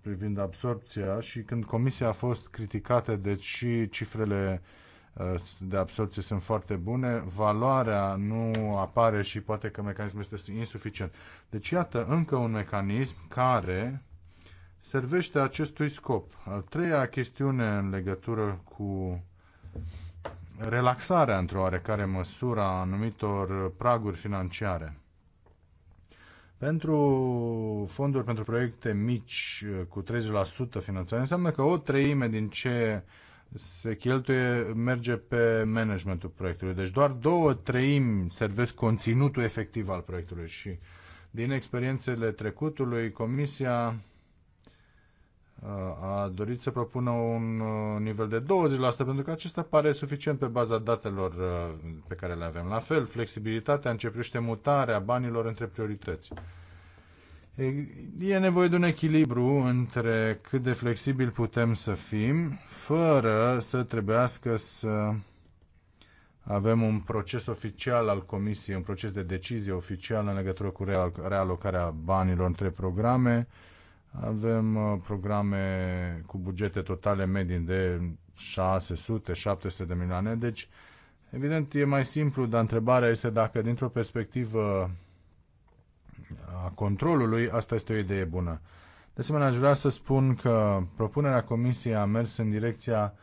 [SPEAKER 4] privind absorpția și când comisia a fost criticată, deci cifrele de absorpție sunt foarte bune, valoarea nu apare și poate că mecanismul este insuficient. Deci iată încă un mecanism care servește acestui scop. Al treia chestiune în legătură cu relaxarea într-o oarecare măsură a anumitor praguri financiare. Pentru fonduri pentru proiecte mici cu 30% finanțare înseamnă că o treime din ce se cheltuie merge pe managementul proiectului. Deci doar două treimi servesc conținutul efectiv al proiectului și din experiențele trecutului, Comisia Uh, a dorit să propună un uh, nivel de 20%, pentru că acesta pare suficient pe baza datelor uh, pe care le avem. La fel, flexibilitatea începește mutarea banilor între priorități. E nevoie de un echilibru între cât de flexibil putem să fim, fără să trebuiască să avem un proces oficial al Comisiei, un proces de decizie oficială în legătură cu realocarea banilor între programe, avem uh, programe cu bugete totale medii de 600-700 de milioane, deci evident e mai simplu, dar întrebarea este dacă dintr-o perspectivă a controlului, asta este o idee bună. De asemenea, aș vrea să spun că propunerea Comisiei a mers în direcția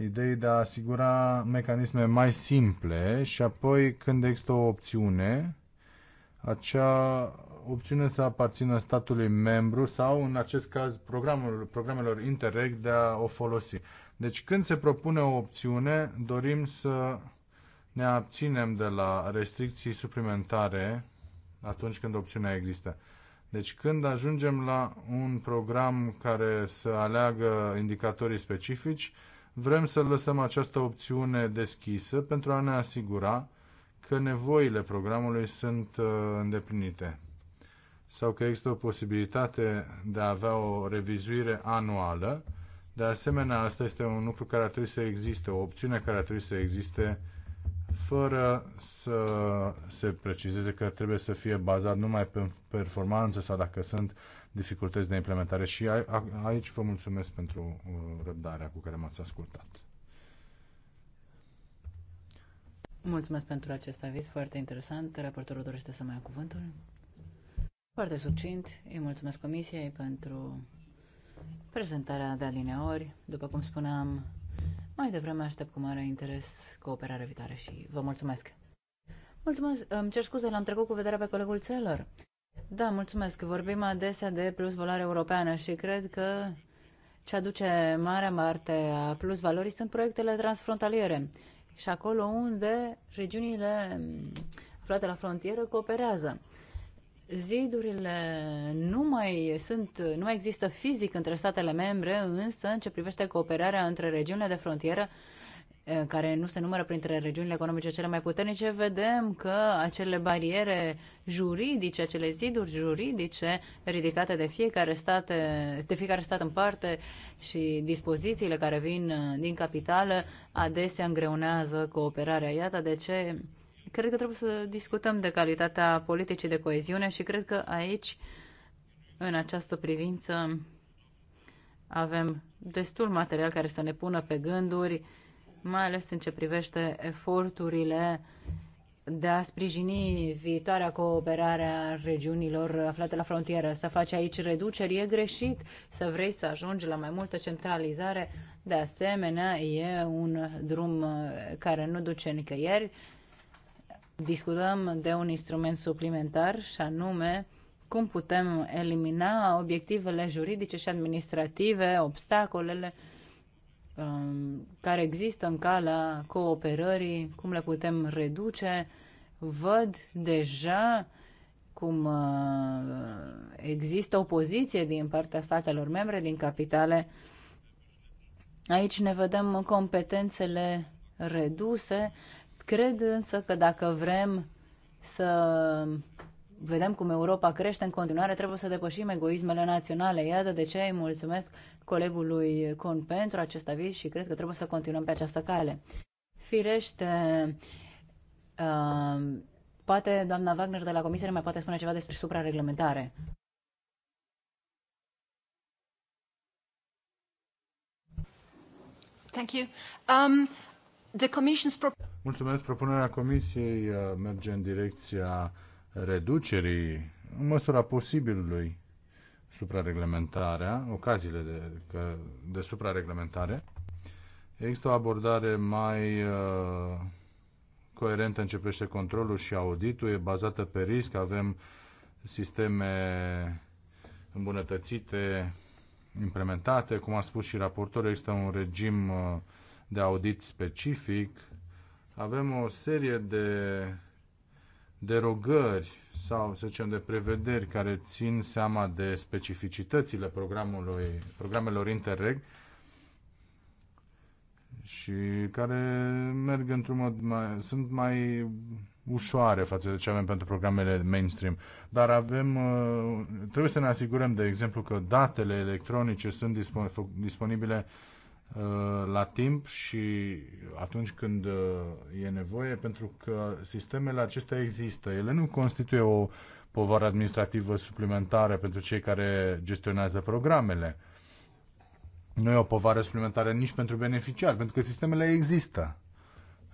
[SPEAKER 4] ideii de a asigura mecanisme mai simple și apoi când există o opțiune, acea opțiune să aparțină statului membru sau, în acest caz, programul, programelor Interreg de a o folosi. Deci, când se propune o opțiune, dorim să ne abținem de la restricții suplimentare atunci când opțiunea există. Deci când ajungem la un program care să aleagă indicatorii specifici, vrem să lăsăm această opțiune deschisă pentru a ne asigura că nevoile programului sunt uh, îndeplinite sau că există o posibilitate de a avea o revizuire anuală. De asemenea, asta este un lucru care ar trebui să existe, o opțiune care ar trebui să existe fără să se precizeze că trebuie să fie bazat numai pe performanță sau dacă sunt dificultăți de implementare. Și aici vă mulțumesc pentru uh, răbdarea cu care m-ați ascultat.
[SPEAKER 2] Mulțumesc pentru acest aviz foarte interesant. Raportorul dorește să mai ia cuvântul. Foarte succint, îi mulțumesc Comisiei pentru prezentarea de alineori. După cum spuneam, mai devreme aștept cu mare interes cooperarea viitoare și vă mulțumesc. Mulțumesc, îmi cer scuze, l-am trecut cu vederea pe colegul Țelor. Da, mulțumesc. Vorbim adesea de plus valoare europeană și cred că ce aduce marea parte a plus valorii sunt proiectele transfrontaliere și acolo unde regiunile aflate la frontieră cooperează zidurile nu mai sunt, nu mai există fizic între statele membre, însă în ce privește cooperarea între regiunile de frontieră, care nu se numără printre regiunile economice cele mai puternice, vedem că acele bariere juridice, acele ziduri juridice ridicate de fiecare, state, de fiecare stat în parte și dispozițiile care vin uh, din capitală adesea îngreunează cooperarea. Iată de ce Cred că trebuie să discutăm de calitatea politicii de coeziune și cred că aici, în această privință, avem destul material care să ne pună pe gânduri, mai ales în ce privește eforturile de a sprijini viitoarea cooperare a regiunilor aflate la frontieră. Să faci aici reduceri e greșit, să vrei să ajungi la mai multă centralizare. De asemenea, e un drum care nu duce nicăieri Discutăm de un instrument suplimentar și anume cum putem elimina obiectivele juridice și administrative, obstacolele um, care există în calea cooperării, cum le putem reduce. Văd deja cum uh, există opoziție din partea statelor membre, din capitale. Aici ne vedem competențele reduse Cred însă că dacă vrem să vedem cum Europa crește în continuare, trebuie să depășim egoismele naționale. Iată de ce îi mulțumesc colegului Con pentru acest aviz și cred că trebuie să continuăm pe această cale. Firește, uh, poate doamna Wagner de la Comisie ne mai poate spune ceva despre suprareglementare.
[SPEAKER 1] Thank you. Um, the commission's proposal.
[SPEAKER 4] Mulțumesc, propunerea Comisiei uh, merge în direcția reducerii, în măsura posibilului, suprareglementarea, ocaziile de, de suprareglementare. Există o abordare mai uh, coerentă, începește controlul și auditul, e bazată pe risc, avem sisteme îmbunătățite, implementate, cum a spus și raportorul, există un regim uh, de audit specific, avem o serie de derogări sau, să zicem, de prevederi care țin seama de specificitățile programului, programelor Interreg și care merg într-un mod mai, sunt mai ușoare față de ce avem pentru programele mainstream. Dar avem, uh, trebuie să ne asigurăm, de exemplu, că datele electronice sunt disponibile Uh, la timp și atunci când uh, e nevoie, pentru că sistemele acestea există. Ele nu constituie o povară administrativă suplimentară pentru cei care gestionează programele. Nu e o povară suplimentară nici pentru beneficiari, pentru că sistemele există.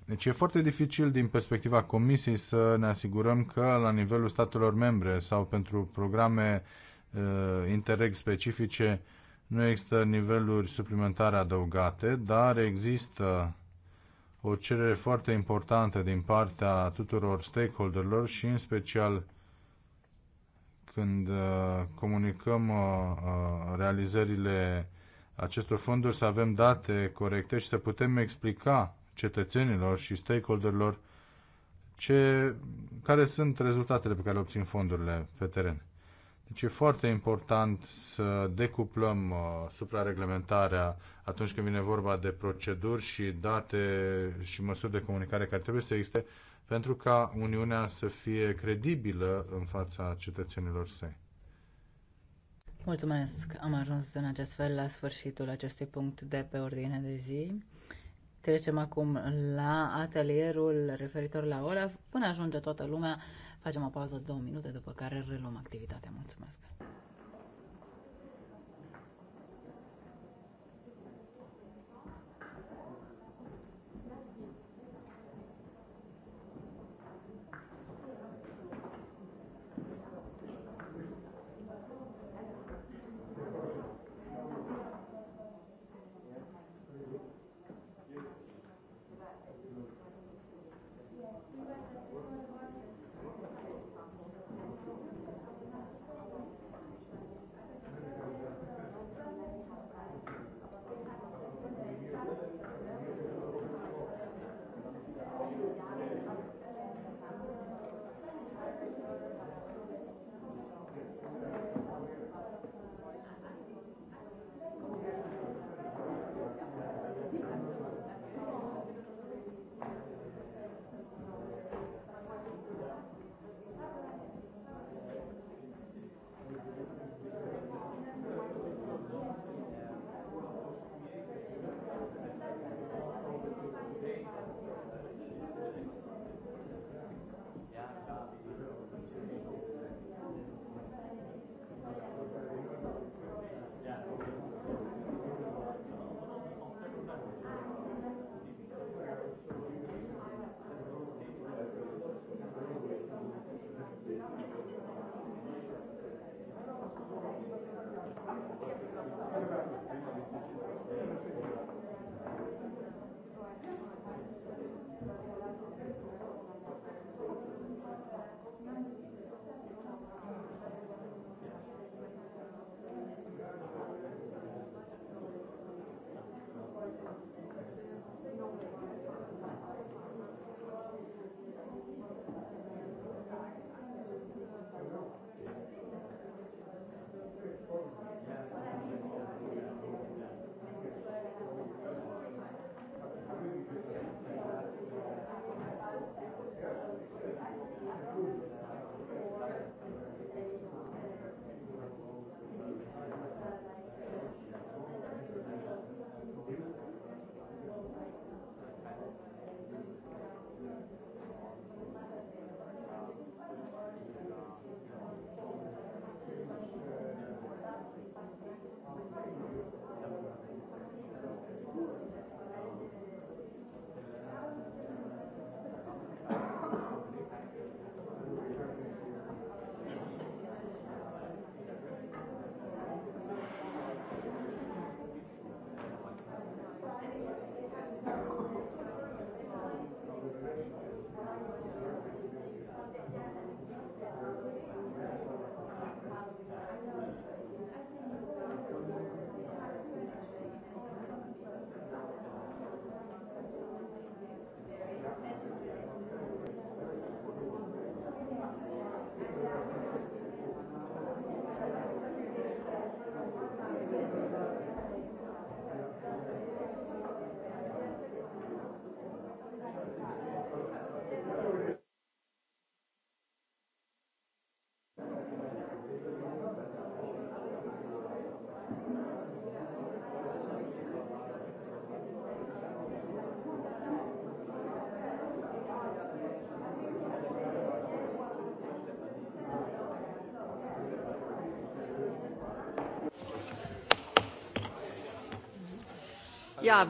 [SPEAKER 4] Deci e foarte dificil din perspectiva Comisiei să ne asigurăm că la nivelul statelor membre sau pentru programe uh, interreg specifice uh, nu există niveluri suplimentare adăugate, dar există o cerere foarte importantă din partea tuturor stakeholderilor și în special când uh, comunicăm uh, uh, realizările acestor fonduri să avem date corecte și să putem explica cetățenilor și stakeholderilor ce, care sunt rezultatele pe care le obțin fondurile pe teren. Deci e foarte important să decuplăm uh, suprareglementarea atunci când vine vorba de proceduri și date și măsuri de comunicare care trebuie să existe pentru ca Uniunea să fie credibilă în fața cetățenilor săi.
[SPEAKER 2] Mulțumesc! Am ajuns în acest fel la sfârșitul acestui punct de pe ordine de zi. Trecem acum la atelierul referitor la Olaf. Până ajunge toată lumea, Facem o pauză de două minute, după care reluăm activitatea. Mulțumesc!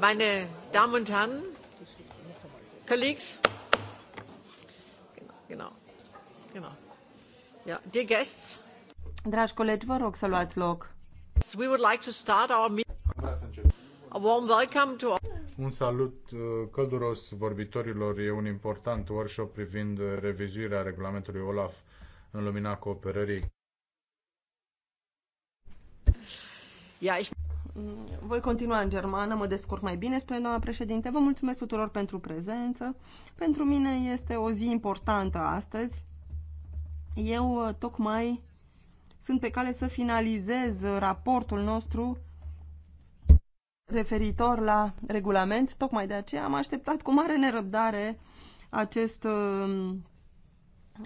[SPEAKER 1] meine Damen und Herren, Colleagues, genau, genau.
[SPEAKER 3] Ja, dear guests, Dragi colegi, vă rog să luați loc.
[SPEAKER 1] We would like to start our meeting. A warm welcome to
[SPEAKER 3] un
[SPEAKER 4] salut uh, călduros vorbitorilor. E un important workshop privind revizuirea regulamentului OLAF în lumina cooperării.
[SPEAKER 3] Ja, ich Mm, voi continua în germană, mă descurc mai bine, spune doamna președinte. Vă mulțumesc tuturor pentru prezență. Pentru mine este o zi importantă astăzi. Eu uh, tocmai sunt pe cale să finalizez uh, raportul nostru referitor la regulament. Tocmai de aceea am așteptat cu mare nerăbdare acest, uh,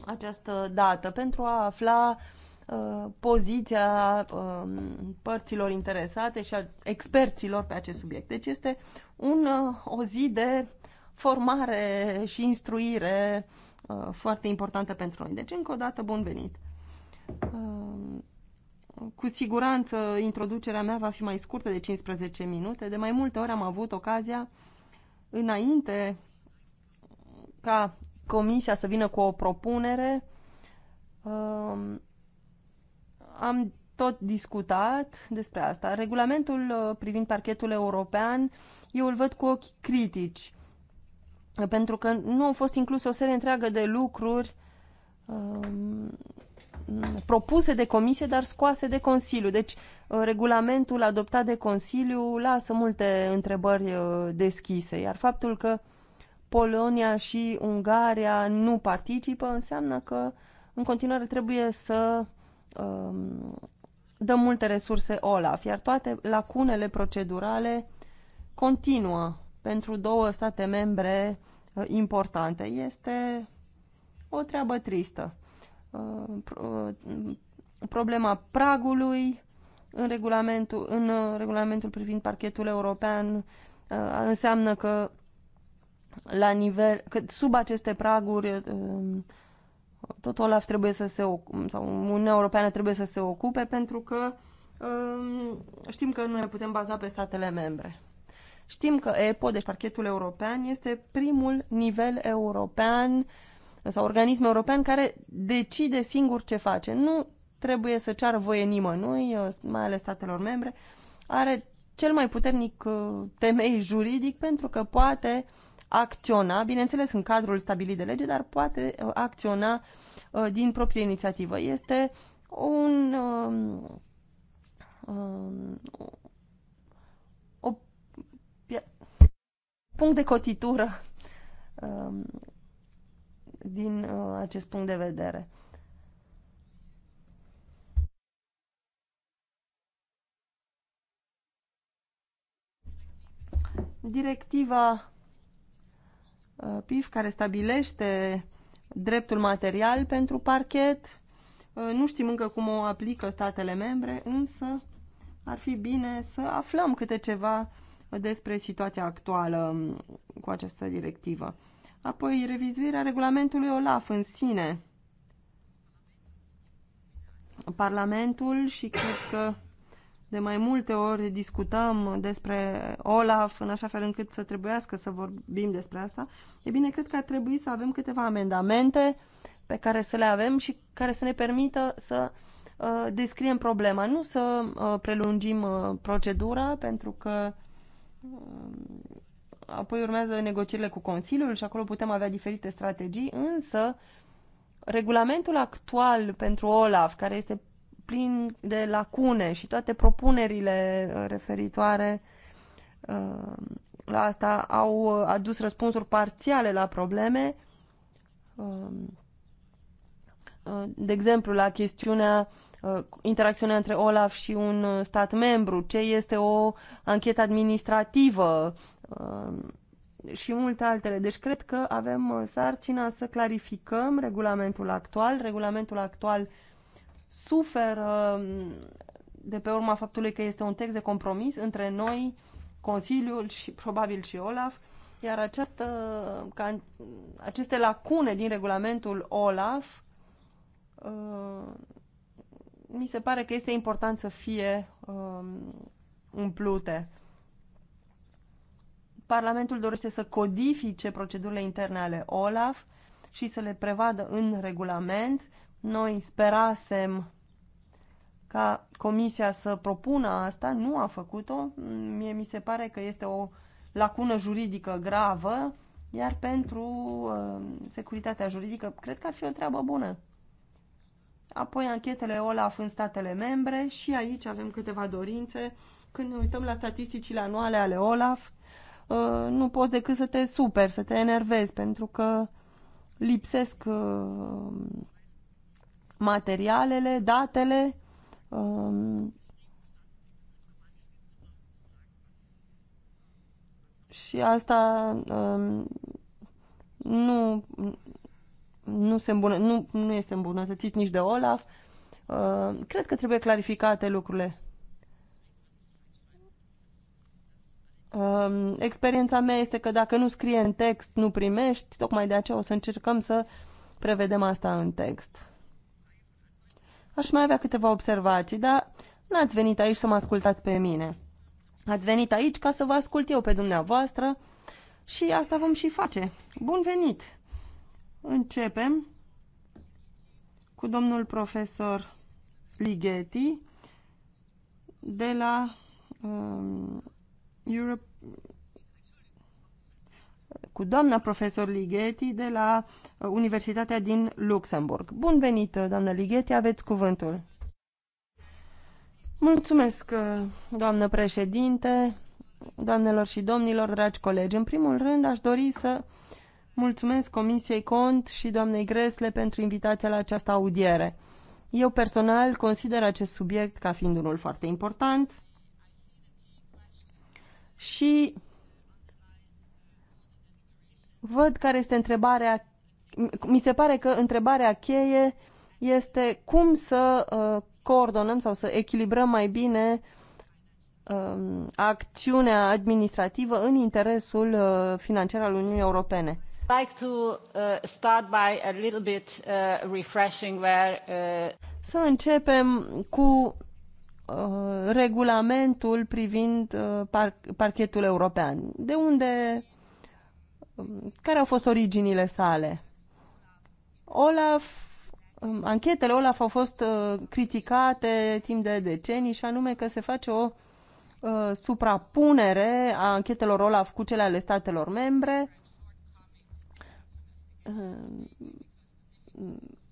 [SPEAKER 3] această dată pentru a afla uh, Uh, poziția um, părților interesate și a experților pe acest subiect. Deci este un, uh, o zi de formare și instruire uh, foarte importantă pentru noi. Deci, încă o dată, bun venit! Um, cu siguranță, introducerea mea va fi mai scurtă de 15 minute. De mai multe ori am avut ocazia, înainte ca comisia să vină cu o propunere, um, am tot discutat despre asta. Regulamentul uh, privind parchetul european, eu îl văd cu ochi critici, pentru că nu au fost incluse o serie întreagă de lucruri um, propuse de comisie, dar scoase de Consiliu. Deci, uh, regulamentul adoptat de Consiliu lasă multe întrebări uh, deschise, iar faptul că Polonia și Ungaria nu participă înseamnă că în continuare trebuie să Um, dă multe resurse OLAF, iar toate lacunele procedurale continuă pentru două state membre uh, importante. Este o treabă tristă. Uh, uh, problema pragului în regulamentul, în regulamentul privind parchetul european înseamnă că la nivel, că sub aceste praguri tot Olaf trebuie să se sau Uniunea Europeană trebuie să se ocupe pentru că um, știm că nu ne putem baza pe statele membre. Știm că EPO, deci parchetul european, este primul nivel european sau organism european care decide singur ce face. Nu trebuie să ceară voie nimănui, uh, mai ales statelor membre. Are cel mai puternic uh, temei juridic pentru că poate uh, acționa, bineînțeles în cadrul stabilit de lege, dar poate uh, acționa uh, din proprie inițiativă. Este un, um, um, o, punct de cotitură um, din uh, acest punct de vedere. Directiva Uh, PIF care stabilește dreptul material pentru parchet. Uh, nu știm încă cum o aplică statele membre, însă ar fi bine să aflăm câte ceva despre situația actuală um, cu această directivă. Apoi, revizuirea regulamentului OLAF în sine. Parlamentul și cred că de mai multe ori discutam despre Olaf în așa fel încât să trebuiască să vorbim despre asta. E bine, cred că ar trebui să avem câteva amendamente pe care să le avem și care să ne permită să uh, descriem problema, nu să uh, prelungim uh, procedura, pentru că uh, apoi urmează negocierile cu Consiliul și acolo putem avea diferite strategii, însă regulamentul actual pentru OLAF, care este plin de lacune și toate propunerile uh, referitoare uh, la asta au uh, adus răspunsuri parțiale la probleme. De exemplu, la chestiunea interacțiunea între Olaf și un stat membru, ce este o anchetă administrativă și multe altele. Deci cred că avem sarcina să clarificăm regulamentul actual. Regulamentul actual uh, suferă mm, de pe urma faptului că este un text de compromis între noi, Consiliul și probabil și Olaf, iar această, ca, aceste lacune din regulamentul Olaf uh, mi se pare că este important să fie uh, umplute. Parlamentul dorește să codifice procedurile interne ale Olaf și să le prevadă în regulament noi sperasem ca comisia să propună asta, nu a făcut-o. Mie mi se pare că este o lacună juridică gravă, iar pentru uh, securitatea juridică cred că ar fi o treabă bună. Apoi anchetele OLAF în statele membre și aici avem câteva dorințe. Când ne uităm la statisticile anuale ale OLAF, uh, nu poți decât să te super, să te enervezi, pentru că lipsesc uh, materialele, datele. Um, și asta um, nu, nu, se îmbună, nu, nu este îmbunătățit nici de Olaf. Uh, cred că trebuie clarificate lucrurile. Uh, experiența mea este că dacă nu scrie în text, nu primești. Tocmai de aceea o să încercăm să prevedem asta în text. Aș mai avea câteva observații, dar n-ați venit aici să mă ascultați pe mine. Ați venit aici ca să vă ascult eu pe dumneavoastră și asta vom și face. Bun venit! Începem cu domnul profesor Ligeti de la um, Europe cu doamna profesor Ligeti de la uh, Universitatea din Luxemburg. Bun venit, uh, doamna Ligeti, aveți cuvântul. Mulțumesc, uh, doamnă președinte, doamnelor și domnilor, dragi colegi. În primul rând, aș dori să mulțumesc Comisiei Cont și doamnei Gresle pentru invitația la această audiere. Eu personal consider acest subiect ca fiind unul foarte important și văd care este întrebarea, mi se pare că întrebarea cheie este cum să uh, coordonăm sau să echilibrăm mai bine uh, acțiunea administrativă în interesul uh, financiar al Uniunii Europene.
[SPEAKER 1] Like to uh, start by a little bit uh,
[SPEAKER 2] refreshing where uh...
[SPEAKER 3] Să începem cu uh, regulamentul privind uh, parchetul european. De unde care au fost originile sale? Olaf, um, anchetele Olaf au fost uh, criticate timp de decenii și anume că se face o uh, suprapunere a anchetelor Olaf cu cele ale statelor membre um,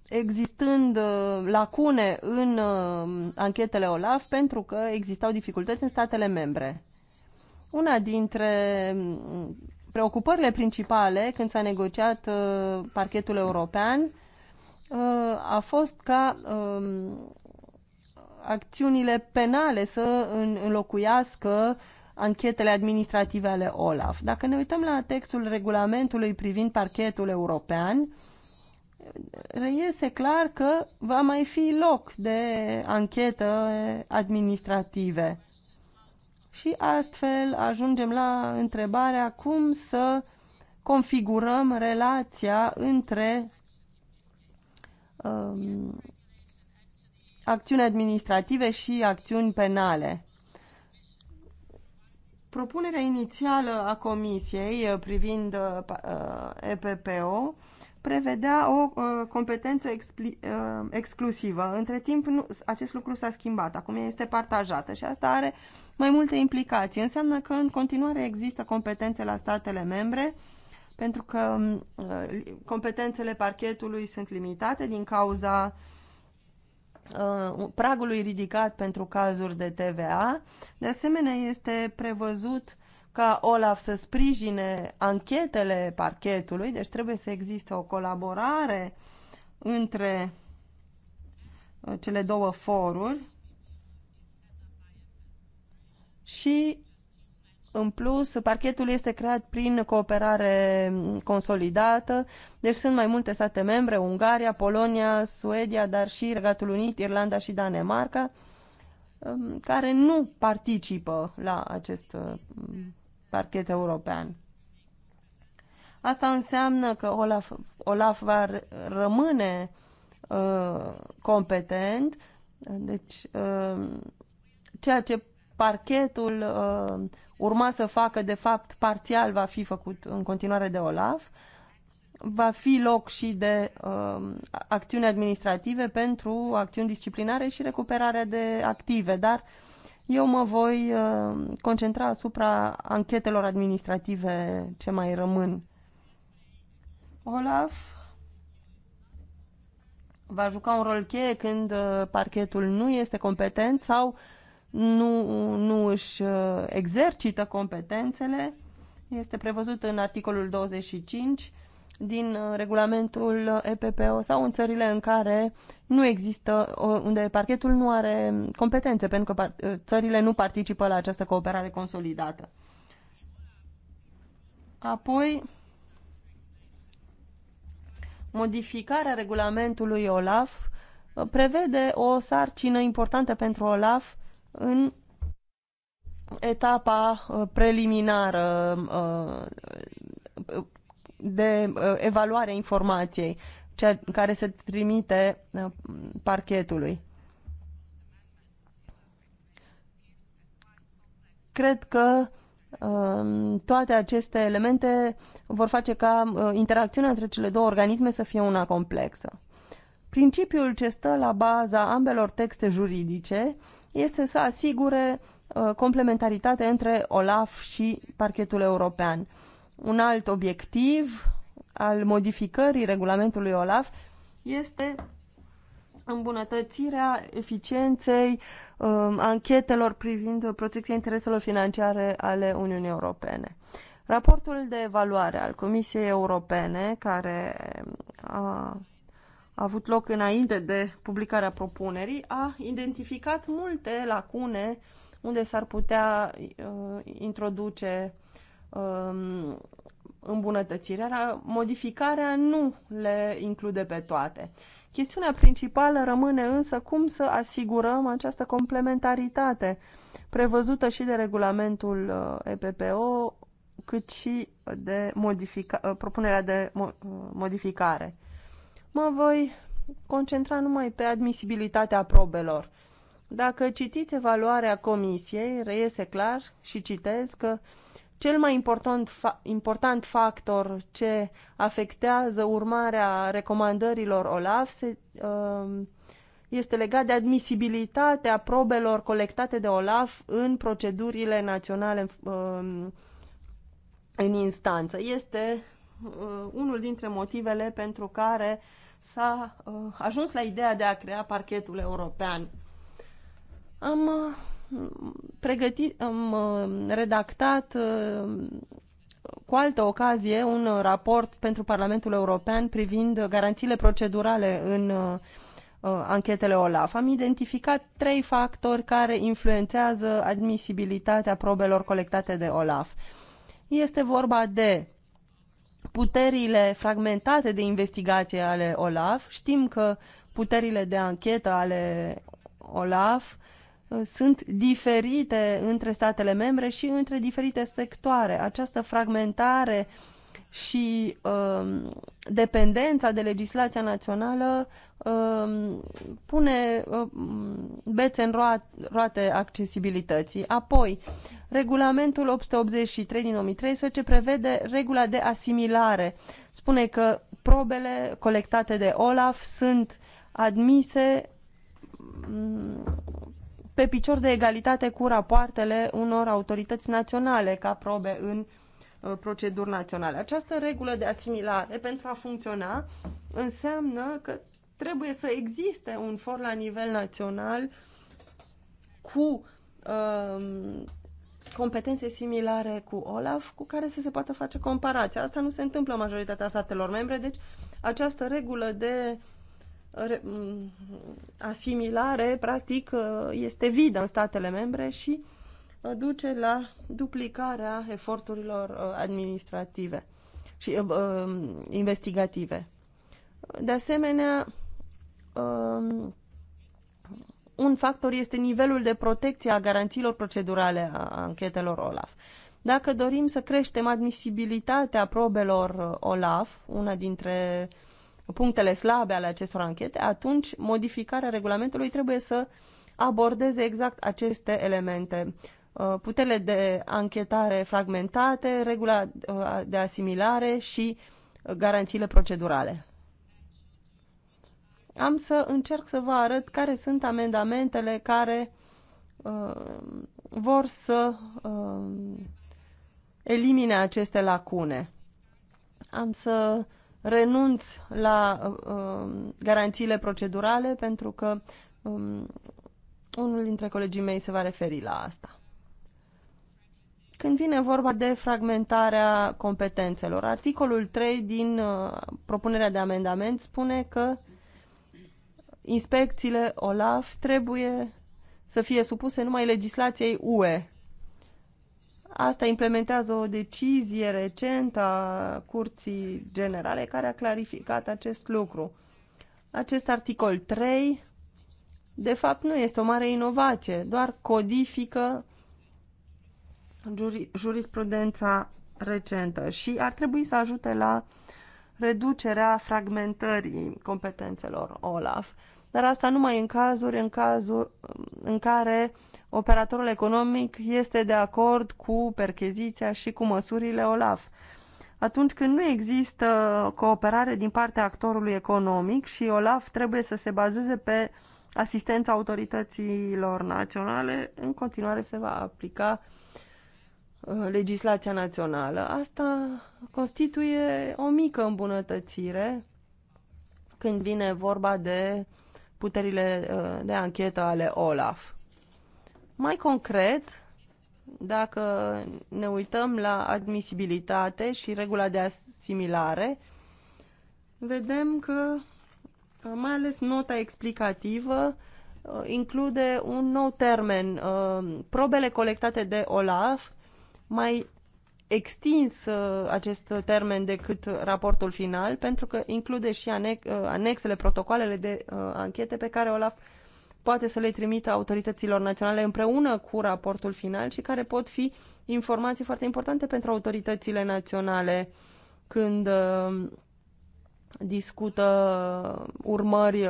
[SPEAKER 3] existând uh, lacune în um, anchetele OLAF pentru că existau dificultăți în statele membre. Una dintre preocupările principale când s-a negociat uh, parchetul european uh, a fost ca uh, acțiunile penale să înlocuiască anchetele administrative ale OLAF. Dacă ne uităm la textul regulamentului privind parchetul european, reiese clar că va mai fi loc de anchetă administrative și astfel ajungem la întrebarea cum să configurăm relația între um, acțiuni administrative și acțiuni penale. Propunerea inițială a Comisiei uh, privind uh, uh EPPO prevedea o uh, competență uh, exclusivă. Între timp, nu, acest lucru s-a schimbat. Acum este partajată și asta are mai multe implicații. Înseamnă că în continuare există competențe la statele membre, pentru că uh, competențele parchetului sunt limitate din cauza uh, pragului ridicat pentru cazuri de TVA. De asemenea, este prevăzut ca Olaf să sprijine anchetele parchetului, deci trebuie să existe o colaborare între uh, cele două foruri și în plus, parchetul este creat prin cooperare consolidată, deci sunt mai multe state membre, Ungaria, Polonia, Suedia, dar și Regatul Unit, Irlanda și Danemarca, um, care nu participă la acest uh, parchet european. Asta înseamnă că Olaf, Olaf va rămâne uh, competent, deci uh, ceea ce parchetul uh, urma să facă, de fapt, parțial va fi făcut în continuare de OLAF, va fi loc și de uh, acțiuni administrative pentru acțiuni disciplinare și recuperarea de active, dar eu mă voi uh, concentra asupra anchetelor administrative ce mai rămân. Olaf va juca un rol cheie când uh, parchetul nu este competent sau uh, nu, nu își uh, exercită competențele, este prevăzut în articolul 25 din uh, regulamentul EPPO sau în țările în care nu există, uh, unde parchetul nu are competențe, pentru că țările nu participă la această cooperare consolidată. Apoi, modificarea regulamentului OLAF prevede o sarcină importantă pentru OLAF în etapa uh, preliminară uh, de uh, evaluare a informației care se trimite parchetului. Cred că um, toate aceste elemente vor face ca interacțiunea între cele două organisme să fie una complexă. Principiul ce stă la baza ambelor texte juridice este să asigure uh, complementaritate între OLAF și parchetul european. Un alt obiectiv al modificării regulamentului OLAF este îmbunătățirea eficienței um, anchetelor privind protecția intereselor financiare ale Uniunii Europene. Raportul de evaluare al Comisiei Europene, care a a avut loc înainte de publicarea propunerii, a identificat multe lacune unde s-ar putea uh, introduce uh, um, îmbunătățirea. Modificarea nu le include pe toate. Chestiunea principală rămâne însă cum să asigurăm această complementaritate prevăzută și de regulamentul uh, EPPO, cât și de modifica- uh, propunerea de mo- uh, modificare. Mă voi concentra numai pe admisibilitatea probelor. Dacă citiți evaluarea comisiei, reiese clar și citez că cel mai important, fa- important factor ce afectează urmarea recomandărilor OLAF se, um, este legat de admisibilitatea probelor colectate de OLAF în procedurile naționale um, în instanță. Este uh, unul dintre motivele pentru care uh, s-a uh, ajuns la ideea de a crea parchetul european. Am uh, pregătit, am uh, redactat uh, cu altă ocazie un raport pentru Parlamentul European privind garanțiile procedurale în uh, uh anchetele OLAF. Am identificat trei factori care influențează admisibilitatea probelor colectate de OLAF. Este vorba de puterile fragmentate de investigație ale OLAF. Știm că puterile de anchetă ale OLAF uh, sunt diferite între statele membre și între diferite sectoare. Această fragmentare uh, și um, dependența de legislația națională um, pune um, bețe în roate accesibilității. Apoi, regulamentul 883 din 2013 prevede regula de asimilare. Spune că probele colectate de OLAF sunt admise mm, pe picior de egalitate cu rapoartele unor autorități naționale ca probe în uh, Uh, proceduri naționale. Această regulă de asimilare pentru a funcționa înseamnă că trebuie să existe un for la nivel național cu um, competențe similare cu OLAF cu care să se poată face comparația. Asta nu se întâmplă în majoritatea statelor membre, deci această regulă de uh, mm, asimilare practic uh, este vidă în statele membre și uh, Uh, duce la duplicarea eforturilor uh, administrative și uh, um, investigative. De asemenea, uh, un factor este nivelul de protecție a garanțiilor procedurale a anchetelor OLAF. Dacă dorim să creștem admisibilitatea probelor uh, OLAF, una dintre punctele slabe ale acestor anchete, atunci modificarea regulamentului trebuie să abordeze exact aceste elemente. Uh, puterile de anchetare fragmentate, regula uh, de asimilare și uh, garanțiile procedurale. Am să încerc să vă arăt care sunt amendamentele care uh, vor să uh, elimine aceste lacune. Am să renunț la uh, garanțiile procedurale pentru că um, unul dintre colegii mei se va referi la asta. Când vine vorba de fragmentarea competențelor, articolul 3 din uh, propunerea de amendament spune că inspecțiile OLAF trebuie să fie supuse numai legislației UE. Asta implementează o decizie recentă a Curții Generale care a clarificat acest lucru. Acest articol 3, de fapt, nu este o mare inovație, doar codifică jurisprudența recentă și ar trebui să ajute la reducerea fragmentării competențelor OLAF. Dar asta numai în cazuri în, cazuri în care operatorul economic este de acord cu percheziția și cu măsurile OLAF. Atunci când nu există cooperare din partea actorului economic și OLAF trebuie să se bazeze pe asistența autorităților naționale, în continuare se va aplica uh, Uh, legislația națională. Asta constituie o mică îmbunătățire când vine vorba de puterile uh, de anchetă ale OLAF. Mai concret, dacă ne uităm la admisibilitate și regula de asimilare, vedem că uh, mai ales nota explicativă include un nou termen, probele colectate de OLAF mai extins uh, acest termen decât raportul final, pentru că include și uh, anexele, protocoalele de uh, anchete pe care OLAF poate să le trimită autorităților naționale împreună cu raportul final și care pot fi informații foarte importante pentru autoritățile naționale când discută urmări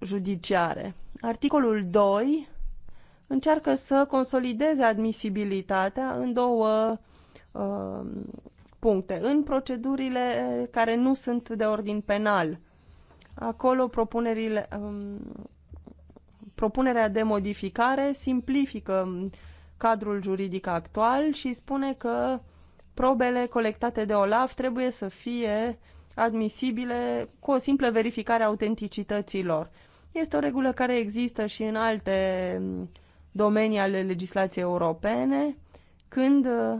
[SPEAKER 3] judiciare. Articolul 2 încearcă să consolideze admisibilitatea în două uh, puncte. În procedurile care nu sunt de ordin penal, acolo propunerile, um, propunerea de modificare simplifică cadrul juridic actual și spune că probele colectate de OLAF trebuie să fie admisibile cu o simplă verificare a autenticității lor. Este o regulă care există și în alte domenii ale legislației europene când uh,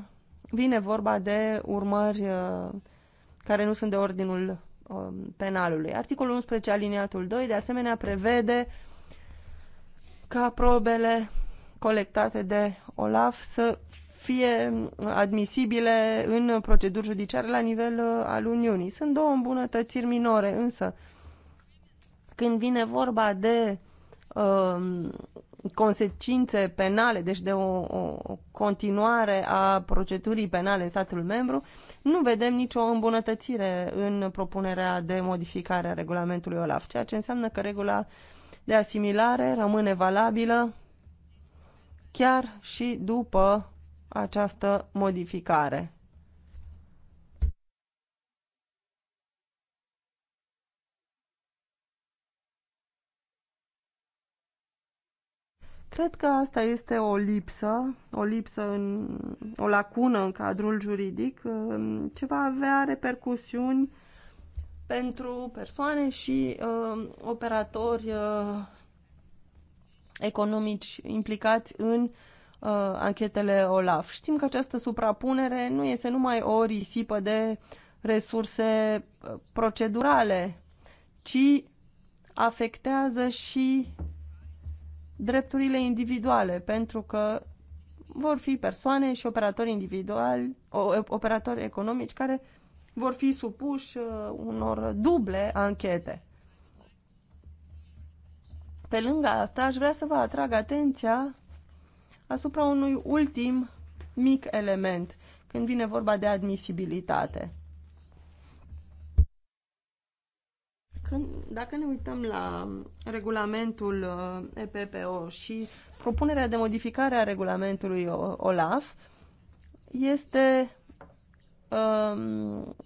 [SPEAKER 3] vine vorba de urmări uh, care nu sunt de ordinul um, penalului. Articolul 11 aliniatul 2 de asemenea prevede ca probele colectate de OLAF să fie um, admisibile în proceduri judiciare la nivel uh, al Uniunii. Sunt două îmbunătățiri minore, însă când vine vorba de um, consecințe penale, deci de o, o continuare a procedurii penale în statul membru, nu vedem nicio îmbunătățire în propunerea de modificare a regulamentului OLAF, ceea ce înseamnă că regula de asimilare rămâne valabilă chiar și după această modificare. Cred că asta este o lipsă, o lipsă, în, o lacună în cadrul juridic, um, ce va avea repercusiuni pentru persoane și uh, operatori uh, economici implicați în uh, anchetele OLAF. Știm că această suprapunere nu este numai o risipă de resurse uh, procedurale, ci afectează și drepturile individuale, pentru că vor fi persoane și operatori individuali, operatori economici care vor fi supuși uh, unor duble anchete. Pe lângă asta, aș vrea să vă atrag atenția asupra unui ultim mic element când vine vorba de admisibilitate. Când, dacă ne uităm la regulamentul uh, EPPO și propunerea de modificare a regulamentului uh, OLAF, este um,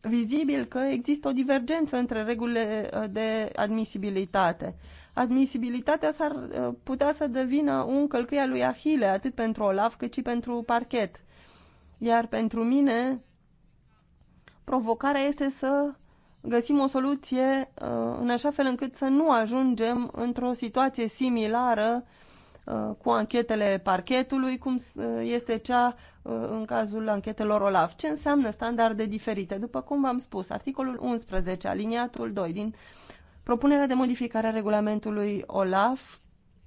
[SPEAKER 3] vizibil că există o divergență între regulile uh, de admisibilitate. Admisibilitatea s-ar putea să devină un călcâia lui Ahile, atât pentru OLAF cât și pentru parchet. Iar pentru mine, provocarea este să găsim o soluție uh, în așa fel încât să nu ajungem într-o situație similară uh, cu anchetele parchetului, cum uh, este cea în cazul anchetelor OLAF. Ce înseamnă standarde diferite? După cum v-am spus, articolul 11, aliniatul 2 din propunerea de modificare a regulamentului OLAF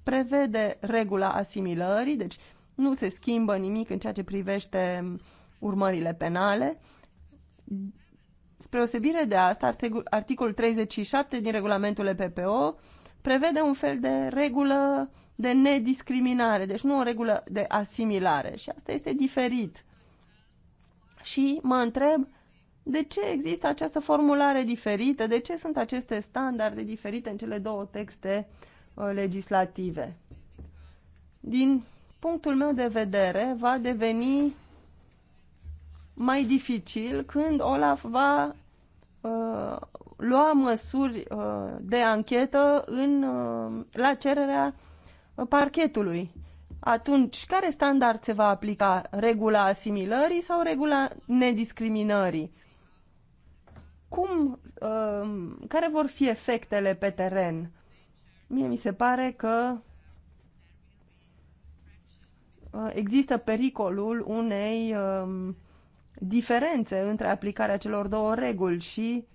[SPEAKER 3] prevede regula asimilării, deci nu se schimbă nimic în ceea ce privește urmările penale, Spre osebire de asta, articolul 37 din regulamentul EPPO prevede un fel de regulă de nediscriminare, deci nu o regulă de asimilare și asta este diferit. Și mă întreb de ce există această formulare diferită, de ce sunt aceste standarde diferite în cele două texte uh, legislative. Din punctul meu de vedere, va deveni mai dificil când Olaf va uh, lua măsuri uh, de anchetă în, uh, la cererea uh, parchetului. Atunci, care standard se va aplica? Regula asimilării sau regula nediscriminării? Cum, uh, care vor fi efectele pe teren? Mie mi se pare că uh, există pericolul unei uh, diferențe între aplicarea celor două reguli și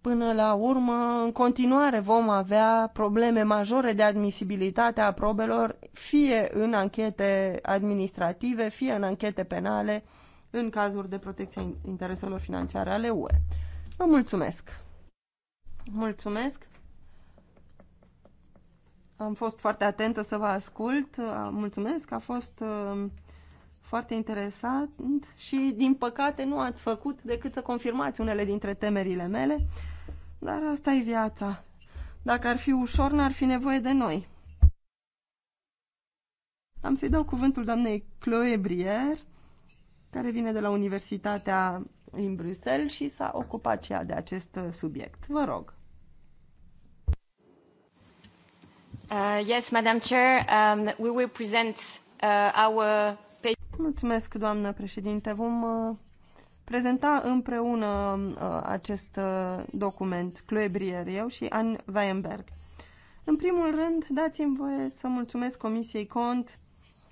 [SPEAKER 3] până la urmă, în continuare vom avea probleme majore de admisibilitate a probelor, fie în anchete administrative, fie în anchete penale, în cazuri de protecție intereselor financiare ale UE. Vă mulțumesc! Mulțumesc! Am fost foarte atentă să vă ascult. Mulțumesc! A fost uh, foarte interesant și, din păcate, nu ați făcut decât să confirmați unele dintre temerile mele, dar asta e viața. Dacă ar fi ușor, n-ar fi nevoie de noi. Am să-i dau cuvântul doamnei Chloe Brier, care vine de la Universitatea din Bruxelles și s-a ocupat și ea de acest subiect. Vă rog. Uh, yes, Madam Chair, um, we will present uh, our Mulțumesc, doamnă președinte. Vom uh, prezenta împreună uh, acest uh, document, Cluebrier, eu și Anne Weinberg. În primul rând, dați-mi voie să mulțumesc Comisiei Cont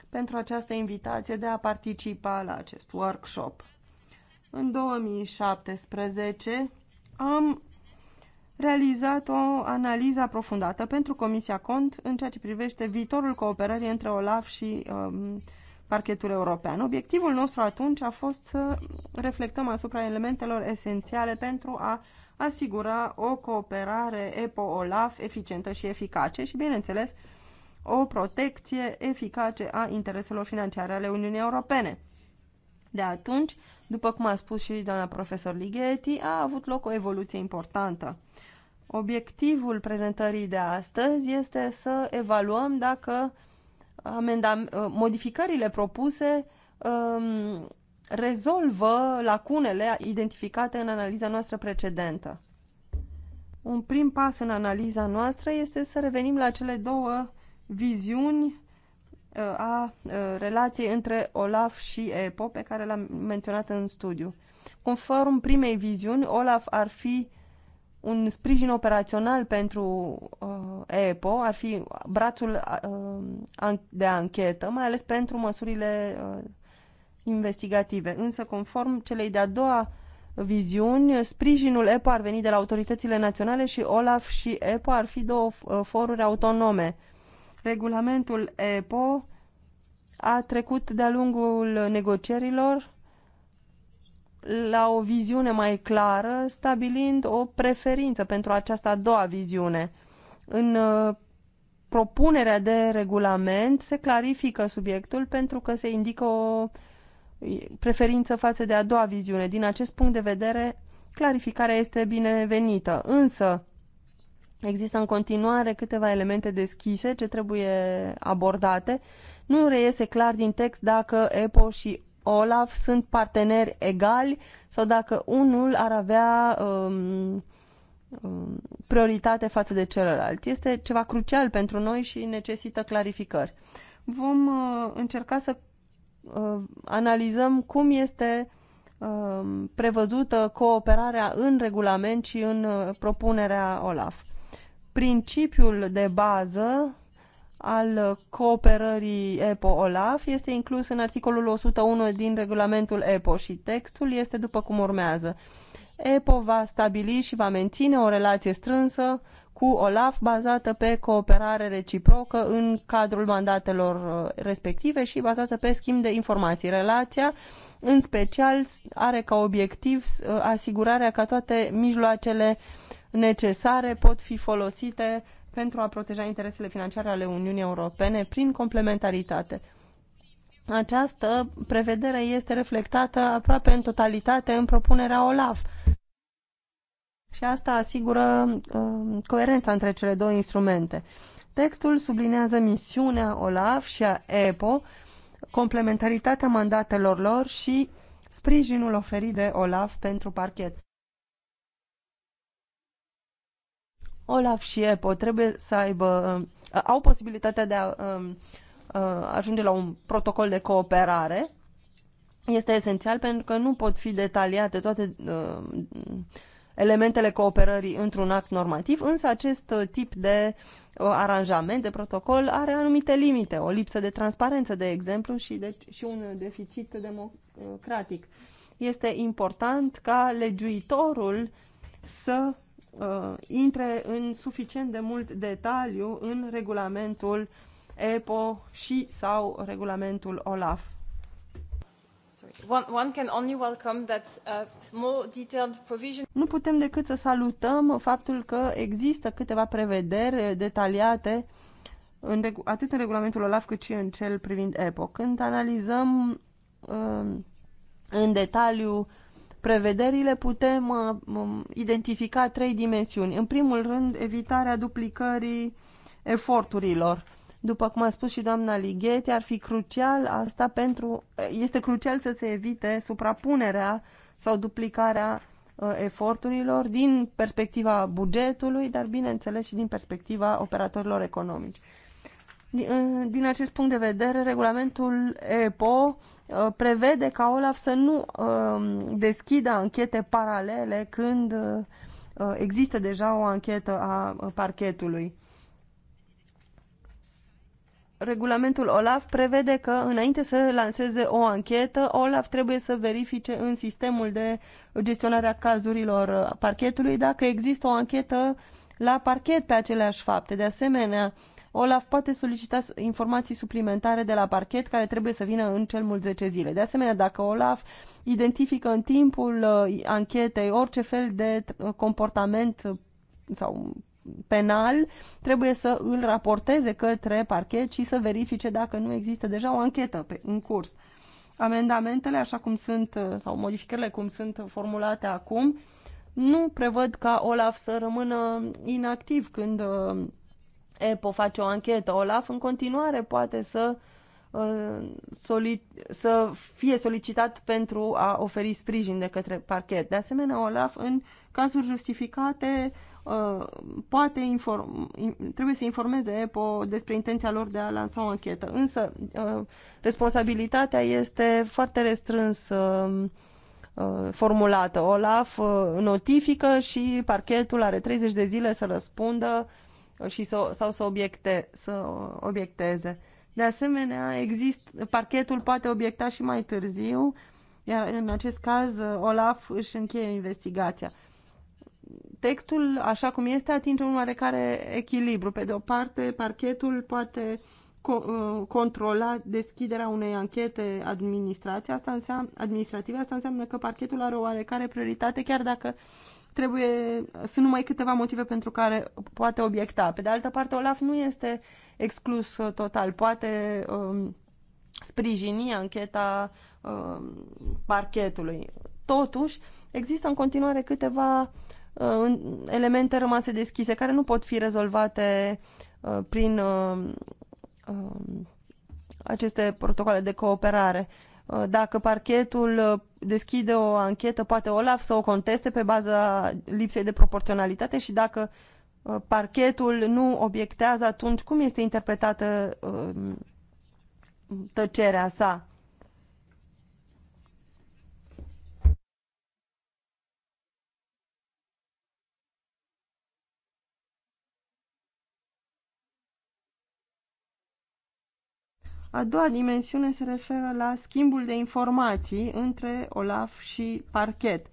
[SPEAKER 3] pentru această invitație de a participa la acest workshop. În 2017 am realizat o analiză aprofundată pentru Comisia Cont în ceea ce privește viitorul cooperării între OLAF și um, parchetul european. Obiectivul nostru atunci a fost să reflectăm asupra elementelor esențiale pentru a asigura o cooperare EPO-OLAF eficientă și eficace și, bineînțeles, o protecție eficace a intereselor financiare ale Uniunii Europene. De atunci, după cum a spus și doamna profesor Ligeti, a avut loc o evoluție importantă. Obiectivul prezentării de astăzi este să evaluăm dacă uh, amendam, uh, modificările propuse um, rezolvă lacunele identificate în analiza noastră precedentă. Un prim pas în analiza noastră este să revenim la cele două viziuni uh, a uh, relației între Olaf și EPO pe care l-am menționat în studiu. Conform primei viziuni, Olaf ar fi un sprijin operațional pentru uh, EPO ar fi brațul uh, de anchetă, mai ales pentru măsurile uh, investigative. Însă, conform celei de-a doua viziuni, sprijinul EPO ar veni de la autoritățile naționale și OLAF și EPO ar fi două uh, foruri autonome. Regulamentul EPO a trecut de-a lungul negocierilor la o viziune mai clară, stabilind o preferință pentru această a doua viziune. În uh, propunerea de regulament se clarifică subiectul pentru că se indică o preferință față de a doua viziune. Din acest punct de vedere, clarificarea este binevenită, însă există în continuare câteva elemente deschise ce trebuie abordate. Nu reiese clar din text dacă EPO și Olaf sunt parteneri egali sau dacă unul ar avea um, um, prioritate față de celălalt. Este ceva crucial pentru noi și necesită clarificări. Vom uh, încerca să uh, analizăm cum este uh, prevăzută cooperarea în regulament și în uh, propunerea OLAF. Principiul de bază al cooperării EPO-OLAF este inclus în articolul 101 din regulamentul EPO și textul este după cum urmează. EPO va stabili și va menține o relație strânsă cu OLAF bazată pe cooperare reciprocă în cadrul mandatelor uh, respective și bazată pe schimb de informații. Relația, în special, are ca obiectiv uh, asigurarea ca toate mijloacele necesare pot fi folosite pentru a proteja interesele financiare ale Uniunii Europene prin complementaritate. Această prevedere este reflectată aproape în totalitate în propunerea OLAF. Și asta asigură uh, coerența între cele două instrumente. Textul sublinează misiunea OLAF și a EPO, complementaritatea mandatelor lor și sprijinul oferit de OLAF pentru parchet. Olaf și EPO trebuie să aibă, uh, au posibilitatea de a um, uh, ajunge la un protocol de cooperare. Este esențial pentru că nu pot fi detaliate toate uh, elementele cooperării într-un act normativ, însă acest tip de aranjament, de protocol, are anumite limite, o lipsă de transparență, de exemplu, și, de, și un deficit democratic. Este important ca legiuitorul să uh, intre în suficient de mult detaliu în regulamentul EPO și sau regulamentul OLAF. One,
[SPEAKER 1] one can only welcome that, uh, more detailed provision.
[SPEAKER 3] Nu putem decât să salutăm faptul că există câteva prevederi uh, detaliate în, atât în regulamentul OLAF cât și în cel privind EPO. Când analizăm uh, în detaliu prevederile putem uh, identifica trei dimensiuni. În primul rând, evitarea duplicării eforturilor. După cum a spus și doamna Lighetti, ar fi crucial asta pentru... Este crucial să se evite suprapunerea sau duplicarea uh, eforturilor din perspectiva bugetului, dar bineînțeles și din perspectiva operatorilor economici. Din uh, acest punct de vedere, regulamentul EPO Uh, prevede ca Olaf să nu uh, deschidă anchete paralele când uh, există deja o anchetă a parchetului. Regulamentul OLAF prevede că înainte să lanseze o anchetă, OLAF trebuie să verifice în sistemul de gestionare a cazurilor parchetului dacă există o anchetă la parchet pe aceleași fapte. De asemenea, uh, Olaf poate solicita informații suplimentare de la parchet care trebuie să vină în cel mult 10 zile. De asemenea, dacă Olaf identifică în timpul uh, anchetei orice fel de uh, comportament uh, sau penal, trebuie să îl raporteze către parchet și să verifice dacă nu există deja o anchetă pe, în curs. Amendamentele, așa cum sunt, sau modificările cum sunt formulate acum, nu prevăd ca Olaf să rămână inactiv când EPO face o anchetă, OLAF în continuare poate să, uh, soli, să fie solicitat pentru a oferi sprijin de către parchet. De asemenea, OLAF în cazuri justificate uh, poate inform, trebuie să informeze EPO despre intenția lor de a lansa o anchetă. Însă, uh, responsabilitatea este foarte Uh, formulată. OLAF notifică și parchetul are 30 de zile să răspundă și să, sau să, obiecte, să obiecteze. De asemenea, exist, parchetul poate obiecta și mai târziu, iar în acest caz uh, Olaf își încheie investigația. Textul, așa cum este, atinge un oarecare echilibru. Pe de o parte, parchetul poate co- uh, controla deschiderea unei anchete administrative. asta înseamnă, administrative, asta înseamnă că parchetul are o oarecare prioritate, chiar dacă uh, trebuie, sunt numai câteva motive pentru care poate obiecta. Pe de altă parte, Olaf nu este exclus uh, total. Poate um, sprijini ancheta um, parchetului. Totuși, există în continuare câteva um, elemente rămase deschise care nu pot fi rezolvate uh, prin uh, aceste protocoale de cooperare. Uh, dacă parchetul uh, deschide o anchetă, poate Olaf să o conteste pe baza lipsei de proporționalitate și dacă uh, parchetul nu obiectează, atunci cum este interpretată tăcerea sa? A doua dimensiune se referă la schimbul de informații între OLAF și parchet.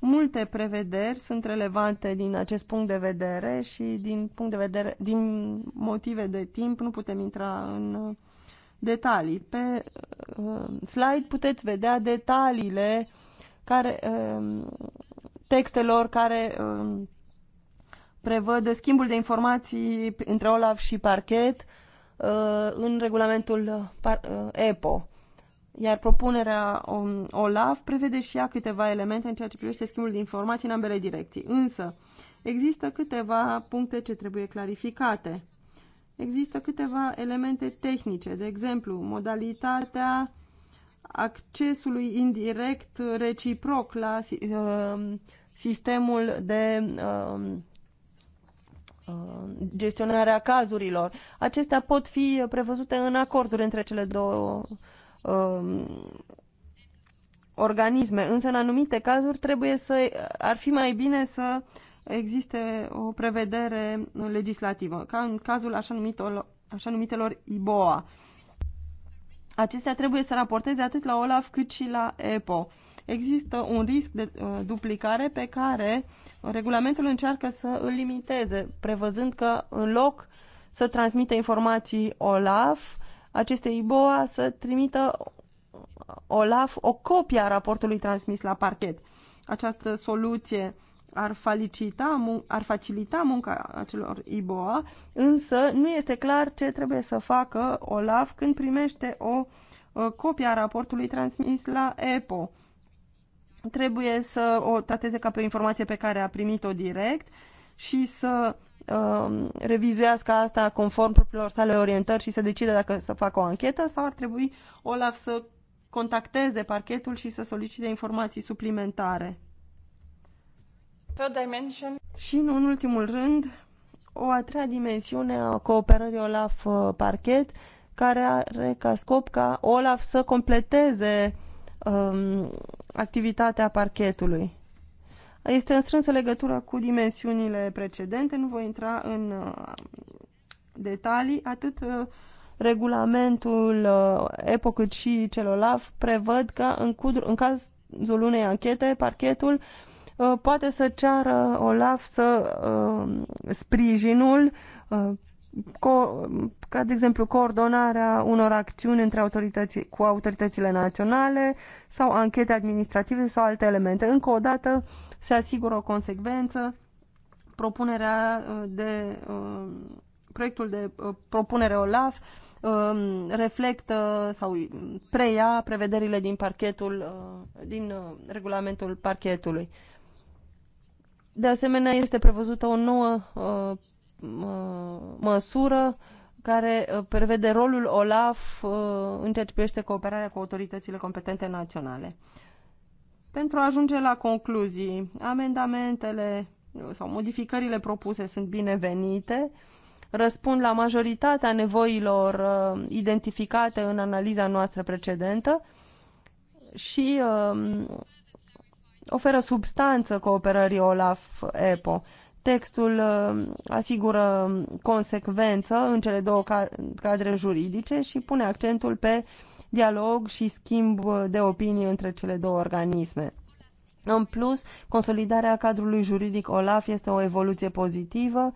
[SPEAKER 3] Multe prevederi sunt relevante din acest punct de vedere și din, punct de vedere, din motive de timp nu putem intra în uh, detalii. Pe uh, slide puteți vedea detaliile care, uh, textelor care uh, prevăd schimbul de informații între OLAF și parchet, uh, Uh, în regulamentul uh, uh, EPO. Iar propunerea OLAF prevede și ea câteva elemente în ceea ce privește schimbul de informații în ambele direcții. Însă, există câteva puncte ce trebuie clarificate. Există câteva elemente tehnice, de exemplu, modalitatea accesului indirect reciproc la sistemul de Uh, gestionarea cazurilor. Acestea pot fi prevăzute în acorduri între cele două um, organisme, însă în anumite cazuri trebuie să ar fi mai bine să existe o prevedere legislativă, ca în cazul așa, numitor, așa numitelor IBOA. Acestea trebuie să raporteze atât la OLAF cât și la EPO există un risc de uh, duplicare pe care regulamentul încearcă să îl limiteze, prevăzând că în loc să transmită informații OLAF, aceste IBOA să trimită OLAF o copie a raportului transmis la parchet. Această soluție ar, falicita, ar facilita munca acelor IBOA, însă nu este clar ce trebuie să facă OLAF când primește o uh, copie a raportului transmis la EPO trebuie să o trateze ca pe o informație pe care a primit-o direct și să uh, revizuiască asta conform propriilor sale orientări și să decide dacă să facă o anchetă sau ar trebui Olaf să contacteze parchetul și să solicite informații suplimentare. Și în un ultimul rând, o a treia dimensiune a cooperării Olaf-Parchet, uh, care are ca scop ca Olaf să completeze um, activitatea parchetului. Este în strânsă legătură cu dimensiunile precedente, nu voi intra în uh, detalii, atât uh, regulamentul uh, EPO cât și celălalt prevăd că în, cudru, în cazul unei anchete, parchetul uh, poate să ceară OLAF să uh, sprijinul uh, ca de exemplu coordonarea unor acțiuni între autorități, cu autoritățile naționale sau anchete administrative sau alte elemente. Încă o dată se asigură o consecvență propunerea uh, de uh, proiectul de uh, propunere OLAF um, reflectă sau preia prevederile din parchetul din regulamentul parchetului. De asemenea, este prevăzută o nouă măsură care uh, prevede rolul OLAF uh, în ceea ce privește cooperarea cu autoritățile competente naționale. Pentru a ajunge la concluzii, amendamentele uh, sau modificările propuse sunt binevenite, răspund la majoritatea nevoilor identificate în analiza noastră precedentă și um, oferă substanță cooperării OLAF-EPO. Textul uh, asigură consecvență în cele două cadre juridice și pune accentul pe dialog și schimb de opinii între cele două organisme. În plus, consolidarea cadrului juridic OLAF este o evoluție pozitivă,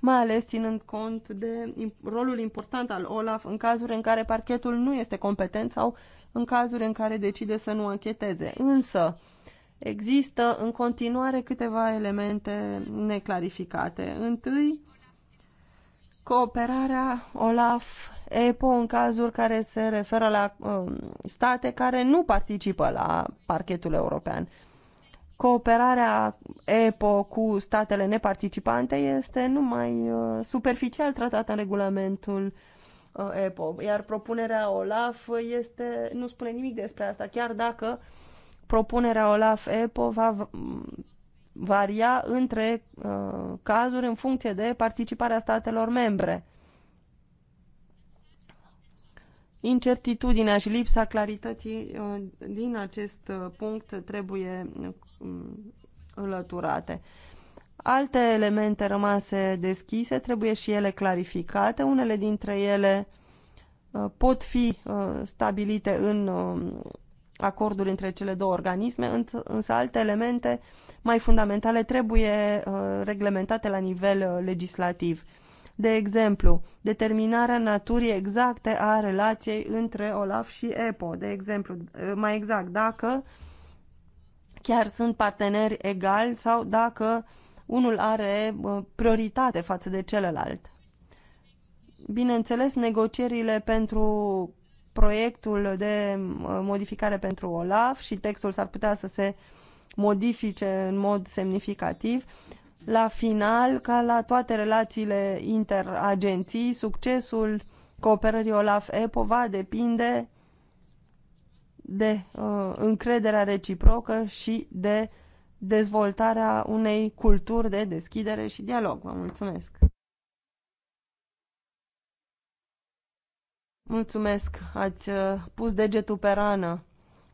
[SPEAKER 3] mai ales ținând cont de rolul important al OLAF în cazuri în care parchetul nu este competent sau în cazuri în care decide să nu ancheteze. Însă, există în continuare câteva elemente neclarificate. Întâi, cooperarea OLAF EPO în cazul care se referă la uh, state care nu participă la parchetul european. Cooperarea EPO cu statele neparticipante este numai uh, superficial tratată în regulamentul uh, EPO, iar propunerea OLAF este, nu spune nimic despre asta, chiar dacă uh, propunerea OLAF-EPO va varia între uh, cazuri în funcție de participarea statelor membre. Incertitudinea și lipsa clarității uh, din acest uh, punct trebuie uh, înlăturate. Alte elemente rămase deschise trebuie și ele clarificate. Unele dintre ele uh, pot fi uh, stabilite în acordul între cele două organisme, însă alte elemente mai fundamentale trebuie uh, reglementate la nivel uh, legislativ. De exemplu, determinarea naturii exacte a relației între OLAF și EPO. De exemplu, uh, mai exact, dacă chiar sunt parteneri egali sau dacă unul are prioritate față de celălalt. Bineînțeles, negocierile pentru proiectul de uh, modificare pentru OLAF și textul s-ar putea să se modifice în mod semnificativ. La final, ca la toate relațiile interagenții, succesul cooperării OLAF-EPO va depinde de uh, încrederea reciprocă și de dezvoltarea unei culturi de deschidere și dialog. Vă mulțumesc! Mulțumesc, ați uh, pus degetul pe rană.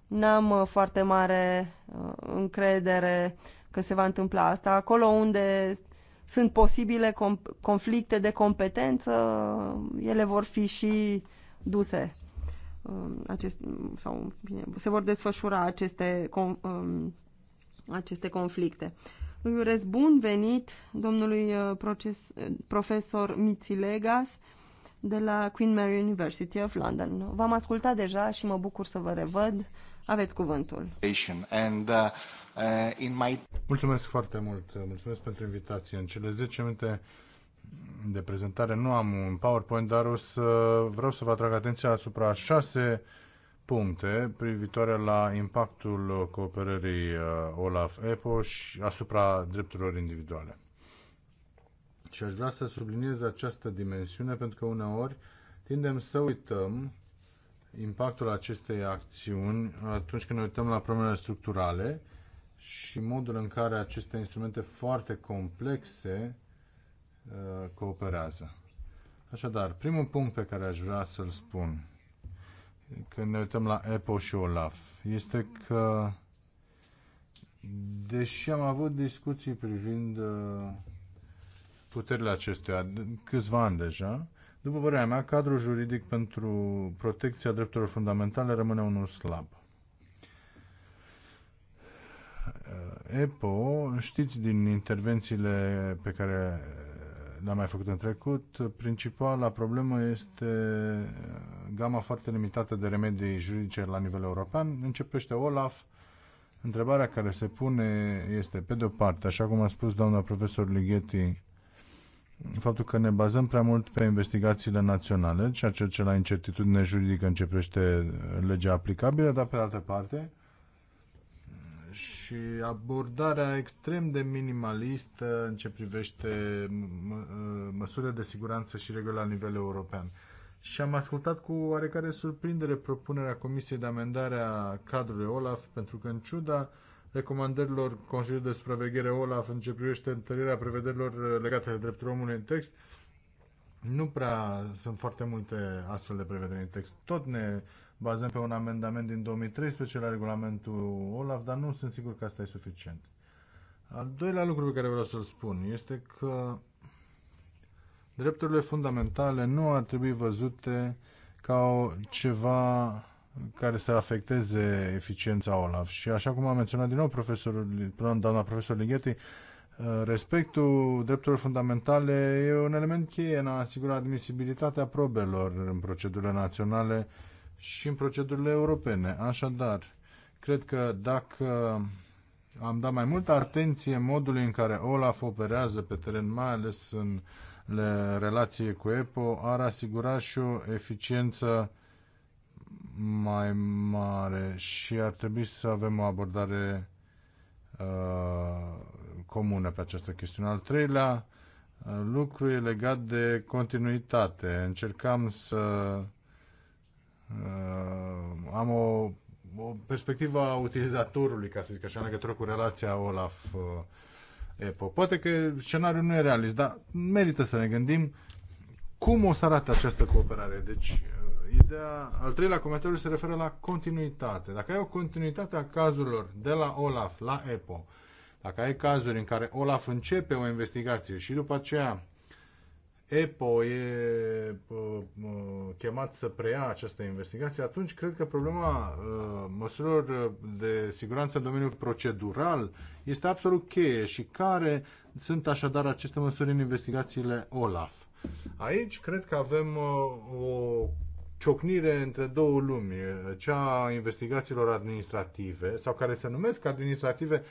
[SPEAKER 3] N-am uh, foarte mare uh, încredere că se va întâmpla asta. Acolo unde sunt posibile conflicte de competență, ele vor fi și duse. Um, acest, sau bine, se vor desfășura aceste, um, aceste conflicte. Îi urez bun venit domnului proces, profesor Mițilegas, de la Queen Mary University of London. V-am ascultat deja și mă bucur să vă revăd. Aveți cuvântul.
[SPEAKER 4] And, uh, uh in my... Mulțumesc foarte mult. Mulțumesc pentru invitație. În cele 10 minute de prezentare nu am un PowerPoint, dar o să vreau să vă atrag atenția asupra șase puncte privitoare la impactul cooperării uh, Olaf-EPO și asupra drepturilor individuale. Și aș vrea să subliniez această dimensiune pentru că uneori tindem să uităm impactul acestei acțiuni atunci când ne uităm la problemele structurale și modul în care aceste instrumente foarte complexe uh, cooperează. Așadar, primul punct pe care aș vrea să-l spun când ne uităm la EPO și OLAF este că deși am avut discuții privind uh, puterile acestuia câțiva ani deja. După părerea mea, cadrul juridic pentru protecția drepturilor fundamentale rămâne unul slab. EPO, știți din intervențiile pe care le-am mai făcut în trecut, principala problemă este gama foarte limitată de remedii juridice la nivel european. Începește OLAF. Întrebarea care se pune este, pe de o parte, așa cum a spus doamna profesor Ligeti, faptul că ne bazăm prea mult pe investigațiile naționale, ceea ce duce la incertitudine juridică începește legea aplicabilă, dar pe de altă parte și abordarea extrem de minimalistă în ce privește măsurile de siguranță și reguli la nivel european. Și am ascultat cu oarecare surprindere propunerea Comisiei de Amendare a cadrului OLAF, pentru că în ciuda uh, recomandărilor Consiliului de Supraveghere OLAF în ce privește întărirea prevederilor uh, legate de drepturile omului în text, nu prea sunt foarte multe astfel de prevederi în text. Tot ne bazăm pe un amendament din 2013 la regulamentul OLAF, dar nu sunt sigur că asta e suficient. Al doilea lucru pe care vreau să-l spun este că drepturile fundamentale nu ar trebui văzute ca o, ceva care să afecteze eficiența OLAF. Și așa cum a menționat din nou profesorul, doamna profesor Lighetti, uh, respectul drepturilor fundamentale e un element cheie în a asigura admisibilitatea probelor în procedurile naționale și în procedurile europene. Așadar, cred că dacă am dat mai multă atenție modului în care OLAF operează pe teren, mai ales în relație cu EPO, ar asigura și o eficiență mai mare și ar trebui să avem o abordare uh, comună pe această chestiune. Al treilea uh, lucru e legat de continuitate. Încercam să uh, am o, o perspectivă a utilizatorului, ca să zic așa, în legătură cu relația Olaf uh, EPO. Poate că scenariul nu e realist, dar merită să ne gândim cum o să arate această cooperare. Deci, Ideea, al treilea comentariu se referă la continuitate. Dacă ai o continuitate a cazurilor de la OLAF la EPO, dacă ai cazuri în care OLAF începe o investigație și după aceea EPO e uh, uh, chemat să preia această investigație, atunci cred că problema uh, măsurilor de siguranță în domeniul procedural este absolut cheie și care sunt așadar aceste măsuri în investigațiile OLAF. Aici cred că avem uh, o ciocnire între două lumi, cea a investigațiilor administrative, sau care se numesc administrative,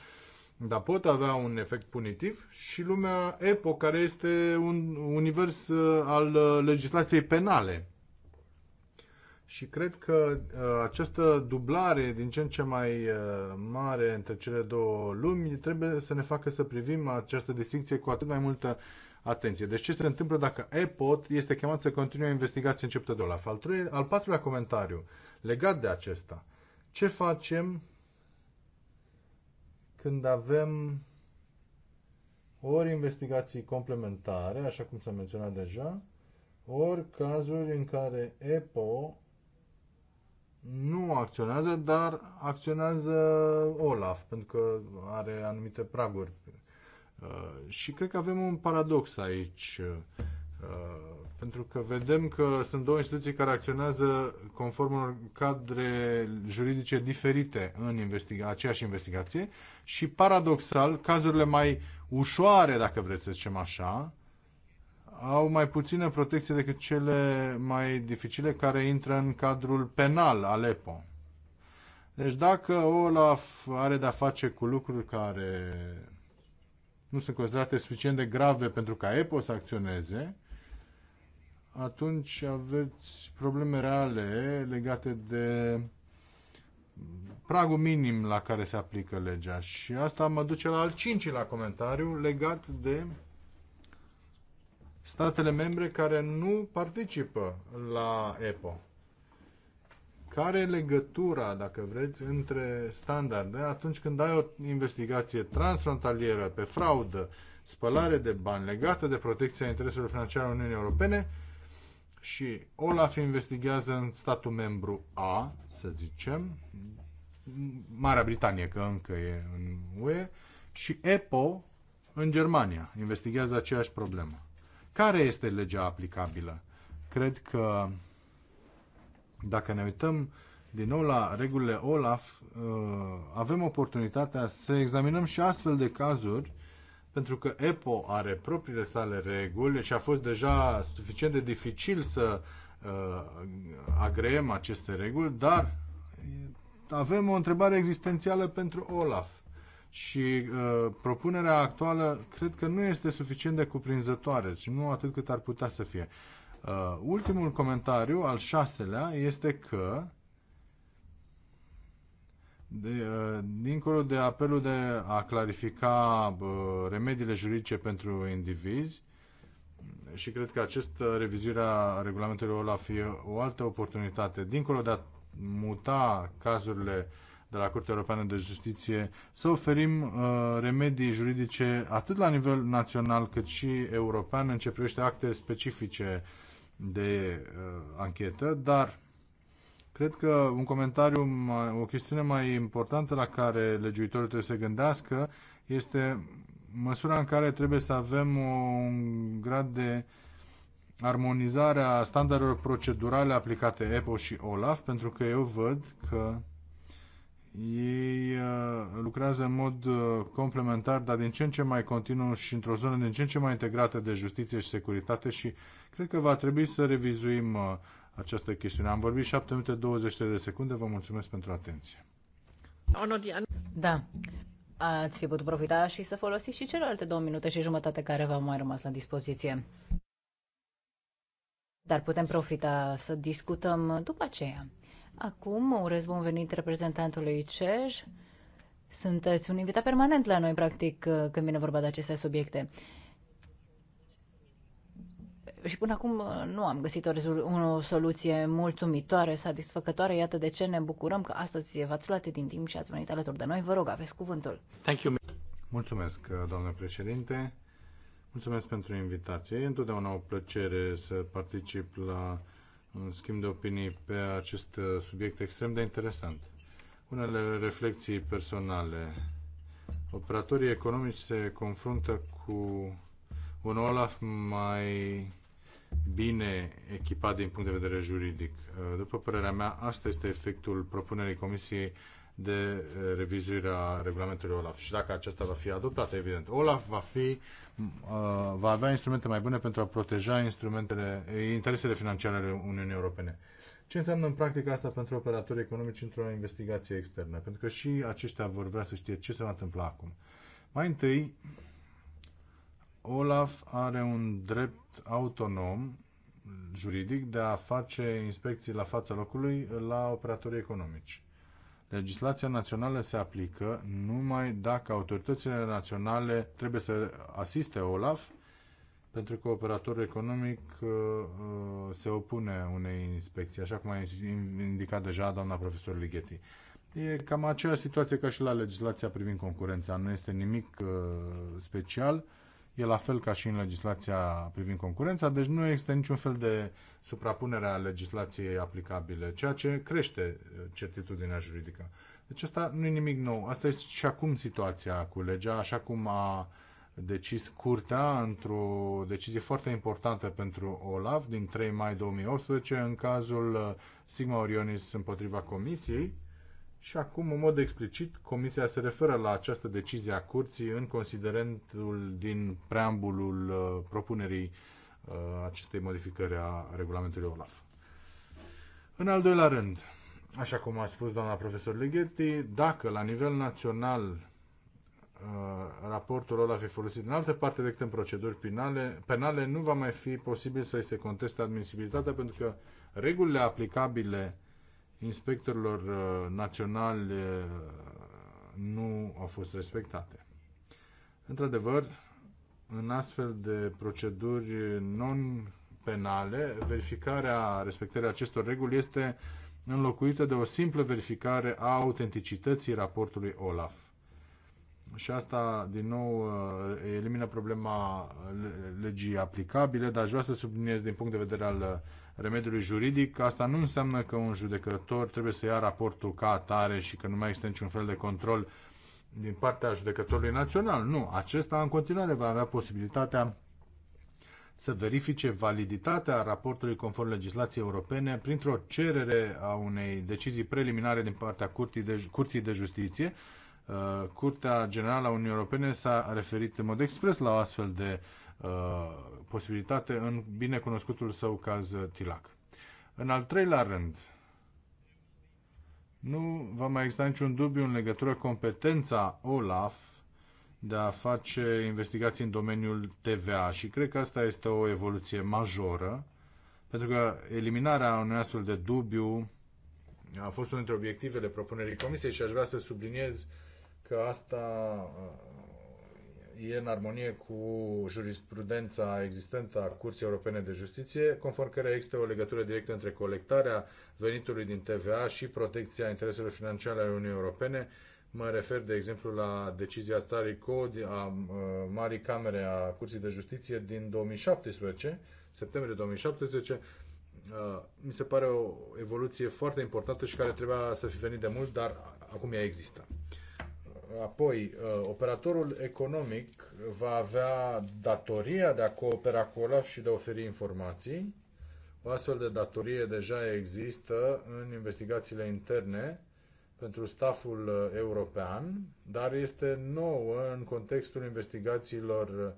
[SPEAKER 4] dar pot avea un efect punitiv, și lumea EPO, care este un univers uh, al uh, legislației penale. Și cred că uh, această dublare din ce în ce mai mare între cele două lumi trebuie să ne facă să privim această distinție cu atât mai multă atenție. Deci ce se întâmplă dacă EPOT este chemat să continue o investigație începută de Olaf? Al, trei, al patrulea comentariu legat de acesta. Ce facem când avem ori investigații complementare, așa cum s-a menționat deja, ori cazuri în care EPO nu acționează, dar acționează Olaf, pentru că are anumite praguri Uh, și cred că avem un paradox aici, uh, pentru că vedem că sunt două instituții care acționează conform unor cadre juridice diferite în investiga- aceeași investigație și paradoxal, cazurile mai ușoare, dacă vreți să zicem așa, au mai puțină protecție decât cele mai dificile care intră în cadrul penal al EPO. Deci dacă Olaf are de-a face cu lucruri care nu sunt considerate suficient de grave pentru ca EPO să acționeze, atunci aveți probleme reale legate de pragul minim la care se aplică legea. Și asta mă duce la al cincilea comentariu legat de statele membre care nu participă la EPO care e legătura, dacă vreți, între standarde atunci când ai o investigație transfrontalieră pe fraudă, spălare de bani legată de protecția intereselor financiare ale Uniunii Europene și Olaf investigează în statul membru A, să zicem, Marea Britanie, că încă e în UE, și EPO în Germania investigează aceeași problemă. Care este legea aplicabilă? Cred că dacă ne uităm din nou la regulile OLAF, uh, avem oportunitatea să examinăm și astfel de cazuri, pentru că EPO are propriile sale reguli și deci a fost deja suficient de dificil să uh, agreem aceste reguli, dar avem o întrebare existențială pentru OLAF și uh, propunerea actuală cred că nu este suficient de cuprinzătoare și deci nu atât cât ar putea să fie. Uh, ultimul comentariu, al șaselea, este că de, uh, dincolo de apelul de a clarifica uh, remediile juridice pentru indivizi, și cred că această uh, revizuire a regulamentului OLAF e o altă oportunitate, dincolo de a muta cazurile de la Curtea Europeană de Justiție, să oferim uh, remedii juridice atât la nivel național cât și european în ce privește acte specifice uh, de uh, anchetă, dar cred că un comentariu, mai, o chestiune mai importantă la care legiuitorul trebuie să gândească este măsura în care trebuie să avem un grad de armonizare a standardelor procedurale aplicate EPO și OLAF, pentru că eu văd că ei uh, lucrează în mod uh, complementar, dar din ce în ce mai continuu și într-o zonă din ce în ce mai integrată de justiție și securitate și cred că va trebui să revizuim uh, această chestiune. Am vorbit 7 minute 23 de secunde, vă mulțumesc pentru atenție.
[SPEAKER 2] Da, ați fi putut profita și să folosiți și celelalte două minute și jumătate care v-au mai rămas la dispoziție. Dar putem profita să discutăm după aceea. Acum urez bun venit reprezentantului CEJ. Sunteți un invitat permanent la noi, practic, uh, când vine vorba de aceste subiecte. Și până acum uh, nu am găsit o, o soluție mulțumitoare, satisfăcătoare. Iată de ce ne bucurăm că astăzi v-ați luat din timp și ați venit alături de noi. Vă rog, aveți cuvântul.
[SPEAKER 4] Thank you. Mulțumesc, uh, doamnă președinte. Mulțumesc pentru invitație. E întotdeauna o plăcere să particip la un schimb de opinii pe acest uh, subiect extrem de interesant. Unele reflexii personale. Operatorii economici se confruntă cu un OLAF mai bine echipat din punct de vedere juridic. Uh, după părerea mea, asta este efectul propunerii Comisiei de eh, revizuirea regulamentului OLAF. Și dacă acesta va fi adoptat, evident, OLAF va fi uh, va avea instrumente mai bune pentru a proteja instrumentele, eh, interesele financiare ale Uniunii Europene. Ce înseamnă în practică asta pentru operatorii economici într-o investigație externă? Pentru că și aceștia vor vrea să știe ce se va întâmpla acum. Mai întâi, Olaf are un drept autonom juridic de a face inspecții la fața locului la operatorii economici. Legislația națională se aplică numai dacă autoritățile naționale trebuie să asiste OLAF, pentru că operatorul economic uh, uh, se opune unei inspecții, așa cum a indicat deja doamna profesor Ligeti. E cam aceeași situație ca și la legislația privind concurența, nu este nimic uh, special E la fel ca și în legislația privind concurența, deci nu există niciun fel de suprapunere a legislației aplicabile, ceea ce crește uh, certitudinea juridică. Deci asta nu e nimic nou. Asta este și acum situația cu legea, așa cum a decis Curtea într-o decizie foarte importantă pentru OLAF din 3 mai 2018 în cazul uh, Sigma Orionis împotriva Comisiei, și acum, în mod explicit, Comisia se referă la această decizie a Curții în considerentul din preambulul uh, propunerii uh, acestei modificări a regulamentului OLAF. În al doilea rând, așa cum a spus doamna profesor Leghetti, dacă la nivel național uh, raportul OLAF e folosit în altă parte decât în proceduri penale, penale nu va mai fi posibil să-i se conteste admisibilitatea pentru că regulile aplicabile uh, inspectorilor uh, naționali uh, nu au fost respectate. Într-adevăr, în astfel de proceduri non-penale, verificarea respectării acestor reguli este înlocuită de o simplă verificare a autenticității raportului OLAF. Și asta, din nou, uh, elimină problema legii aplicabile, dar aș vrea să subliniez din punct de vedere al remediului juridic, asta nu înseamnă că un judecător trebuie să ia raportul ca atare și că nu mai există niciun fel de control din partea judecătorului național. Nu, acesta în continuare va avea posibilitatea să verifice validitatea raportului conform legislației europene printr-o cerere a unei decizii preliminare din partea Curții de, Curții de Justiție. Uh, Curtea Generală a Uniunii Europene s-a referit în mod expres la o astfel de Uh, posibilitate în binecunoscutul său caz uh, Tilac. În al treilea rând, nu va mai exista niciun dubiu în legătură competența OLAF de a face investigații în domeniul TVA și cred că asta este o evoluție majoră, pentru că eliminarea unui astfel de dubiu a fost unul dintre obiectivele propunerii comisiei și aș vrea să subliniez că asta uh, e în armonie cu jurisprudența existentă a Curții Europene de Justiție, conform care există o legătură directă între colectarea venitului din TVA și protecția intereselor financiare ale Uniunii Europene. Mă refer, de exemplu, la decizia Tarico a Marii Camere a Curții de Justiție din 2017, septembrie 2017, mi se pare o evoluție foarte importantă și care trebuia să fi venit de mult, dar acum ea există. Apoi, uh, operatorul economic va avea datoria de a coopera cu OLAF și de a oferi informații. O astfel de datorie deja există în investigațiile interne pentru staful uh, european, dar este nouă în contextul investigațiilor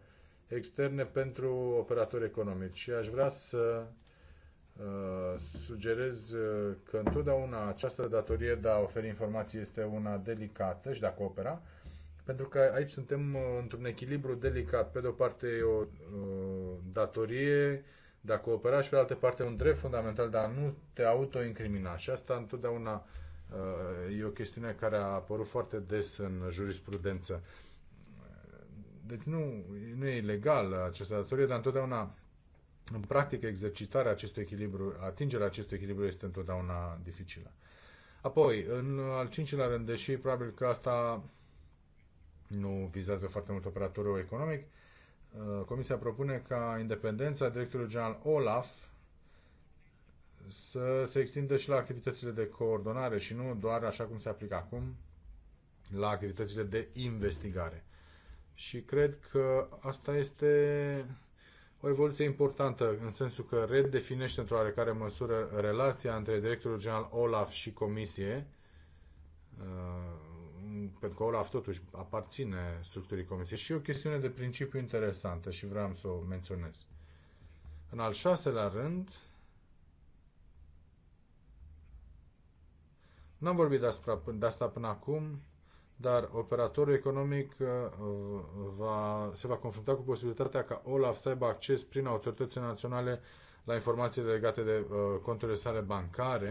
[SPEAKER 4] externe pentru operatori economici. Și aș vrea să Uh, sugerez uh, că întotdeauna această datorie de a oferi informații este una delicată și de a coopera, pentru că aici suntem uh, într-un echilibru delicat. Pe de o parte e o datorie de a coopera și pe de altă parte un drept fundamental de a nu te autoincrimina. Și asta întotdeauna e o chestiune care a apărut foarte des în jurisprudență. Deci nu, nu e ilegal această datorie, dar întotdeauna în practică, exercitarea acestui echilibru, atingerea acestui echilibru este întotdeauna dificilă. Apoi, în al cincilea rând, deși probabil că asta nu vizează foarte mult operatorul economic, uh, Comisia propune ca independența directorului general OLAF să se extindă și la activitățile de coordonare și nu doar, așa cum se aplică acum, la activitățile de investigare. Și cred că asta este o evoluție importantă în sensul că redefinește într-o oarecare măsură relația între directorul general Olaf și comisie, uh, pentru că Olaf totuși aparține structurii comisiei și e o chestiune de principiu interesantă și vreau să o menționez. În al șaselea rând, n-am vorbit de asta, asta până acum, dar operatorul economic uh, va, se va confrunta cu posibilitatea ca OLAF să aibă acces prin autoritățile naționale la informațiile legate de uh, conturile sale bancare.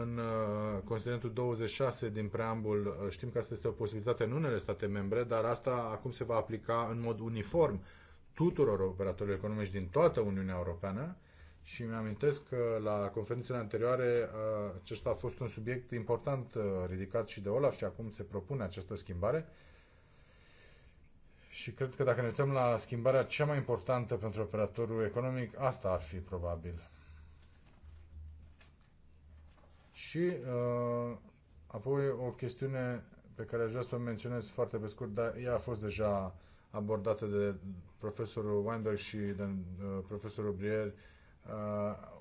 [SPEAKER 4] În uh, considerentul 26 din preambul știm că asta este o posibilitate în unele state membre, dar asta acum se va aplica în mod uniform tuturor operatorilor economici din toată Uniunea Europeană și mi-amintesc că la conferințele anterioare acesta a fost un subiect important ridicat și de Olaf și acum se propune această schimbare. Și cred că dacă ne uităm la schimbarea cea mai importantă pentru operatorul economic, asta ar fi probabil. Și uh, apoi o chestiune pe care aș vrea să o menționez foarte pe scurt, dar ea a fost deja abordată de profesorul Weinberg și de uh, profesorul Brier Uh,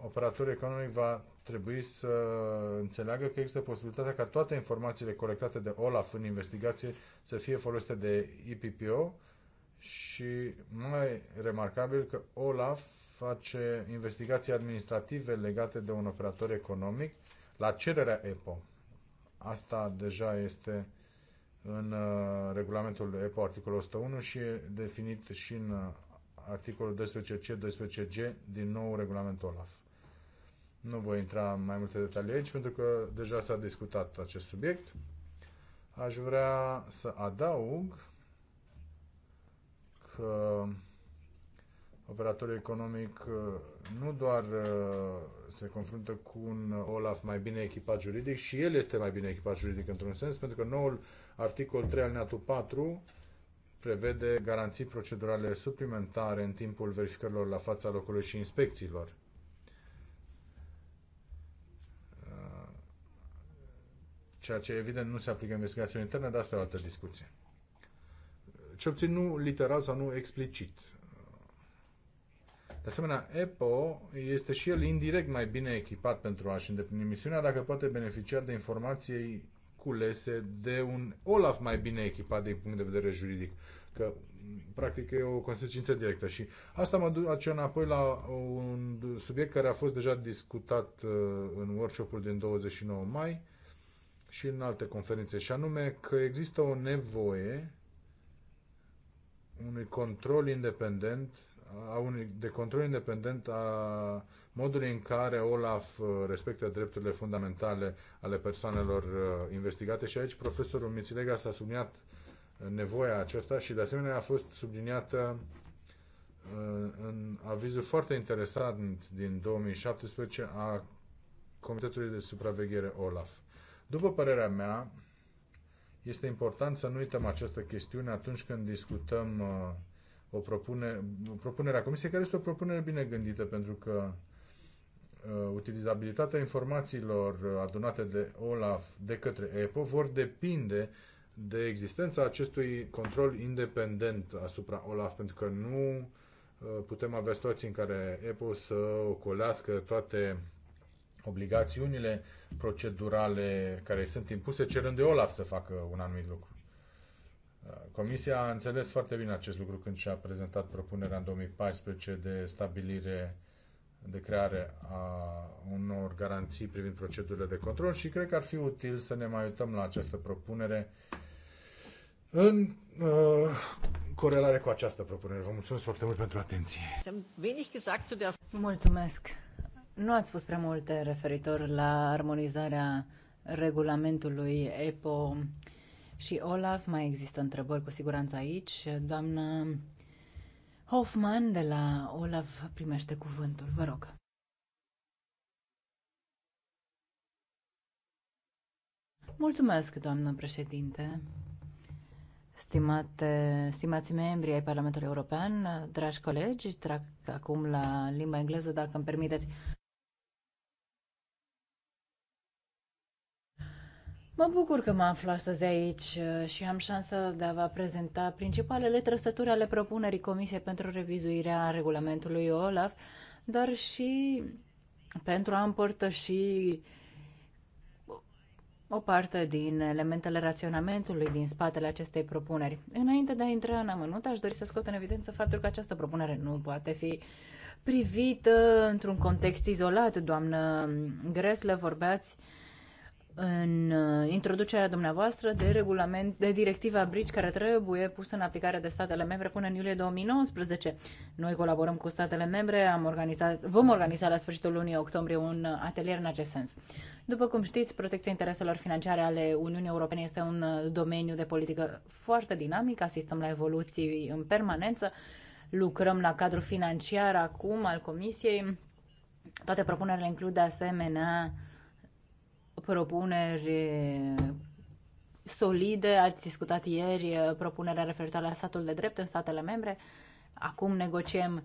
[SPEAKER 4] operatorul economic va trebui să înțeleagă că există posibilitatea ca toate informațiile colectate de OLAF în investigație să fie folosite de IPPO și mai remarcabil că OLAF face investigații administrative legate de un operator economic la cererea EPO. Asta deja este în uh, regulamentul EPO articolul 101 și e definit și în uh, articolul 12C, 12G din nou regulamentul OLAF. Nu voi intra în mai multe detalii aici, pentru că deja s-a discutat acest subiect. Aș vrea să adaug că operatorul economic uh, nu doar uh, se confruntă cu un OLAF mai bine echipat juridic, și el este mai bine echipat juridic într-un sens, pentru că noul articol 3 al 4 prevede garanții procedurale suplimentare în timpul verificărilor la fața locului și inspecțiilor. Uh, ceea ce evident nu se aplică investigațiilor interne, dar asta e o altă discuție. Ce obțin nu literal sau nu explicit. De asemenea, EPO este și el indirect mai bine echipat pentru a-și îndeplini misiunea dacă poate beneficia de informații culese de un Olaf mai bine echipat din punct de vedere juridic. Că, practic, e o consecință directă. Și asta mă duce înapoi la un subiect care a fost deja discutat uh, în workshop-ul din 29 mai și în alte conferințe, și anume că există o nevoie unui control independent, a unui, de control independent a modul în care Olaf uh, respectă drepturile fundamentale ale persoanelor uh, investigate și aici profesorul Mițilega s-a subliniat uh, nevoia aceasta și de asemenea a fost subliniată în avizul foarte interesant din 2017 a Comitetului de Supraveghere Olaf. După părerea mea, este important să nu uităm această chestiune atunci când discutăm o propune, propunerea Comisiei, care este o propunere bine gândită, pentru că Uh, utilizabilitatea informațiilor uh, adunate de OLAF de către EPO vor depinde de existența acestui control independent asupra OLAF, pentru că nu uh, putem avea situații în care EPO să ocolească toate obligațiunile procedurale care sunt impuse, cerând de OLAF să facă un anumit lucru. Comisia a înțeles foarte bine acest lucru când și-a prezentat propunerea în 2014 de stabilire de creare a unor garanții privind procedurile de control și cred că ar fi util să ne mai uităm la această propunere în uh, corelare cu această propunere. Vă mulțumesc foarte mult pentru atenție.
[SPEAKER 2] Mulțumesc. Nu ați spus prea multe referitor la armonizarea regulamentului EPO și OLAF. Mai există întrebări cu siguranță aici. Doamna Hoffman de la Olaf primește cuvântul. Vă rog. Mulțumesc, doamnă președinte. Stimate, stimați membri ai Parlamentului European, dragi colegi, trag acum la limba engleză, dacă îmi permiteți. Mă bucur că mă aflu astăzi aici uh, și am șansa de a vă prezenta principalele trăsături ale propunerii Comisiei pentru revizuirea regulamentului OLAF, dar și pentru a împărtăși o parte din elementele raționamentului din spatele acestei propuneri. Înainte de a intra în amănunt, aș dori să scot în evidență faptul că această propunere nu poate fi privită într-un context izolat. Doamnă Gresle, vorbeați uh, în uh, introducerea dumneavoastră de regulament, de directiva Bridge care trebuie pusă în aplicare de statele membre până în iulie 2019. Noi colaborăm cu statele membre, am organizat, vom organiza la sfârșitul lunii octombrie un uh, atelier în acest sens. După cum știți, protecția intereselor financiare ale Uniunii Europene este un uh, domeniu de politică foarte dinamic, asistăm la evoluții în permanență, lucrăm la cadrul financiar acum al Comisiei. Toate propunerile includ de asemenea propuneri eh, solide. Ați discutat ieri eh, propunerea referitoare la statul de drept în statele membre. Acum negociem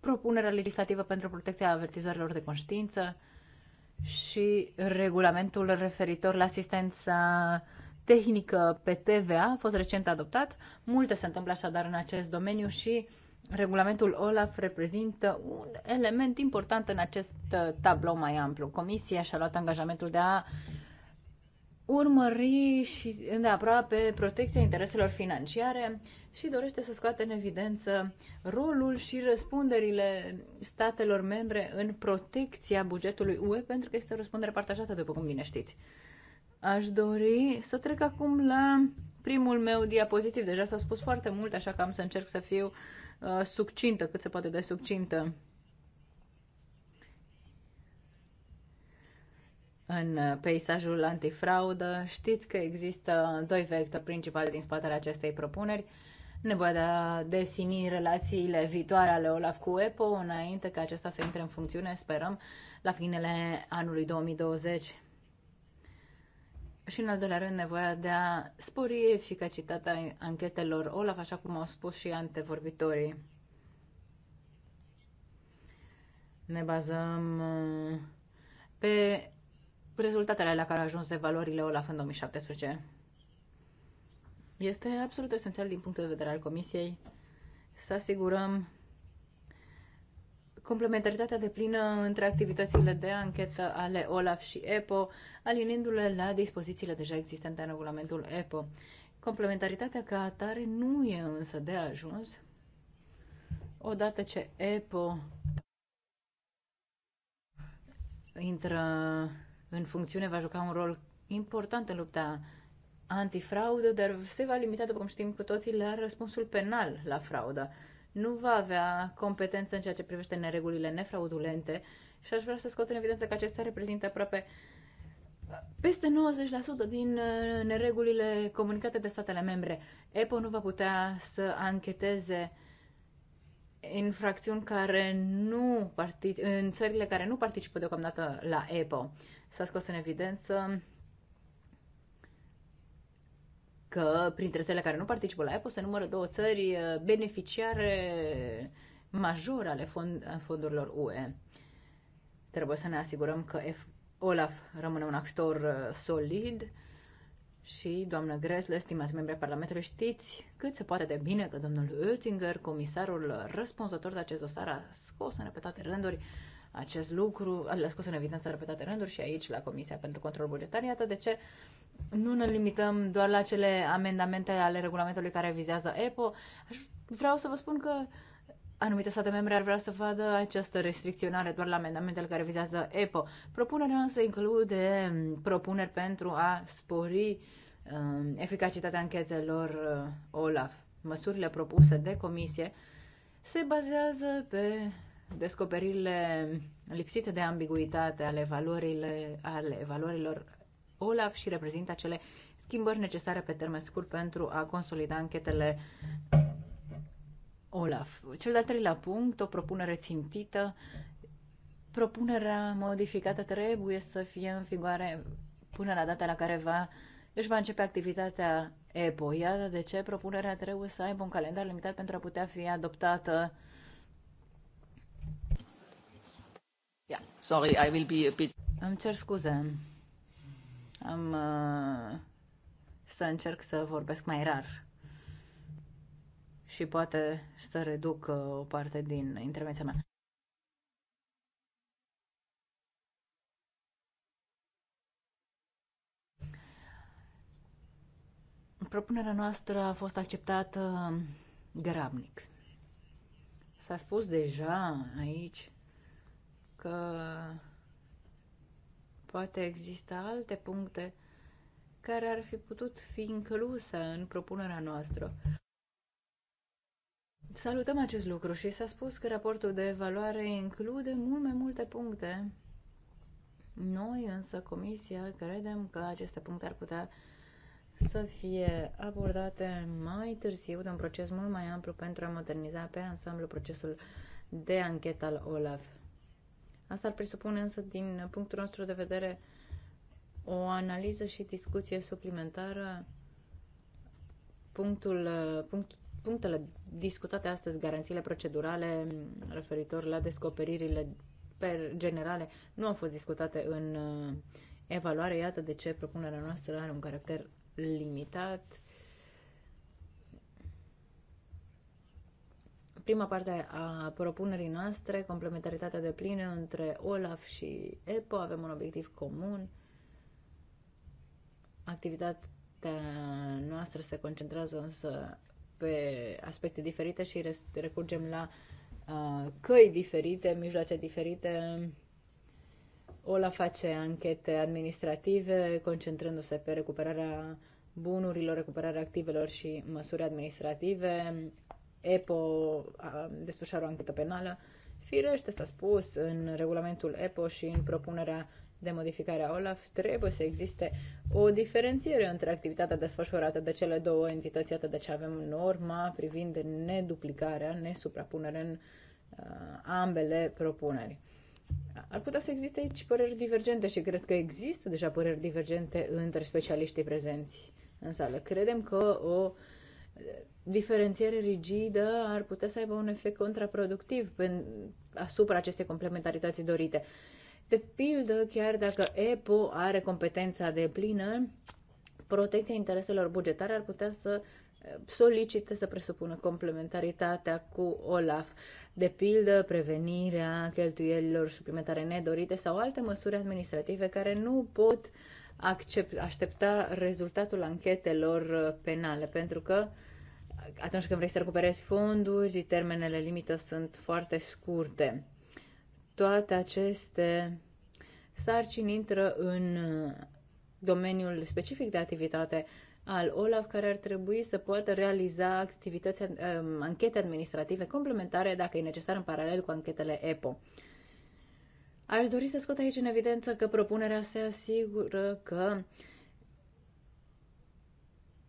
[SPEAKER 2] propunerea legislativă pentru protecția avertizorilor de conștiință și regulamentul referitor la asistența tehnică pe TVA a fost recent adoptat. Multe se întâmplă așadar în acest domeniu și uh, Regulamentul OLAF reprezintă un element important în acest uh, tablou mai amplu. Comisia și-a luat angajamentul de a urmări și îndeaproape protecția intereselor financiare și dorește să scoată în evidență rolul și răspunderile statelor membre în protecția bugetului UE, pentru că este o răspundere partajată, după cum bine știți. Aș dori să trec acum la primul meu diapozitiv. Deja s-au spus foarte mult, așa că am să încerc să fiu uh, succintă, cât se poate de succintă. În uh, peisajul antifraudă știți că există doi vectori principali din spatele acestei propuneri. Nevoia de a desini relațiile viitoare ale OLAF cu EPO înainte ca acesta să intre în funcțiune, sperăm, la finele anului 2020 și, în al doilea rând, nevoia de a spori eficacitatea anchetelor OLAF, așa cum au spus și antevorbitorii. Ne bazăm uh, pe rezultatele la care au ajuns de valorile OLAF în 2017. Este absolut esențial din punctul de vedere al Comisiei să asigurăm complementaritatea de plină între activitățile de anchetă ale OLAF și EPO, alinindu-le la dispozițiile deja existente în regulamentul EPO. Complementaritatea ca atare nu e însă de ajuns odată ce EPO intră în funcțiune, va juca un rol important în lupta antifraudă, dar se va limita, după cum știm cu toții, la răspunsul penal la fraudă nu va avea competență în ceea ce privește neregulile nefraudulente și aș vrea să scot în evidență că acestea reprezintă aproape peste 90% din uh, neregulile comunicate de statele membre. EPO nu va putea să ancheteze infracțiuni care nu partic- în țările care nu participă deocamdată la EPO. S-a scos în evidență că printre țările care nu participă la EPO se numără două țări uh, beneficiare majore ale fond, fondurilor UE. Trebuie să ne asigurăm că F, Olaf rămâne un actor uh, solid și, doamnă Gresle, stimați membri ai Parlamentului, știți cât se poate de bine că domnul Oettinger, comisarul răspunzător de acest dosar, a scos în repetate rânduri acest lucru, a scos în evidență repetate rânduri și aici la Comisia pentru Control Bugetar. Iată de ce uh, nu ne limităm doar la cele amendamente ale regulamentului care vizează EPO. Vreau să vă spun că anumite state membre ar vrea să vadă această restricționare doar la amendamentele care vizează EPO. Propunerea însă include mm, propuneri pentru a spori uh, eficacitatea anchetelor uh, mm, OLAF. Măsurile propuse de comisie se bazează pe descoperirile lipsite de ambiguitate ale, valorilor, ale valorilor OLAF și reprezintă acele schimbări necesare pe termen scurt pentru a consolida anchetele OLAF. Cel de-al treilea punct, o propunere țintită. Propunerea modificată trebuie să fie în figoare până la data la care va, își va începe activitatea EPO. Iată de ce propunerea trebuie să aibă un calendar limitat pentru a putea fi adoptată Yeah,
[SPEAKER 5] sorry, I will be
[SPEAKER 2] a bit... Îmi cer scuze am uh, să încerc să vorbesc mai rar și poate să reduc uh, o parte din intervenția mea. Propunerea noastră a fost acceptată uh, grabnic. S-a spus deja aici că Poate exista alte puncte care ar fi putut fi incluse în propunerea noastră. Salutăm acest lucru și s-a spus că raportul de evaluare include mult mai multe puncte. Noi, însă, Comisia, credem că aceste puncte ar putea să fie abordate mai târziu de un proces mult mai amplu pentru a moderniza pe ansamblu procesul de anchetă al OLAF. Asta ar presupune însă, din punctul nostru de vedere, o analiză și discuție suplimentară. Punctul, punct, punctele discutate astăzi, garanțiile procedurale referitor la descoperirile per generale, nu au fost discutate în uh, evaluare. Iată de ce propunerea noastră are un caracter limitat prima parte a propunerii noastre, complementaritatea de plină între OLAF și EPO, avem un obiectiv comun. Activitatea noastră se concentrează însă pe aspecte diferite și recurgem la uh, căi diferite, mijloace diferite. OLAF face anchete administrative, concentrându-se pe recuperarea bunurilor, recuperarea activelor și măsuri administrative. EPO desfășoară o anchetă penală. Firește, s-a spus în regulamentul EPO și în propunerea de modificare a OLAF, trebuie să existe o diferențiere între activitatea desfășurată de cele două entități, atât de ce avem norma privind neduplicarea, nesuprapunere în uh, ambele propuneri. Ar putea să existe aici păreri divergente și cred că există deja păreri divergente între specialiștii prezenți în sală. Credem că o uh, diferențiere rigidă ar putea să aibă un efect contraproductiv asupra acestei complementarități dorite. De pildă, chiar dacă EPO are competența de plină, protecția intereselor bugetare ar putea să eh, solicite să presupună complementaritatea cu OLAF, de pildă prevenirea cheltuielilor suplimentare nedorite sau alte măsuri administrative care nu pot uh, accept, aștepta rezultatul anchetelor uh, penale, pentru că atunci când vrei să recuperezi fonduri, termenele limită sunt foarte scurte. Toate aceste sarcini intră în uh, domeniul specific de activitate al OLAF, care ar trebui să poată realiza activități, um, anchete administrative complementare, dacă e necesar, în paralel cu anchetele EPO. Aș dori să scot aici în evidență că propunerea se asigură că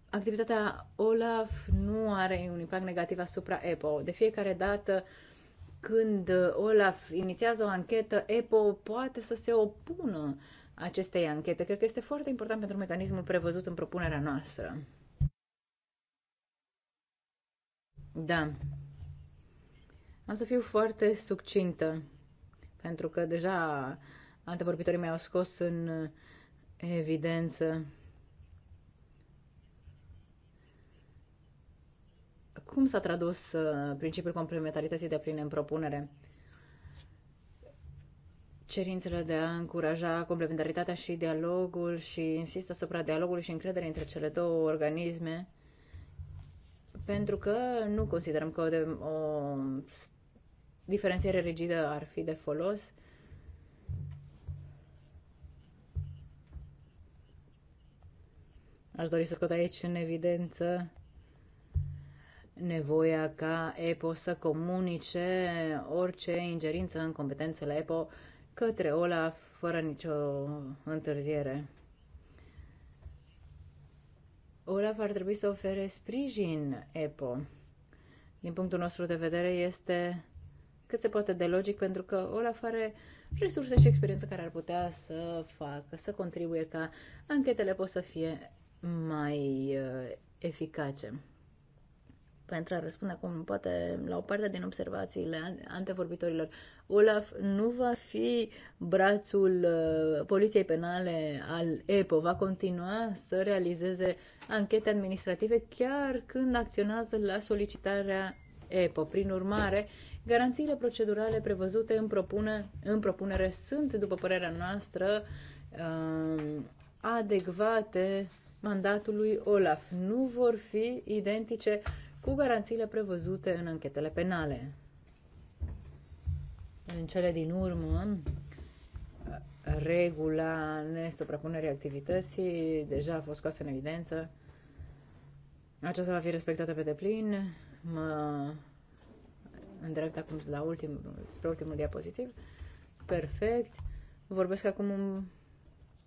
[SPEAKER 2] activitatea OLAF nu are un impact negativ asupra EPO. De fiecare dată când OLAF inițiază o anchetă, EPO poate să se opună acestei anchete. Cred că este foarte important pentru mecanismul prevăzut în propunerea noastră. Da. Am să fiu foarte succintă pentru că deja antevorbitorii mei au scos în evidență cum s-a tradus uh, principiul complementarității de plină în propunere? Cerințele de a încuraja complementaritatea și dialogul și insist asupra dialogului și încrederii între cele două organisme, pentru că nu considerăm că o, de, o diferențiere rigidă ar fi de folos. Aș dori să scot aici în evidență nevoia ca EPO să comunice orice ingerință în competențele EPO către OLA fără nicio întârziere. OLAF ar trebui să ofere sprijin EPO. Din punctul nostru de vedere este cât se poate de logic, pentru că Olaf are resurse și experiență care ar putea să facă, să contribuie ca anchetele pot să fie mai uh, eficace. Pentru a răspunde acum, poate, la o parte din observațiile antevorbitorilor, Olaf nu va fi brațul uh, poliției penale al EPO, va continua să realizeze anchete administrative chiar când acționează la solicitarea EPO. Prin urmare, uh, Garanțiile procedurale prevăzute în, propune, în propunere sunt, după părerea noastră, um, adecvate mandatului OLAF. Nu vor fi identice cu garanțiile prevăzute în anchetele penale. În cele din urmă, regula nesuprapunerii activității deja a fost scoasă în evidență. Aceasta va fi respectată pe deplin. Mă în direct acum la ultim, spre ultimul diapozitiv. Perfect. Vorbesc acum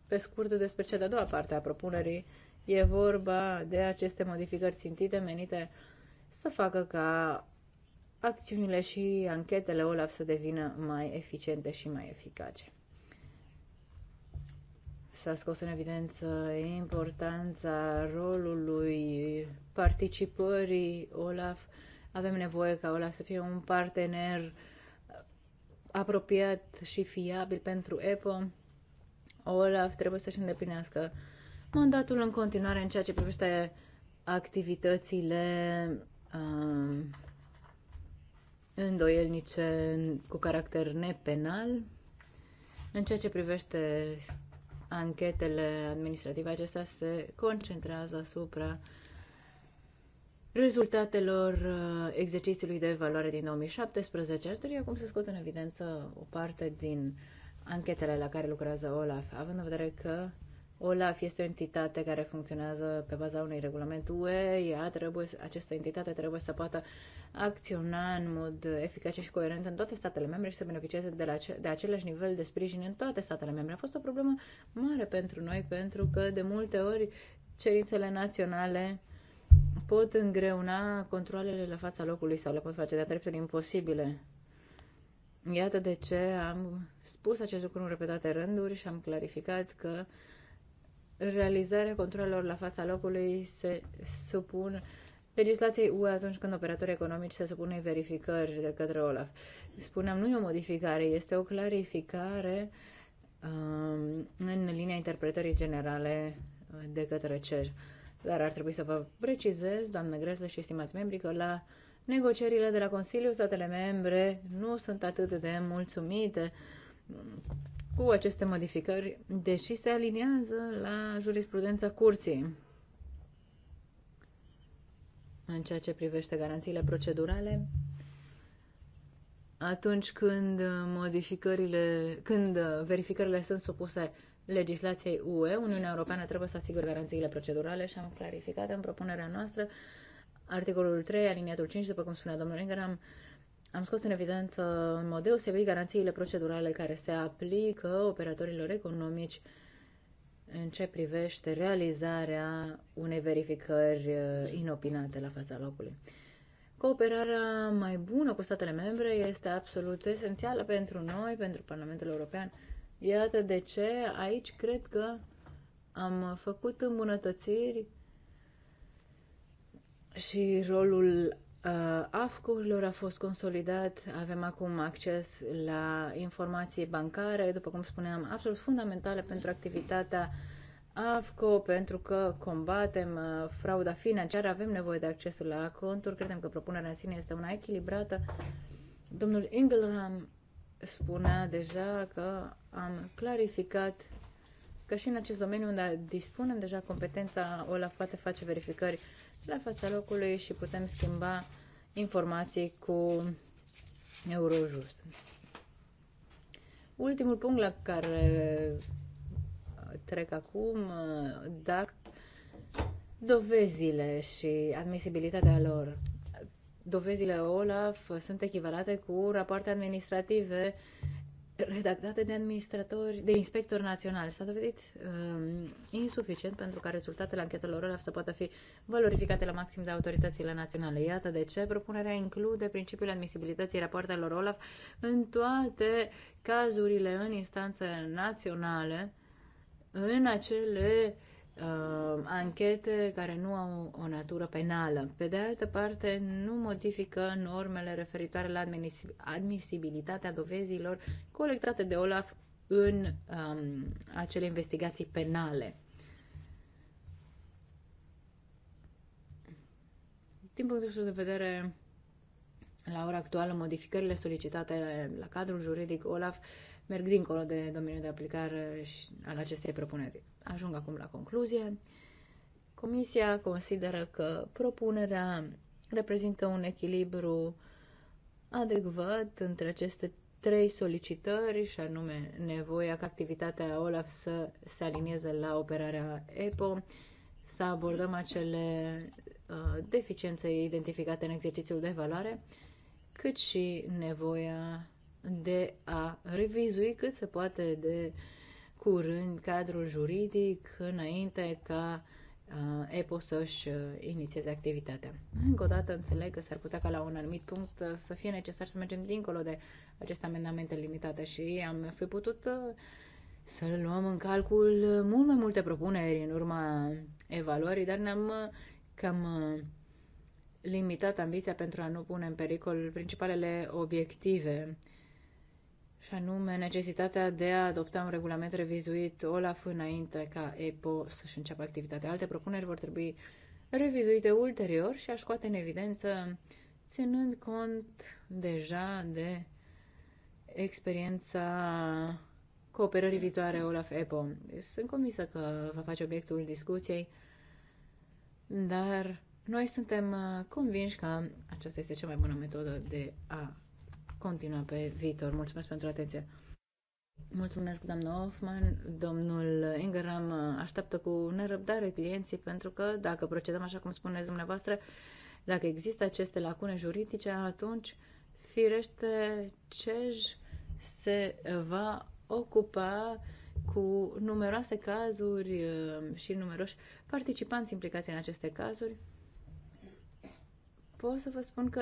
[SPEAKER 2] pe scurt despre cea de-a doua parte a propunerii. E vorba de aceste modificări țintite menite să facă ca acțiunile și anchetele OLAF să devină mai eficiente și mai eficace. S-a scos în evidență importanța rolului participării OLAF avem nevoie ca ăla să fie un partener apropiat și fiabil pentru EPO. OLAF trebuie să-și îndeplinească mandatul în continuare în ceea ce privește activitățile um, îndoielnice cu caracter nepenal. În ceea ce privește anchetele administrative, acestea se concentrează asupra rezultatelor uh, exercițiului de evaluare din 2017. Aș dori acum să scot în evidență o parte din anchetele la care lucrează OLAF, având în vedere că OLAF este o entitate care funcționează pe baza unui regulament UE, ea trebuie, această entitate trebuie să poată acționa în mod eficace și coerent în toate statele membre și să beneficieze de, la, de același nivel de sprijin în toate statele membre. A fost o problemă mare pentru noi, pentru că de multe ori cerințele naționale pot îngreuna controlele la fața locului sau le pot face de-a dreptul imposibile. Iată de ce am spus acest lucru în repetate rânduri și am clarificat că realizarea controlelor la fața locului se supun legislației UE atunci când operatorii economici se supun unei verificări de către OLAF. Spuneam, nu e o modificare, este o clarificare um, în linia interpretării generale uh, de către CEJ. Dar ar trebui să vă precizez, doamnă Gresle și estimați membri, că la negocierile de la Consiliu statele membre nu sunt atât de mulțumite cu aceste modificări, deși se aliniază la jurisprudența curții. În ceea ce privește garanțiile procedurale, atunci când modificările, când verificările sunt supuse legislației UE, Uniunea Europeană trebuie să asigure garanțiile procedurale și am clarificat în propunerea noastră articolul 3, aliniatul 5, după cum spunea domnul Ingram, am, am scos în evidență în mod deosebit garanțiile procedurale care se aplică operatorilor economici în ce privește realizarea unei verificări uh, inopinate la fața locului. Cooperarea mai bună cu statele membre este absolut esențială pentru noi, pentru Parlamentul European, Iată de ce aici cred că am făcut îmbunătățiri și rolul uh, AFCURilor a fost consolidat. Avem acum acces la informații bancare, după cum spuneam, absolut fundamentale pentru activitatea AFCO, pentru că combatem uh, frauda financiară, avem nevoie de accesul la conturi. Credem că propunerea în sine este una echilibrată. Domnul Ingelham spunea deja că am clarificat că și în acest domeniu unde dispunem deja competența, OLAF poate face verificări la fața locului și putem schimba informații cu Eurojust. Ultimul punct la care trec acum, dacă dovezile și admisibilitatea lor dovezile OLAF sunt echivalate cu rapoarte administrative redactate de administratori, de inspectori naționali. S-a dovedit um, insuficient pentru ca rezultatele anchetelor OLAF să poată fi valorificate la maxim de autoritățile naționale. Iată de ce propunerea include principiul admisibilității rapoartelor OLAF în toate cazurile în instanțe naționale, în acele uh, uh, anchete care nu au o natură penală. Pe de altă parte, nu modifică normele referitoare la admisibilitatea dovezilor colectate de OLAF în um, acele investigații penale. Din punctul de vedere, la ora actuală, modificările solicitate la cadrul juridic OLAF merg dincolo de domeniul de aplicare al acestei propuneri ajung acum la concluzie. Comisia consideră că propunerea reprezintă un echilibru adecvat între aceste trei solicitări, și anume nevoia ca activitatea OLAF să se alinieze la operarea EPO, să abordăm acele uh, deficiențe identificate în exercițiul de valoare, cât și nevoia de a revizui cât se poate de uh, curând cadrul juridic înainte ca uh, EPO să-și uh, inițieze activitatea. Încă o dată înțeleg că s-ar putea ca la un anumit punct uh, să fie necesar să mergem dincolo de aceste amendamente limitate și am fi putut uh, să luăm în calcul uh, mult mai multe propuneri în urma evaluării, dar ne-am uh, cam uh, limitat ambiția pentru a nu pune în pericol principalele obiective uh, și anume necesitatea de a adopta un regulament revizuit OLAF înainte ca EPO să-și înceapă activitatea. Alte propuneri vor trebui revizuite ulterior și aș scoate în evidență, ținând cont deja de experiența cooperării viitoare OLAF-EPO. Sunt convinsă că va face obiectul discuției, dar noi suntem uh, convinși că aceasta este cea mai bună metodă de a continua pe viitor. Mulțumesc pentru atenție. Mulțumesc, doamnă Hoffman. Domnul Ingram așteaptă cu nerăbdare clienții pentru că dacă procedăm așa cum spuneți dumneavoastră, dacă există aceste lacune juridice, atunci firește CEJ se va ocupa cu numeroase cazuri uh, și numeroși participanți implicați în aceste cazuri pot să vă spun că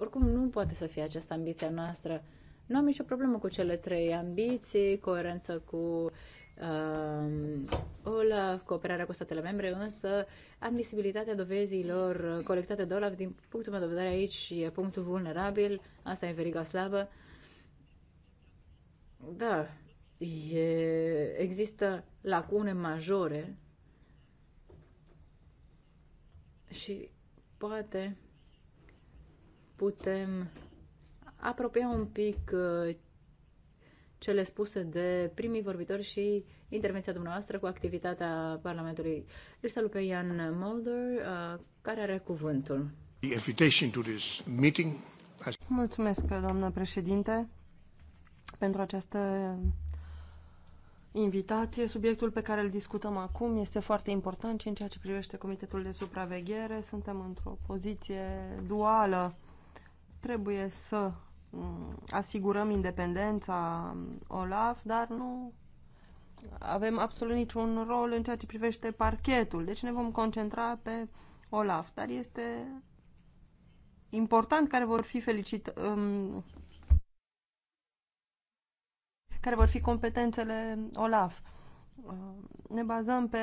[SPEAKER 2] oricum nu poate să fie această ambiția noastră. Nu am nicio problemă cu cele trei ambiții, coerență cu uh, OLAF, cooperarea cu statele membre, însă admisibilitatea dovezilor colectate de OLAF, din punctul meu de vedere aici, e punctul vulnerabil, asta e veriga slabă. Da, e, există lacune majore și poate putem apropia un pic uh, cele spuse de primii vorbitori și intervenția dumneavoastră cu activitatea Parlamentului. Îl salut pe Ian Mulder,
[SPEAKER 3] uh, care are cuvântul. Mulțumesc, doamnă președinte, pentru această invitație. Subiectul pe care îl discutăm acum este foarte important și în ceea ce privește Comitetul de Supraveghere suntem într-o poziție duală Trebuie să mm, asigurăm independența mm, OLAF, dar nu avem absolut niciun rol în ceea ce privește parchetul. Deci ne vom concentra pe OLAF, dar este important care vor fi felicit um, care vor fi competențele OLAF. Ne bazăm pe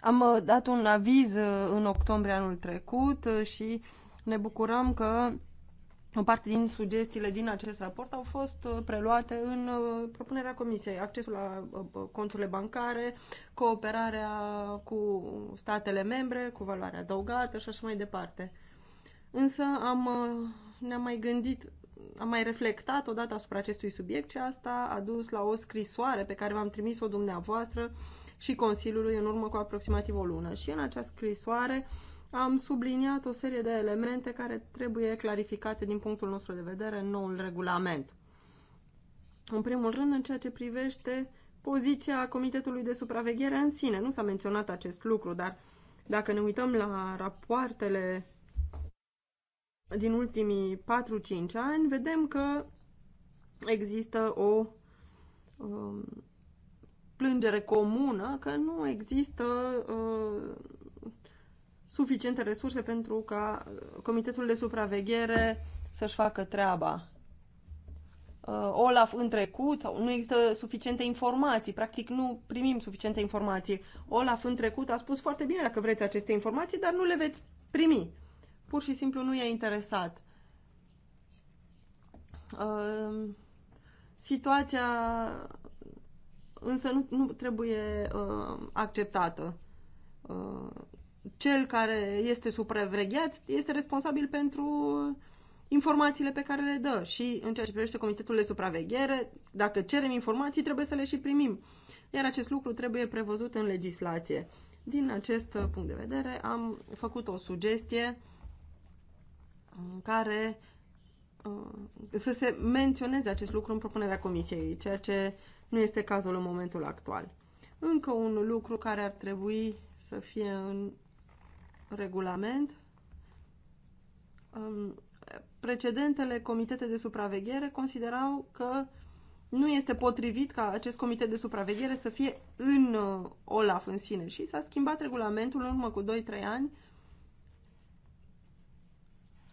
[SPEAKER 3] am uh, dat un aviz uh, în octombrie anul trecut uh, și ne bucurăm că o parte din sugestiile din acest raport au fost preluate în propunerea Comisiei. Accesul la conturile bancare, cooperarea cu statele membre, cu valoarea adăugată și așa mai departe. Însă am, ne-am mai gândit, am mai reflectat odată asupra acestui subiect și asta a dus la o scrisoare pe care v-am trimis-o dumneavoastră și Consiliului în urmă cu aproximativ o lună. Și în această scrisoare am subliniat o serie de elemente care trebuie clarificate din punctul nostru de vedere în noul regulament. În primul rând, în ceea ce privește poziția Comitetului de Supraveghere în sine. Nu s-a menționat acest lucru, dar dacă ne uităm la rapoartele din ultimii 4-5 ani, vedem că există o um, plângere comună că nu există uh, suficiente resurse pentru ca Comitetul de Supraveghere să-și facă treaba. Uh, Olaf în trecut, sau nu există suficiente informații, practic nu primim suficiente informații. Olaf în trecut a spus foarte bine dacă vreți aceste informații, dar nu le veți primi. Pur și simplu nu e interesat. Uh, situația însă nu, nu trebuie uh, acceptată. Uh, cel care este supravegheat este responsabil pentru informațiile pe care le dă și în ceea ce privește comitetul de supraveghere, dacă cerem informații, trebuie să le și primim. Iar acest lucru trebuie prevăzut în legislație. Din acest punct de vedere am făcut o sugestie în care uh, să se menționeze acest lucru în propunerea comisiei, ceea ce nu este cazul în momentul actual. Încă un lucru care ar trebui să fie în regulament. Um, precedentele comitete de supraveghere considerau că nu este potrivit ca acest comitet de supraveghere să fie în uh, OLAF în sine și s-a schimbat regulamentul în urmă cu 2-3 ani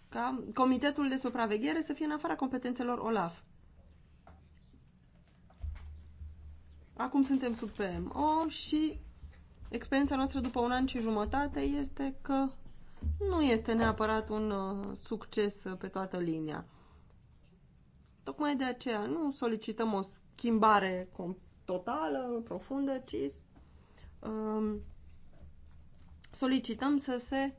[SPEAKER 3] ca comitetul de supraveghere să fie în afara competențelor OLAF. Acum suntem sub PMO și experiența noastră după un an și jumătate este că nu este neapărat un uh, succes uh, pe toată linia. Tocmai de aceea nu solicităm o schimbare totală, profundă, ci um, solicităm să se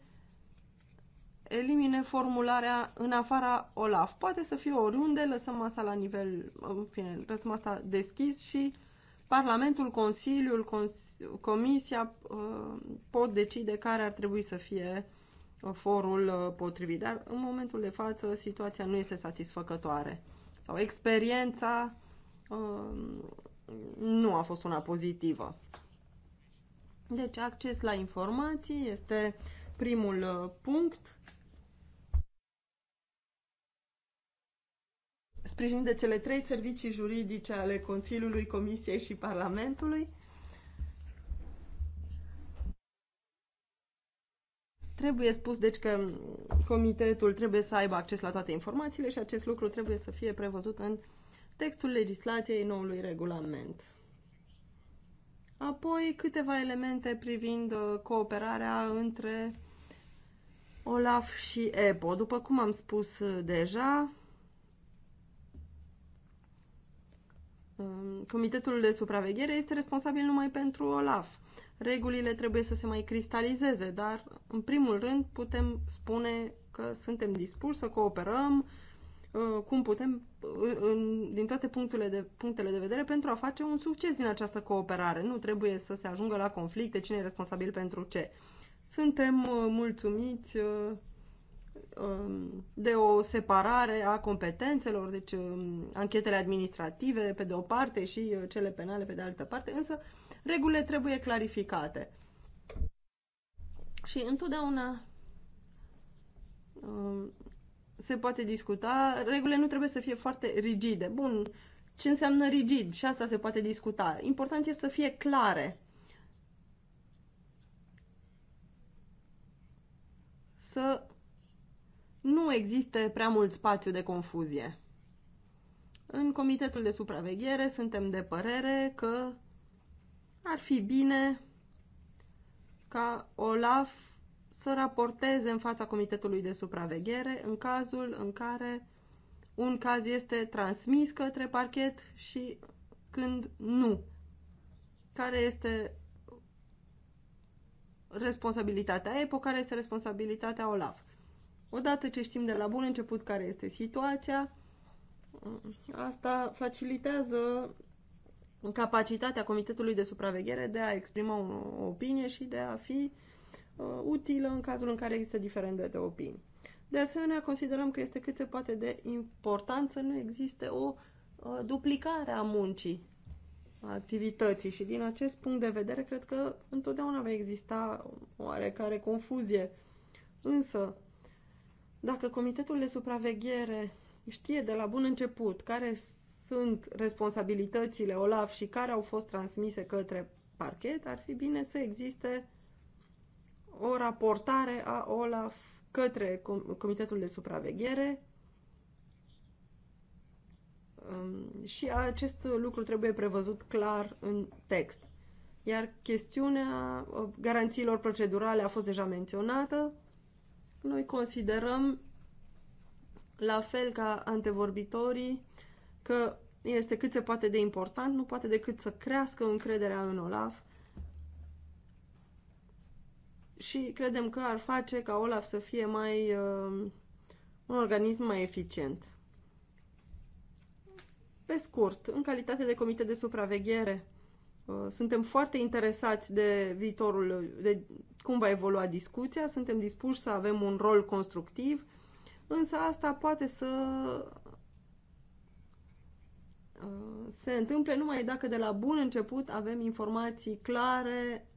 [SPEAKER 3] elimine formularea în afara OLAF. Poate să fie oriunde, lăsăm asta la nivel, în fine, lăsăm asta deschis și uh, Parlamentul, Consiliul, Cons Comisia uh, pot decide care ar trebui să fie uh, forul uh, potrivit. Dar în momentul de față situația nu este satisfăcătoare. Sau experiența nu a fost una pozitivă. Deci acces la informații este primul punct sprijinit de cele trei servicii juridice ale Consiliului, Comisiei și Parlamentului, Trebuie spus, deci, că comitetul trebuie să aibă acces la toate informațiile și acest lucru trebuie să fie prevăzut în textul legislației noului regulament. Apoi, câteva elemente privind uh, cooperarea între OLAF și EPO. După cum am spus uh, deja, Um, Comitetul de supraveghere este responsabil numai pentru OLAF. Regulile trebuie să se mai cristalizeze, dar în primul rând putem spune că suntem dispuși să cooperăm uh, cum putem uh, din toate punctele de, punctele de vedere pentru a face un succes din această cooperare. Nu trebuie să se ajungă la conflicte, cine e responsabil pentru ce. Suntem uh, mulțumiți Um, de o separare a competențelor, deci um, anchetele administrative pe de o parte și uh, cele penale pe de altă parte, însă regulile trebuie clarificate. Și întotdeauna um, se poate discuta, regulile nu trebuie să fie foarte rigide. Bun, ce înseamnă rigid? Și asta se poate discuta. Important este să fie clare. Să nu există prea mult spațiu de confuzie. În comitetul de supraveghere suntem de părere că ar fi bine ca Olaf să raporteze în fața comitetului de supraveghere în cazul în care un caz este transmis către parchet și când nu. Care este responsabilitatea EPO, care este responsabilitatea OLAF. Odată ce știm de la bun început care este situația, asta facilitează capacitatea Comitetului de Supraveghere de a exprima o opinie și de a fi uh, utilă în cazul în care există diferende de opinii. De asemenea, considerăm că este cât se poate de important să nu existe o uh, duplicare a muncii, a activității și din acest punct de vedere cred că întotdeauna va exista oarecare confuzie. Însă, dacă Comitetul de Supraveghere știe de la bun început care sunt responsabilitățile OLAF și care au fost transmise către parchet, ar fi bine să existe o raportare a OLAF către Comitetul de Supraveghere um, și acest lucru trebuie prevăzut clar în text. Iar chestiunea uh, garanțiilor procedurale a fost deja menționată. Noi considerăm, la fel ca antevorbitorii, că este cât se poate de important, nu poate decât să crească încrederea în Olaf și credem că ar face ca Olaf să fie mai uh, un organism mai eficient. Pe scurt, în calitate de comitet de supraveghere, uh, suntem foarte interesați de viitorul, de cum va evolua discuția, suntem dispuși să avem un rol constructiv, însă asta poate să uh, se întâmple numai dacă de la bun început avem informații clare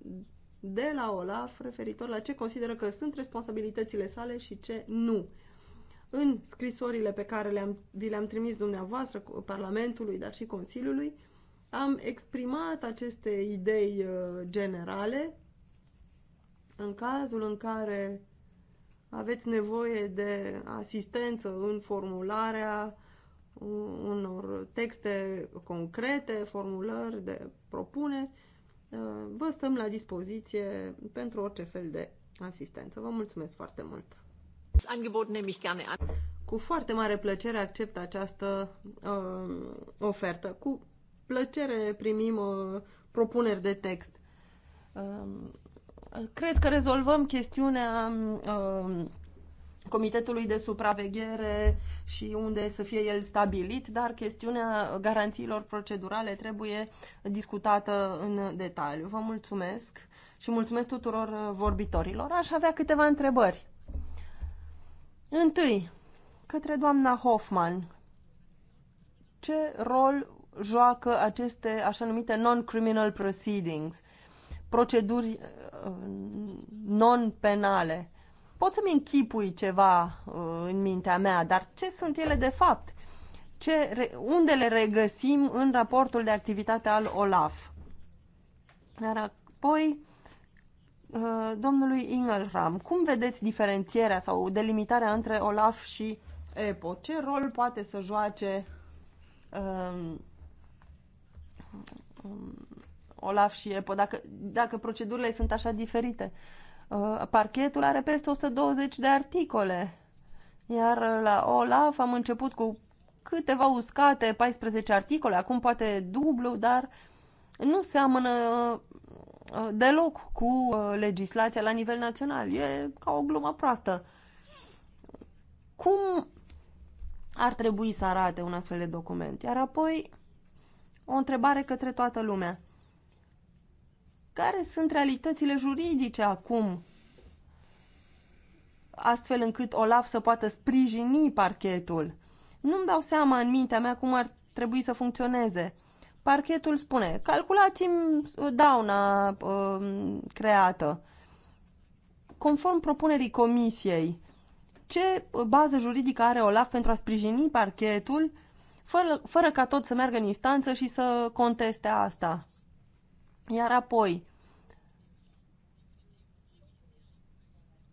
[SPEAKER 3] de la OLAF referitor la ce consideră că sunt responsabilitățile sale și ce nu. În scrisorile pe care le-am, vi le-am trimis dumneavoastră, Parlamentului, dar și Consiliului, am exprimat aceste idei uh, generale în cazul în care aveți nevoie de asistență în formularea unor texte concrete, formulări de propuneri, vă stăm la dispoziție pentru orice fel de asistență. Vă mulțumesc foarte mult! Cu foarte mare plăcere accept această uh, ofertă. Cu plăcere primim uh, propuneri de text. Uh, Cred că rezolvăm chestiunea um, Comitetului de Supraveghere și unde să fie el stabilit, dar chestiunea garanțiilor procedurale trebuie discutată în detaliu. Vă mulțumesc și mulțumesc tuturor vorbitorilor. Aș avea câteva întrebări. Întâi, către doamna Hoffman, ce rol joacă aceste așa numite non-criminal proceedings? Uh, proceduri uh, non-penale. Pot să-mi închipui ceva uh, în mintea mea, dar ce sunt ele de fapt? Ce, unde le regăsim în raportul de activitate al OLAF? Dar apoi, uh, domnului Ingelram, cum vedeți diferențierea sau delimitarea între OLAF și EPO? Ce rol poate să joace um, um Olaf și EPO, dacă, dacă procedurile sunt așa diferite. Uh, parchetul are peste 120 de articole, iar la Olaf am început cu câteva uscate, 14 articole, acum poate dublu, dar nu seamănă uh, deloc cu uh, legislația la nivel național. E ca o glumă proastă. Cum ar trebui să arate un astfel de document? Iar apoi o întrebare către toată lumea care sunt realitățile juridice acum, astfel încât Olaf să poată sprijini parchetul. Nu-mi dau seama în mintea mea cum ar trebui să funcționeze. Parchetul spune, calculați-mi uh, dauna uh, creată. Conform propunerii comisiei, ce bază juridică are Olaf pentru a sprijini parchetul fără, fără ca tot să meargă în instanță și să conteste asta? Iar apoi,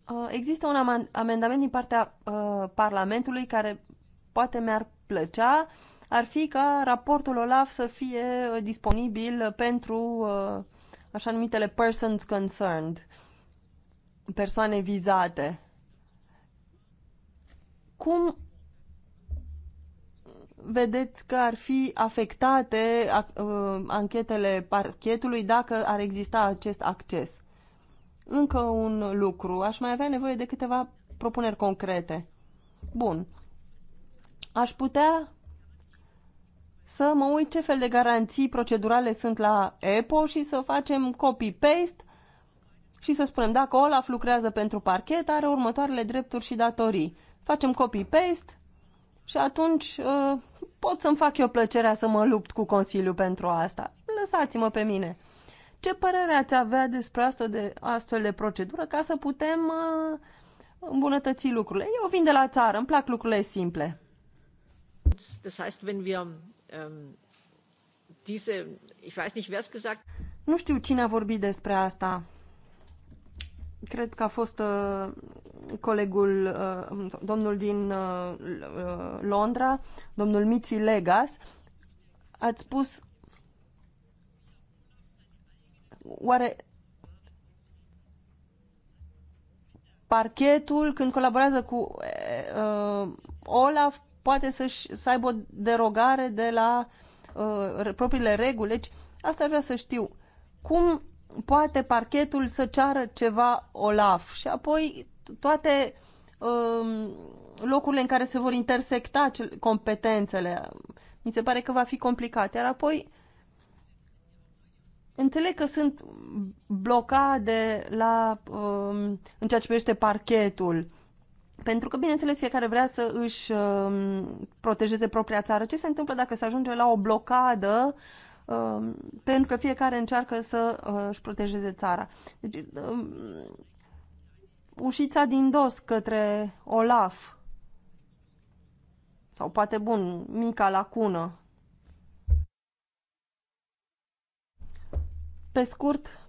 [SPEAKER 3] uh, există un amendament din partea uh, Parlamentului care poate mi-ar plăcea, ar fi ca raportul OLAF să fie uh, disponibil pentru așa numitele persons concerned, persoane vizate. Cum vedeți că ar fi afectate uh, anchetele parchetului dacă ar exista acest acces? Încă un lucru. Aș mai avea nevoie de câteva propuneri concrete. Bun. Aș putea să mă uit ce fel de garanții procedurale sunt la EPO și să facem copy-paste și să spunem dacă Olaf lucrează pentru parchet, are următoarele drepturi și datorii. Facem copy-paste și atunci uh, pot să-mi fac eu plăcerea să mă lupt cu Consiliul pentru asta. Lăsați-mă pe mine. Ce părere ați avea despre asta de astfel de procedură ca să putem uh, îmbunătăți lucrurile? Eu vin de la țară, îmi plac lucrurile simple.
[SPEAKER 1] Das heißt, wenn wir um, diese,
[SPEAKER 3] ich weiß nicht, wer gesagt. Nu știu cine a vorbit despre asta cred că a fost uh, colegul, uh, domnul din uh, uh Londra, domnul Miții Legas, ați spus oare parchetul când colaborează cu uh, Olaf poate să-și, să aibă o derogare de la uh, propriile reguli. Deci asta aș vrea să știu. Cum poate parchetul să ceară ceva Olaf și apoi toate um, locurile în care se vor intersecta competențele. Mi se pare că va fi complicat. Iar apoi înțeleg că sunt blocade la, um, în ceea ce privește parchetul. Pentru că, bineînțeles, fiecare vrea să își um, protejeze propria țară. Ce se întâmplă dacă se ajunge la o blocadă uh, Um, pentru că fiecare încearcă să uh, își protejeze țara. Deci, um, ușița din dos către Olaf, sau poate, bun, mica lacună. Pe scurt,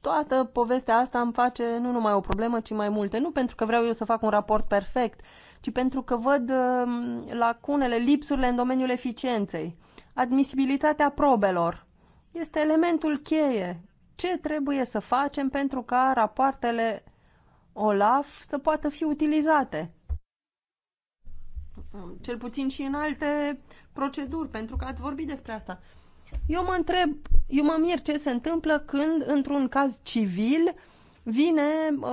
[SPEAKER 3] toată povestea asta îmi face nu numai o problemă, ci mai multe. Nu pentru că vreau eu să fac un raport perfect, ci pentru că văd um, lacunele, lipsurile în domeniul eficienței. Admisibilitatea probelor este elementul cheie. Ce trebuie să facem pentru ca rapoartele OLAF să poată fi utilizate? Cel puțin și în alte proceduri, pentru că ați vorbit despre asta. Eu mă întreb, eu mă mir ce se întâmplă când, într-un caz civil, vine, uh,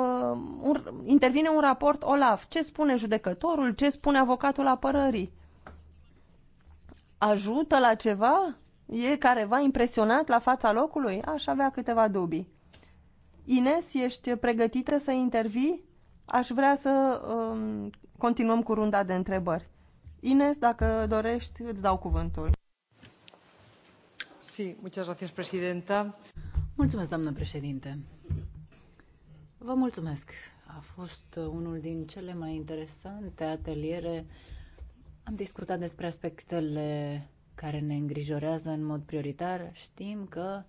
[SPEAKER 3] un, intervine un raport OLAF. Ce spune judecătorul? Ce spune avocatul apărării? Ajută la ceva? E careva impresionat la fața locului? Aș avea câteva dubii. Ines, ești pregătită să intervii? Aș vrea să um, continuăm cu runda de întrebări. Ines, dacă dorești, îți dau cuvântul. Sí, muchas gracias, presidenta. Mulțumesc, doamnă președinte.
[SPEAKER 2] Vă mulțumesc. A fost unul din cele mai interesante ateliere. Am discutat despre aspectele care ne îngrijorează în mod prioritar. Știm că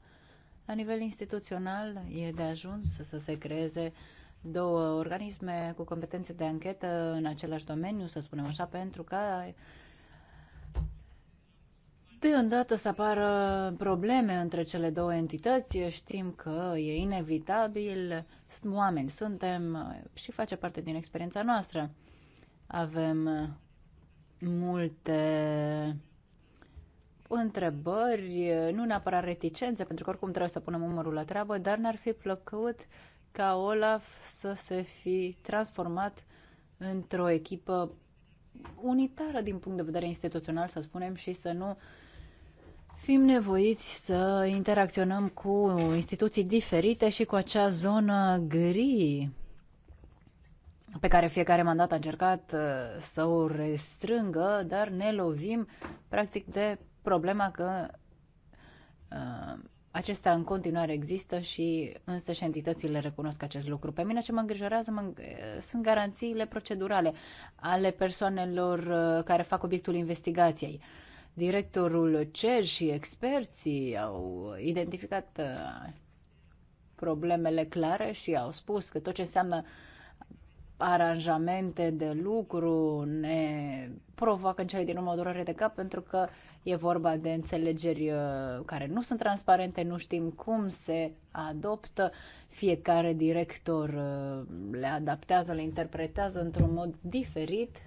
[SPEAKER 2] la nivel instituțional e de ajuns să se creeze două organisme cu competențe de anchetă în același domeniu, să spunem așa, pentru ca de îndată să apară probleme între cele două entități, știm că e inevitabil, oameni suntem și face parte din experiența noastră. Avem multe întrebări, nu neapărat reticențe, pentru că oricum trebuie să punem umărul la treabă, dar n-ar fi plăcut ca Olaf să se fi transformat într-o echipă unitară din punct de vedere instituțional, să spunem, și să nu uh, fim nevoiți să interacționăm cu instituții diferite și cu acea zonă gri pe care fiecare mandat a încercat uh, să o restrângă, dar ne lovim practic de problema că acesta uh, acestea în continuare există și însă și entitățile recunosc acest lucru. Pe mine ce mă îngrijorează mă, sunt garanțiile procedurale ale persoanelor uh, care fac obiectul investigației. Uh, Directorul CER și experții au identificat uh, problemele clare și au spus că tot ce înseamnă aranjamente de lucru ne provoacă în cele din urmă o durere de cap pentru că e vorba de înțelegeri uh, care nu sunt transparente, nu știm cum se adoptă, fiecare director uh, le adaptează, le interpretează într-un mod diferit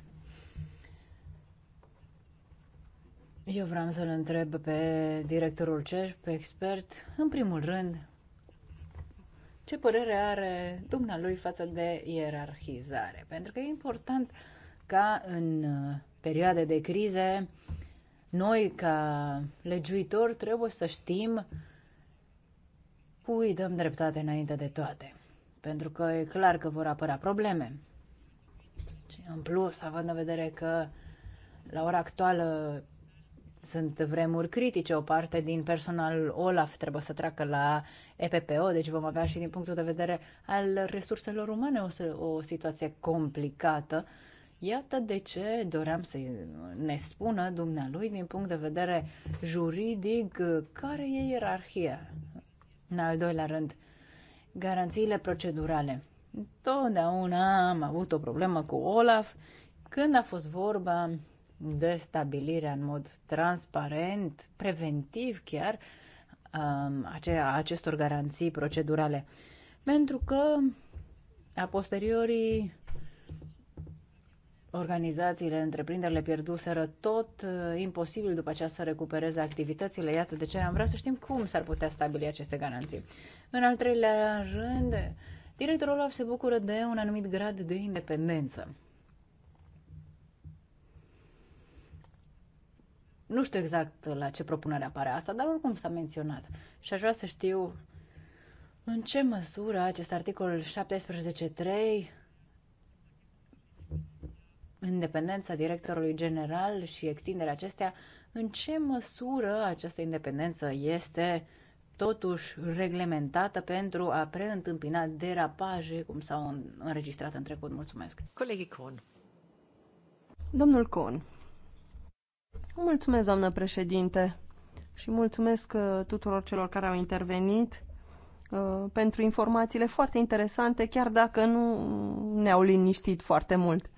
[SPEAKER 2] Eu vreau să-l întreb pe directorul CEJ, pe expert, în primul rând, ce părere are dumnealui față de ierarhizare. Pentru că e important ca în uh, perioade de crize, noi ca legiuitori trebuie să știm cui dăm dreptate înainte de toate. Pentru că e clar că vor apărea probleme. Și în plus, având în vedere că la ora actuală sunt vremuri critice, o parte din personal OLAF trebuie să treacă la EPPO, deci vom avea și din punctul de vedere al resurselor umane o, o situație complicată. Iată de ce doream să ne spună dumnealui din punct de vedere juridic care e ierarhia. În al doilea rând, garanțiile procedurale. Totdeauna am avut o problemă cu Olaf când a fost vorba de stabilire în mod transparent, preventiv chiar, um, a acestor garanții procedurale. Pentru că, a posteriori, organizațiile, întreprinderile pierduseră tot uh, imposibil după aceea să recupereze activitățile. Iată de ce am vrea să știm cum s-ar putea stabili aceste garanții. În al treilea rând, directorul Olaf se bucură de un anumit grad de independență. Nu știu exact la ce propunere apare asta, dar oricum s-a menționat. Și aș vrea să știu în ce măsură acest articol 17.3 independența directorului general și extinderea acestea, în ce măsură această independență este totuși reglementată pentru a preîntâmpina derapaje cum s-au înregistrat în trecut. Mulțumesc.
[SPEAKER 1] Colegii Con.
[SPEAKER 3] Domnul Con. Mulțumesc, doamnă președinte, și mulțumesc uh, tuturor celor care au intervenit uh, pentru informațiile foarte interesante, chiar dacă nu ne-au liniștit foarte mult.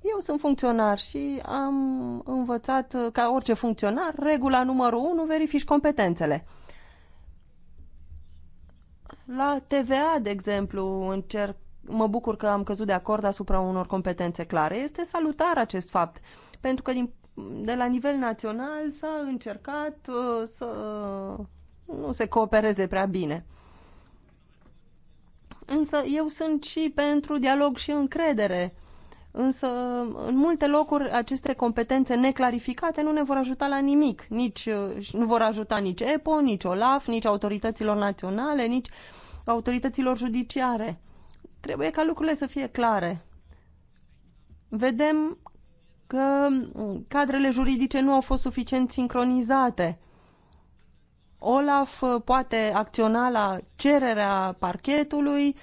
[SPEAKER 3] Eu sunt funcționar și am învățat, uh, ca orice funcționar, regula numărul 1, verifici competențele. La TVA, de exemplu, încerc, mă bucur că am căzut de acord asupra unor competențe clare. Este salutar acest fapt, pentru că din de la nivel național s-a încercat uh, să nu se coopereze prea bine. Însă eu sunt și pentru dialog și încredere. Însă, în multe locuri, aceste competențe neclarificate nu ne vor ajuta la nimic. Nici, uh, nu vor ajuta nici EPO, nici OLAF, nici autorităților naționale, nici autorităților judiciare. Trebuie ca lucrurile să fie clare. Vedem că mm, cadrele juridice nu au fost suficient sincronizate. Olaf uh, poate acționa la cererea parchetului,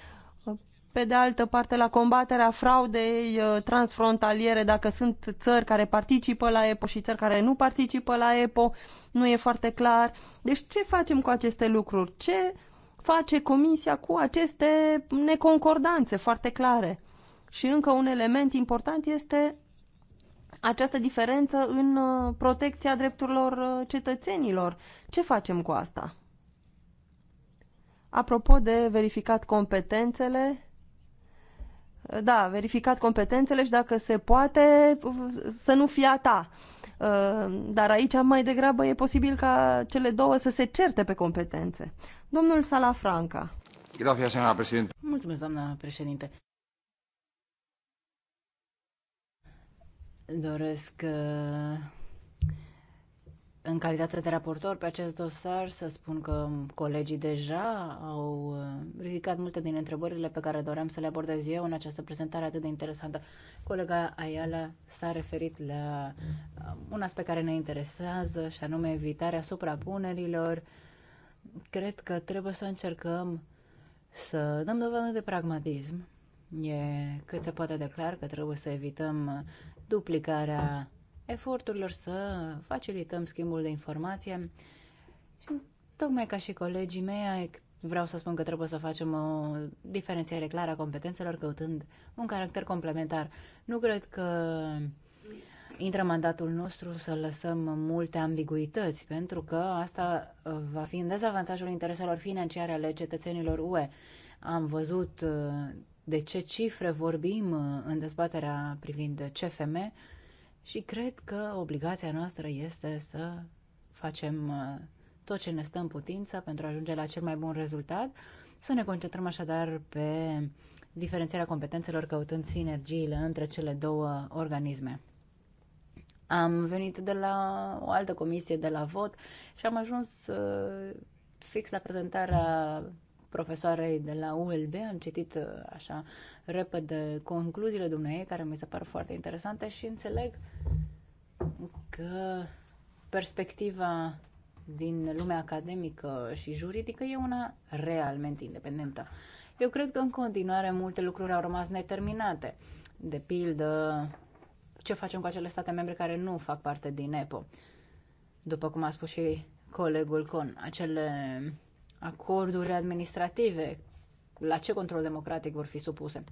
[SPEAKER 3] uh, pe de altă parte la combaterea fraudei uh, transfrontaliere, dacă sunt țări care participă la EPO și țări care nu participă la EPO, nu e foarte clar. Deci ce facem cu aceste lucruri? Ce face Comisia cu aceste neconcordanțe foarte clare? Și încă un element important este această diferență în uh, protecția drepturilor uh, cetățenilor. Ce facem cu asta? Apropo de verificat competențele, uh, da, verificat competențele și dacă se poate să nu fie a ta. Dar aici mai degrabă e posibil ca cele două să se certe pe competențe. Domnul Salafranca.
[SPEAKER 1] Grazie,
[SPEAKER 2] Mulțumesc, doamna președinte. Doresc uh, în calitate de raportor pe acest dosar să spun că colegii deja au uh, ridicat multe din întrebările pe care doream să le abordez eu în această prezentare atât de interesantă. Colega Ayala s-a referit la uh, un aspect care ne interesează și anume evitarea suprapunerilor. Cred că trebuie să încercăm să dăm dovadă de pragmatism. E cât se poate declar că trebuie să evităm duplicarea eforturilor, să facilităm schimbul de informație. Și tocmai ca și colegii mei, vreau să spun că trebuie să facem o diferențiere clară a competențelor, căutând un caracter complementar. Nu cred că intră mandatul nostru să lăsăm multe ambiguități, pentru că asta uh, va fi în dezavantajul intereselor financiare ale cetățenilor UE. Am văzut uh, de ce cifre vorbim uh, în dezbaterea privind CFM și cred că obligația noastră este să facem uh, tot ce ne stă în putință pentru a ajunge la cel mai bun rezultat, să ne concentrăm așadar pe diferențierea competențelor căutând sinergiile între cele două organisme. Am venit de la o altă comisie de la vot și am ajuns uh, fix la prezentarea profesoarei de la ULB. Am citit uh, așa repede concluziile dumneavoastră, care mi se par foarte interesante și înțeleg că perspectiva din lumea academică și juridică e una realmente independentă. Eu cred că în continuare multe lucruri au rămas neterminate. De pildă, ce facem cu acele state membre care nu fac parte din EPO? După cum a spus și colegul Con, acele acorduri administrative, la ce control democratic vor fi supuse,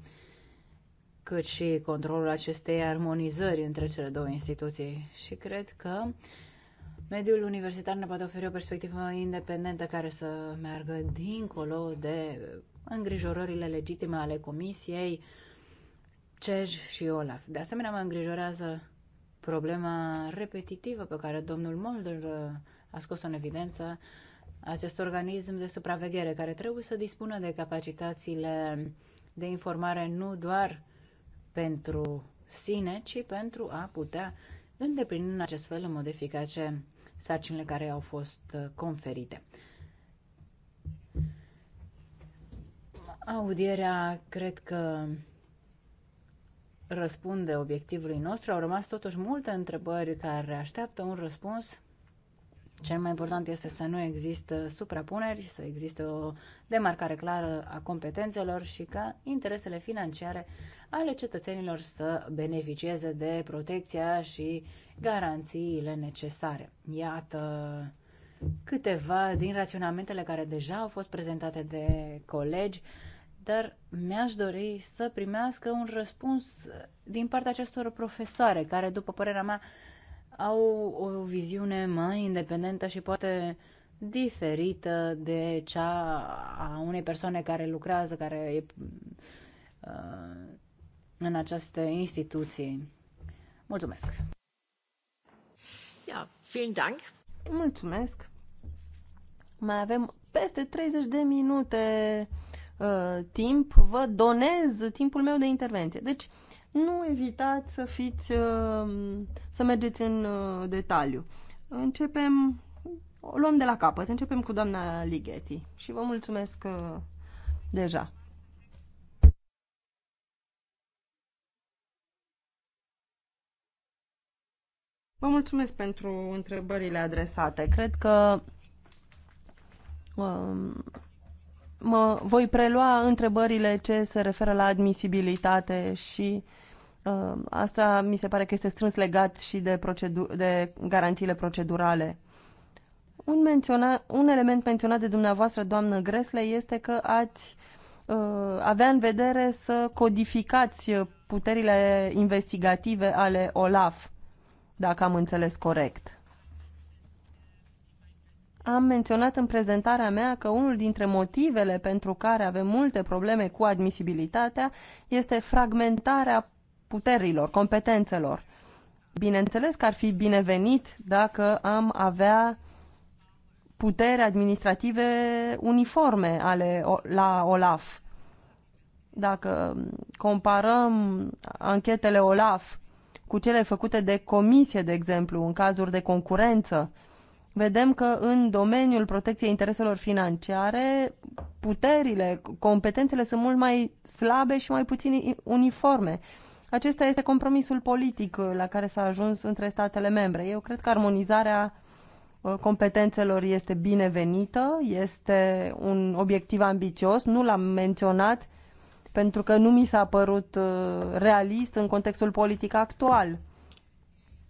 [SPEAKER 2] cât și controlul acestei armonizări între cele două instituții. Și cred că mediul universitar ne poate oferi o perspectivă independentă care să meargă dincolo de îngrijorările legitime ale Comisiei, CEJ și OLAF. De asemenea, mă îngrijorează problema repetitivă pe care domnul Mulder a scos-o în evidență acest organism de supraveghere care trebuie să dispună de capacitățile de informare nu doar pentru sine, ci pentru a putea îndeplini în acest fel în mod eficace sarcinile care au fost uh, conferite. Audierea cred că răspunde obiectivului nostru. Au rămas totuși multe întrebări care așteaptă un răspuns cel mai important este să nu există suprapuneri, să existe o demarcare clară a competențelor și ca interesele financiare ale cetățenilor să beneficieze de protecția și garanțiile necesare. Iată câteva din raționamentele care deja au fost prezentate de colegi, dar mi-aș dori să primească un răspuns din partea acestor profesoare, care, după părerea mea, au o viziune mai independentă și poate diferită de cea a unei persoane care lucrează, care e uh, în aceste instituții.
[SPEAKER 3] Mulțumesc!
[SPEAKER 1] Ja, vielen Dank!
[SPEAKER 3] Mulțumesc! Mai avem peste 30 de minute uh, timp. Vă donez timpul meu de intervenție. Deci, uh, nu evitați să fiți, uh, să mergeți în uh, detaliu. Începem, o luăm de la capăt, începem cu doamna Ligeti și vă mulțumesc uh, deja. Vă mulțumesc pentru întrebările adresate. Cred că um, mă voi prelua întrebările ce se referă la admisibilitate și uh, Uh, asta mi se pare că este strâns legat și de, procedu- de garanțiile procedurale. Un, menționa, un element menționat de dumneavoastră, doamnă Gresle, este că ați uh, avea în vedere să codificați puterile investigative ale OLAF, dacă am înțeles corect. Am menționat în prezentarea mea că unul dintre motivele pentru care avem multe probleme cu admisibilitatea este fragmentarea puterilor, competențelor. Bineînțeles că ar fi binevenit dacă am avea puteri administrative uniforme ale, la OLAF. Dacă comparăm anchetele OLAF cu cele făcute de comisie, de exemplu, în cazuri de concurență, vedem că în domeniul protecției intereselor financiare, puterile, competențele sunt mult mai slabe și mai puțin uniforme. Acesta este compromisul politic uh, la care s-a ajuns între statele membre. Eu cred că armonizarea uh, competențelor este binevenită, este un obiectiv ambițios, nu l-am menționat pentru că nu mi s-a părut uh, realist în contextul politic actual.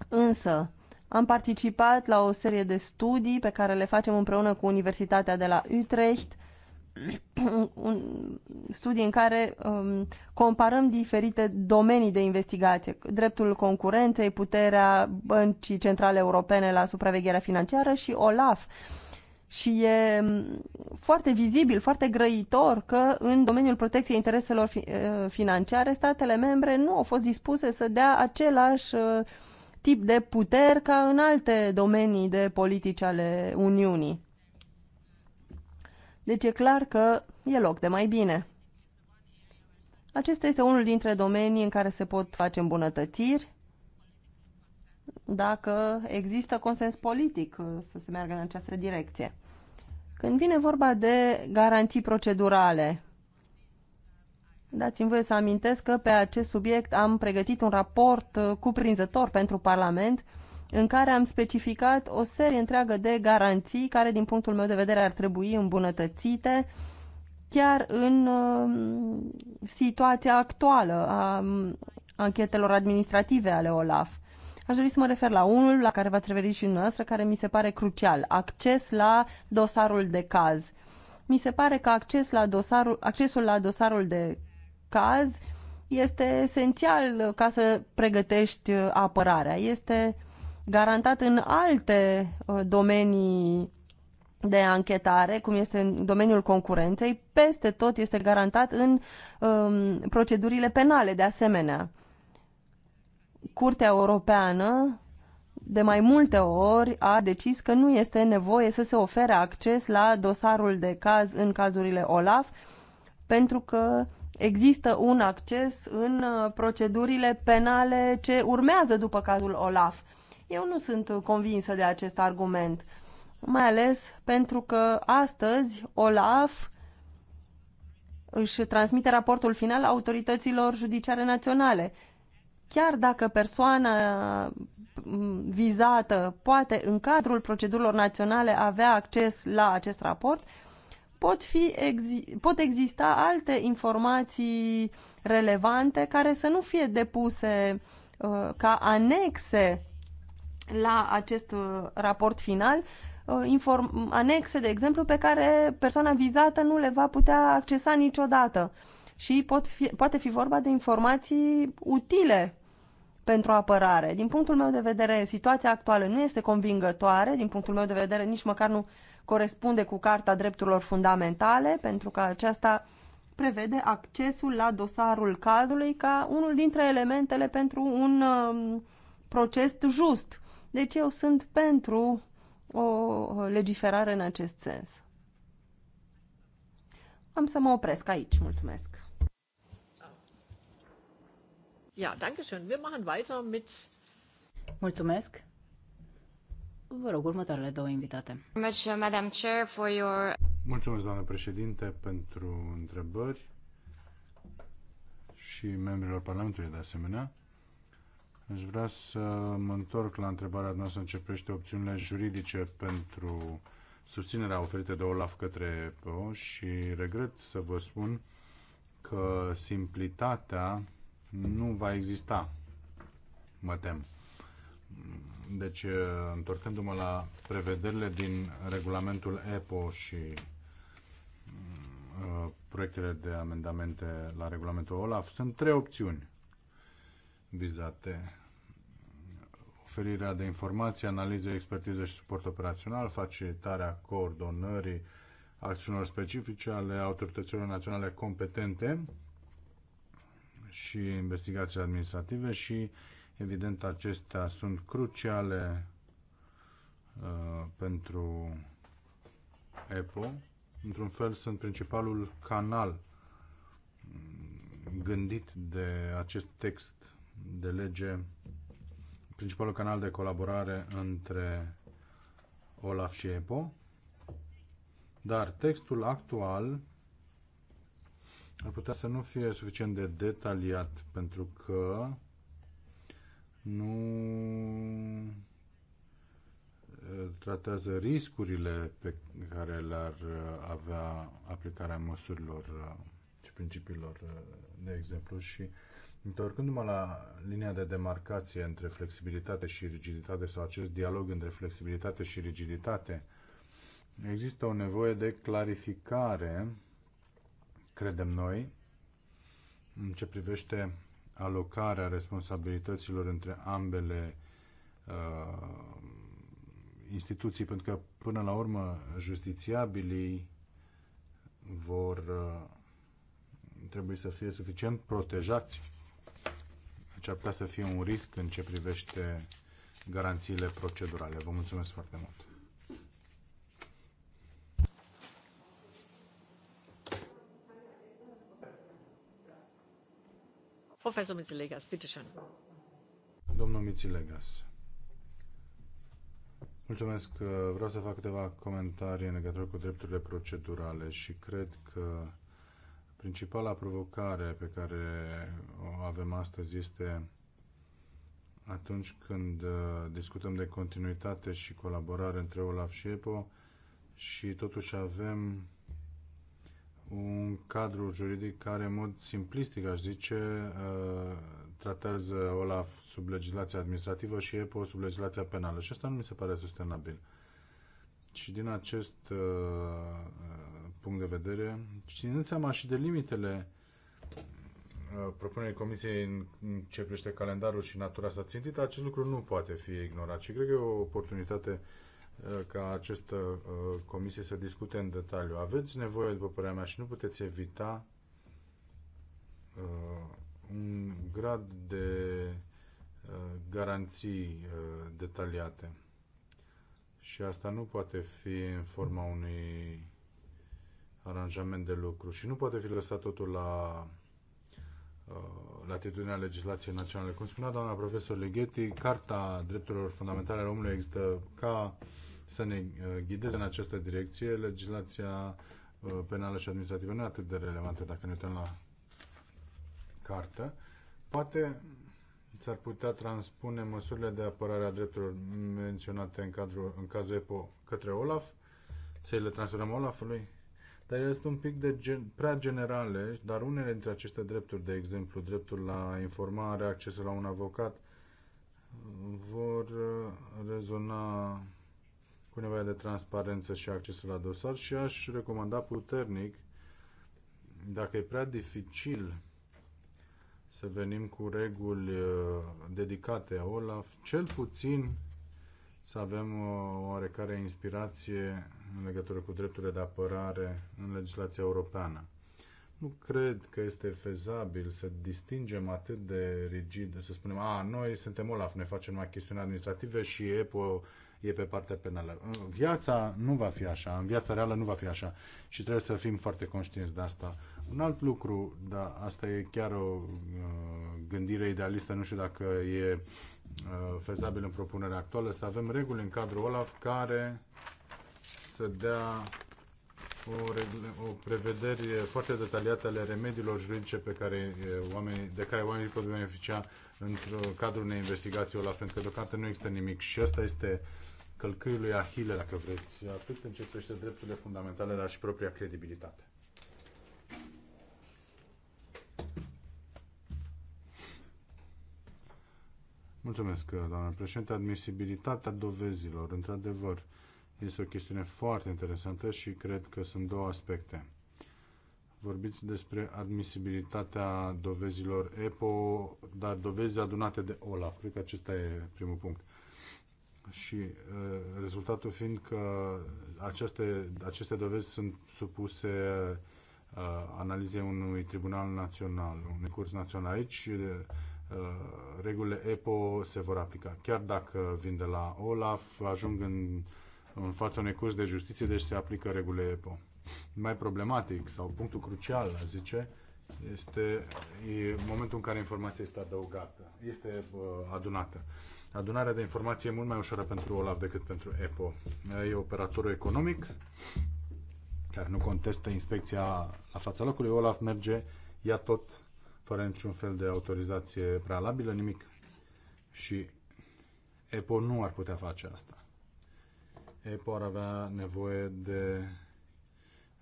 [SPEAKER 3] Însă, am participat la o serie de studii pe care le facem împreună cu Universitatea de la Utrecht <clears throat> un studii în care um, comparăm diferite domenii de investigație, dreptul concurenței, puterea Băncii Centrale Europene la supravegherea financiară și OLAF. Și e um, foarte vizibil, foarte grăitor că în domeniul protecției intereselor fi, uh, financiare statele membre nu au fost dispuse să dea același uh, tip de puteri ca în alte domenii de politici ale Uniunii deci e clar că e loc de mai bine. Acesta este unul dintre domenii în care se pot face îmbunătățiri dacă există consens politic uh, să se meargă în această direcție. Când vine vorba de garanții procedurale, dați-mi voie să amintesc că pe acest subiect am pregătit un raport uh, cuprinzător pentru Parlament în care am specificat o serie întreagă de garanții care, din punctul meu de vedere, ar trebui îmbunătățite chiar în um, situația actuală a um, anchetelor administrative ale OLAF. Aș dori să mă refer la unul la care v-ați referit și noastră, care mi se pare crucial, acces la dosarul de caz. Mi se pare că acces la dosarul, accesul la dosarul de caz este esențial ca să pregătești uh, apărarea. Este uh, garantat în alte uh, domenii de anchetare, cum este în domeniul concurenței, peste tot este garantat în um, procedurile penale, de asemenea. Curtea Europeană de mai multe ori a decis că nu este nevoie să se ofere acces la dosarul de caz în cazurile OLAF, pentru că există un acces în uh, procedurile penale ce urmează după cazul OLAF. Eu nu sunt convinsă de acest argument, mai ales pentru că astăzi OLAF își transmite raportul final autorităților judiciare naționale. Chiar dacă persoana mm, vizată poate în cadrul procedurilor naționale avea acces la acest raport, pot, fi, pot exista alte informații relevante care să nu fie depuse uh, ca anexe la acest uh, raport final uh, inform- anexe, de exemplu, pe care persoana vizată nu le va putea accesa niciodată. Și pot fi, poate fi vorba de informații utile pentru apărare. Din punctul meu de vedere, situația actuală nu este convingătoare, din punctul meu de vedere nici măcar nu corespunde cu Carta Drepturilor Fundamentale, pentru că aceasta prevede accesul la dosarul cazului ca unul dintre elementele pentru un um, proces just. Deci eu sunt pentru o legiferare în acest sens. Am să mă opresc aici. Mulțumesc.
[SPEAKER 1] Ja, danke schön. Wir machen
[SPEAKER 2] weiter mit Mulțumesc. Vă rog, următoarele două invitate. Mulțumesc,
[SPEAKER 4] doamnă președinte, pentru întrebări și membrilor Parlamentului de asemenea. Aș vrea să mă întorc la întrebarea noastră în ce privește opțiunile juridice pentru susținerea oferită de Olaf către EPO și regret să vă spun că simplitatea nu va exista, mă tem. Deci, uh, întorcându-mă la prevederile din regulamentul EPO și uh, proiectele de amendamente la regulamentul OLAF, sunt trei opțiuni vizate oferirea de informații, analiză, expertiză și suport operațional, facilitarea coordonării acțiunilor specifice ale autorităților naționale competente și investigații administrative și, evident, acestea sunt cruciale uh, pentru EPO. Într-un fel, sunt principalul canal mm, gândit de acest text de lege principalul canal de colaborare între Olaf și EPO, dar textul actual ar putea să nu fie suficient de detaliat pentru că nu tratează riscurile pe care le-ar avea aplicarea măsurilor și principiilor, de exemplu, și Întorcându-mă la linia de demarcație între flexibilitate și rigiditate sau acest dialog între flexibilitate și rigiditate, există o nevoie de clarificare, credem noi, în ce privește alocarea responsabilităților între ambele uh, instituții, pentru că până la urmă justițiabilii vor uh, trebui să fie suficient protejați deci ar putea să fie un risc în ce privește garanțiile procedurale. Vă mulțumesc foarte mult!
[SPEAKER 1] Profesor Mițilegas, bitteschön.
[SPEAKER 4] Domnul Mițilegas, mulțumesc. Vreau să fac câteva comentarii în legătură cu drepturile procedurale și cred că Principala provocare pe care o avem astăzi este atunci când uh, discutăm de continuitate și colaborare între OLAF și EPO și totuși avem un cadru juridic care în mod simplistic, aș zice, uh, tratează OLAF sub legislația administrativă și EPO sub legislația penală. Și asta nu mi se pare sustenabil. Și din acest uh, punct de vedere, ținând seama și de limitele uh, propunerii Comisiei în ce privește calendarul și natura sa țintită, acest lucru nu poate fi ignorat și cred că e o oportunitate uh, ca această uh, comisie să discute în detaliu. Aveți nevoie, după părerea mea, și nu puteți evita un grad de garanții detaliate. Și asta nu poate fi în forma unui aranjament de lucru și nu poate fi lăsat totul la uh, latitudinea legislației naționale. Cum spunea doamna profesor Leghetti, Carta Drepturilor Fundamentale ale Omului există ca să ne uh, ghideze în această direcție. Legislația uh, penală și administrativă nu e atât de relevantă dacă ne uităm la cartă. Poate s-ar putea transpune măsurile de apărare a drepturilor menționate în, cadrul, în cazul EPO către OLAF, să le transferăm OLAF-ului dar ele sunt un pic de gen, prea generale, dar unele dintre aceste drepturi, de exemplu, dreptul la informare, accesul la un avocat, vor uh, rezona cu nevoia de transparență și accesul la dosar și aș recomanda puternic, dacă e prea dificil să venim cu reguli uh, dedicate a OLAF, cel puțin să avem uh, o oarecare inspirație în legătură cu drepturile de apărare în legislația europeană. Nu cred că este fezabil să distingem atât de rigid, să spunem, a, noi suntem OLAF, ne facem numai chestiuni administrative și EPO e pe partea penală. În viața nu va fi așa, în viața reală nu va fi așa și trebuie să fim foarte conștienți de asta. Un alt lucru, dar asta e chiar o uh, gândire idealistă, nu știu dacă e Uh, fezabil în propunerea actuală, să avem reguli în cadrul OLAF care să dea o, o prevederi foarte detaliată ale remediilor juridice pe care uh, oamenii, de care oamenii pot beneficia în cadrul unei investigații OLAF, pentru că deocamdată nu există nimic și asta este călcâiul lui Ahile, dacă vreți, atât în ce privește drepturile fundamentale, dar și propria credibilitate. Mulțumesc, doamnă președinte. Admisibilitatea dovezilor, într-adevăr, este o chestiune foarte interesantă și cred că sunt două aspecte. Vorbiți despre admisibilitatea dovezilor EPO, dar dovezi adunate de OLAF. Cred că acesta e primul punct. Și uh, rezultatul fiind că aceste, aceste dovezi sunt supuse uh, analizei unui tribunal național, unui curs național. Aici uh, Uh, regulile EPO se vor aplica. Chiar dacă vin de la OLAF, ajung în, în fața unei curs de justiție, deci se aplică regulile EPO. Mai problematic sau punctul crucial, a zice, este e momentul în care informația este adăugată, este uh, adunată. Adunarea de informație e mult mai ușoară pentru OLAF decât pentru EPO. Uh, e operatorul economic care nu contestă inspecția la fața locului. OLAF merge, ia tot fără niciun fel de autorizație prealabilă, nimic. Și EPO nu ar putea face asta. EPO ar avea nevoie de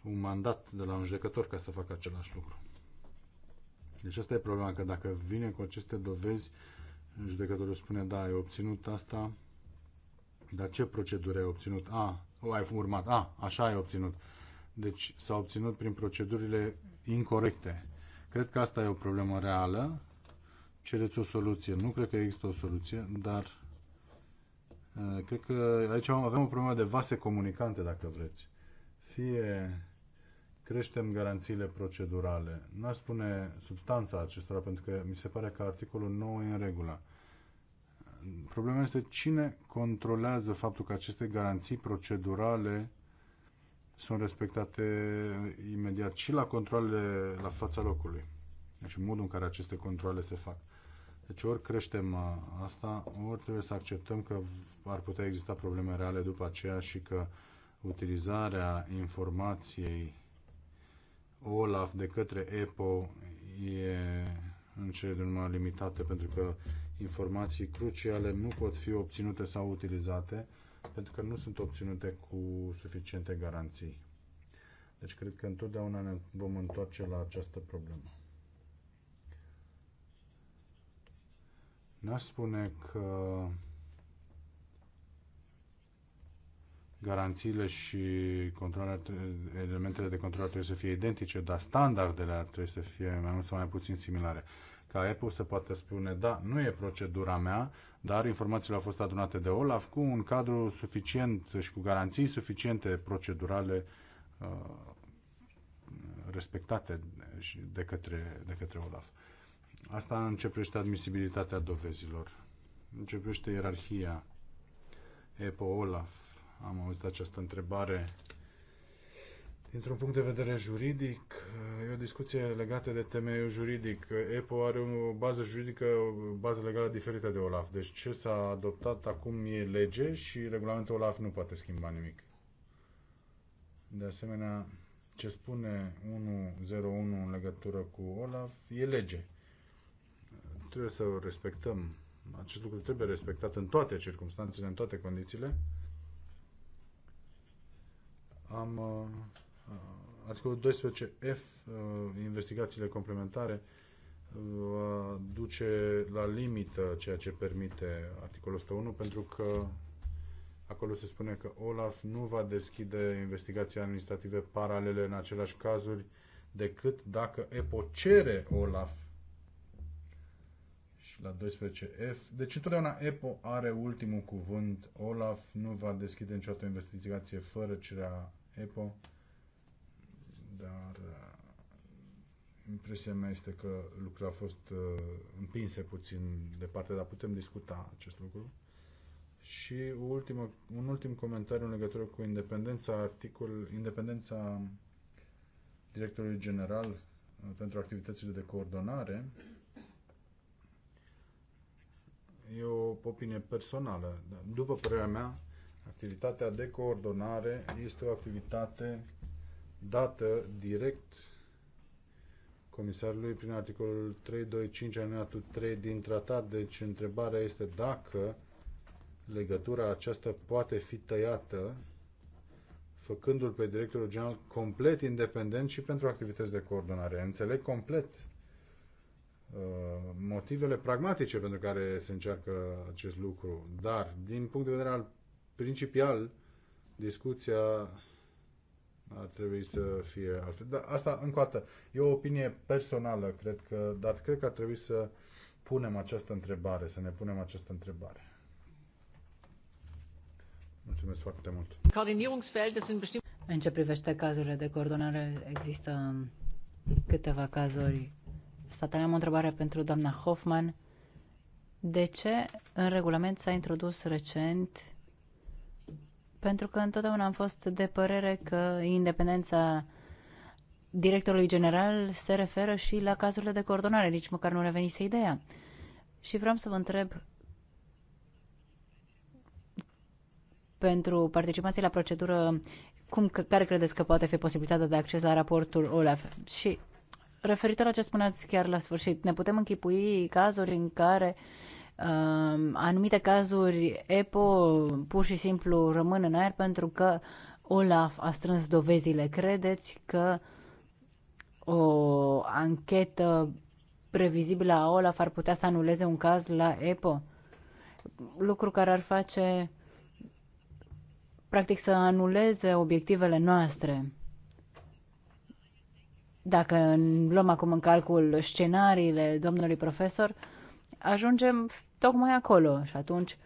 [SPEAKER 4] un mandat de la un judecător ca să facă același lucru. Deci asta e problema, că dacă vine cu aceste dovezi, judecătorul spune, da, ai obținut asta, dar ce procedură ai obținut? A, o ai urmat, a, așa ai obținut. Deci s-a obținut prin procedurile incorrecte. Cred că asta e o problemă reală. Cereți o soluție. Nu cred că există o soluție, dar uh, cred că aici avem o problemă de vase comunicante, dacă vreți. Fie creștem garanțiile procedurale. N-aș spune substanța acestora, pentru că mi se pare că articolul 9 e în regulă. Problema este cine controlează faptul că aceste garanții procedurale sunt respectate imediat și la controlele la fața locului. Deci modul în care aceste controle se fac. Deci ori creștem uh, asta, ori trebuie să acceptăm că ar putea exista probleme reale după aceea și că utilizarea informației OLAF de către EPO e în cele din urmă limitată pentru că informații cruciale nu pot fi obținute sau utilizate pentru că nu sunt obținute cu suficiente garanții. Deci cred că întotdeauna ne vom întoarce la această problemă. N-aș spune că garanțiile și elementele de control ar trebui să fie identice, dar standardele ar trebui să fie mai mult sau mai puțin similare ca Apple să poată spune, da, nu e procedura mea, dar informațiile au fost adunate de Olaf cu un cadru suficient și cu garanții suficiente procedurale uh, respectate de către, de către Olaf. Asta începește admisibilitatea dovezilor, începește ierarhia EPO-OLAF. Am auzit această întrebare Dintr-un punct de vedere juridic, e o discuție legată de temeiul juridic. EPO are o bază juridică, o bază legală diferită de OLAF. Deci ce s-a adoptat acum e lege și regulamentul OLAF nu poate schimba nimic. De asemenea, ce spune 101 în legătură cu OLAF e lege. Trebuie să o respectăm. Acest lucru trebuie respectat în toate circunstanțele, în toate condițiile. Am uh, Articolul 12F, uh, investigațiile complementare, va duce la limită ceea ce permite articolul 101, pentru că acolo se spune că OLAF nu va deschide investigații administrative paralele în aceleași cazuri decât dacă EPO cere OLAF și la 12F. Deci întotdeauna EPO are ultimul cuvânt. OLAF nu va deschide niciodată o investigație fără cerea EPO dar uh, impresia mea este că lucrurile au fost uh, împinse puțin departe, dar putem discuta acest lucru. Și o ultimă, un ultim comentariu în legătură cu independența articol, independența directorului general uh, pentru activitățile de coordonare. E o opinie personală. După părerea mea, activitatea de coordonare este o activitate dată direct comisarului prin articolul 325 alineatul 3 din tratat. Deci întrebarea este dacă legătura aceasta poate fi tăiată făcându-l pe directorul general complet independent și pentru activități de coordonare. Înțeleg complet uh, motivele pragmatice pentru care se încearcă acest lucru, dar din punct de vedere al principial, discuția ar trebui să fie altfel. Dar asta, încă o dată, e o opinie personală, cred că, dar cred că ar trebui să punem această întrebare, să ne punem această întrebare. Mulțumesc foarte
[SPEAKER 2] mult. În ce privește cazurile de coordonare, există câteva cazuri. Statele am o întrebare pentru doamna Hoffman. De ce în regulament s-a introdus recent pentru că întotdeauna am fost de părere că independența directorului general se referă și la cazurile de coordonare, nici măcar nu le venise ideea. Și vreau să vă întreb pentru participații la procedură, cum, care credeți că poate fi posibilitatea de acces la raportul OLAF? Și referitor la ce spuneați chiar la sfârșit, ne putem închipui cazuri în care uh, Um, anumite cazuri EPO pur și simplu rămân în aer pentru că Olaf a strâns dovezile. Credeți că o anchetă previzibilă a Olaf ar putea să anuleze un caz la EPO? Lucru care ar face practic să anuleze obiectivele noastre. Dacă luăm acum în calcul scenariile domnului profesor, ajungem tocmai acolo. Și atunci,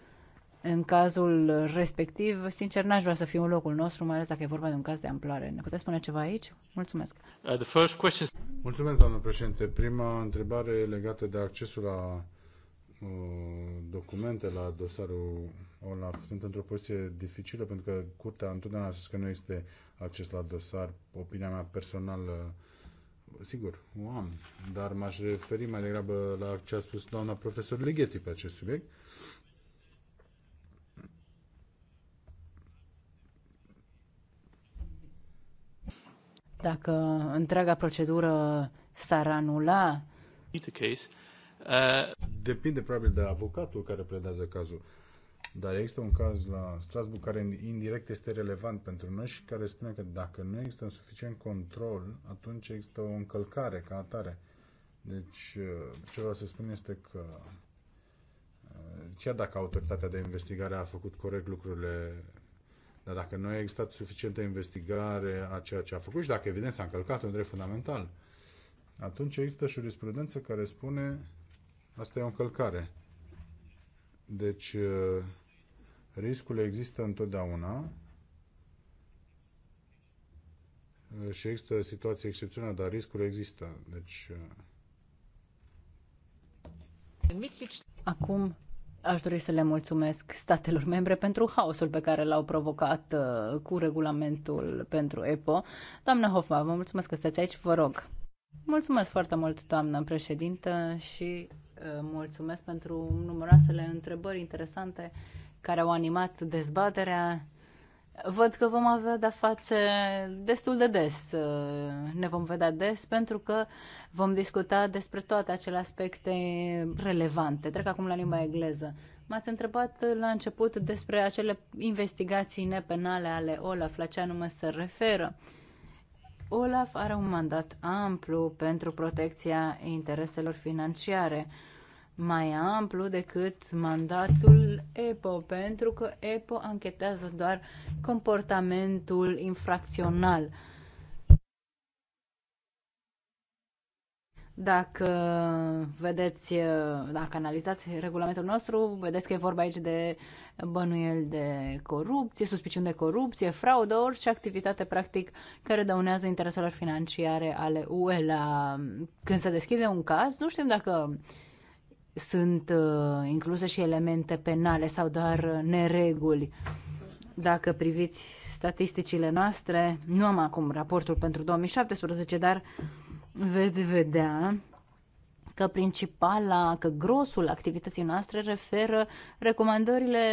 [SPEAKER 2] în cazul respectiv, sincer, n-aș vrea să fiu în locul nostru, mai ales dacă e vorba de un caz de amploare. Ne puteți spune ceva aici? Mulțumesc.
[SPEAKER 4] Uh, the first question... Mulțumesc, doamnă președinte. Prima întrebare e legată de accesul la uh, documente, la dosarul OLAF. Sunt într-o poziție dificilă pentru că curtea întotdeauna a spus că nu este acces la dosar. Opinia mea personală uh, sigur, o am, dar m-aș referi mai degrabă la ce a spus doamna profesor Ligeti pe acest subiect.
[SPEAKER 2] Dacă întreaga procedură s-ar anula...
[SPEAKER 4] Uh, Depinde probabil de avocatul care predează cazul. Dar există un caz la Strasbourg care indirect este relevant pentru noi și care spune că dacă nu există un suficient control, atunci există o încălcare ca atare. Deci, uh, ce vreau să spun este că uh, chiar dacă autoritatea de investigare a făcut corect lucrurile, dar dacă nu a existat suficientă investigare a ceea ce a făcut și dacă, evident, s-a încălcat un drept fundamental, atunci există și o jurisprudență care spune asta e o încălcare. Deci, uh, Riscul există întotdeauna uh, și există situații excepționale, dar riscul există. Deci...
[SPEAKER 2] Uh, Acum aș dori să le mulțumesc statelor membre pentru haosul pe care l-au provocat uh, cu regulamentul pentru EPO. Doamna Hofa, vă mulțumesc că stați aici, vă rog. Mulțumesc foarte mult, doamnă președintă, și mulțumesc pentru numeroasele întrebări interesante care au animat dezbaterea. Văd că vom avea de-a face destul de des, ne vom vedea des, pentru că vom discuta despre toate acele aspecte relevante. Trec acum la limba engleză. M-ați întrebat la început despre acele investigații nepenale ale Olaf, la ce anume se referă. Olaf are un mandat amplu pentru protecția intereselor financiare mai amplu decât mandatul EPO, pentru că EPO anchetează doar comportamentul infracțional. Dacă vedeți, dacă analizați regulamentul nostru, vedeți că e vorba aici de bănuiel de corupție, suspiciuni de corupție, fraudă, orice activitate practic care dăunează intereselor financiare ale UE la când se deschide un caz. Nu știm dacă uh, sunt uh, incluse și elemente penale sau doar uh, nereguli. Dacă priviți statisticile noastre, nu am acum raportul pentru 2017, dar veți vedea că principala, că grosul activității noastre referă recomandările,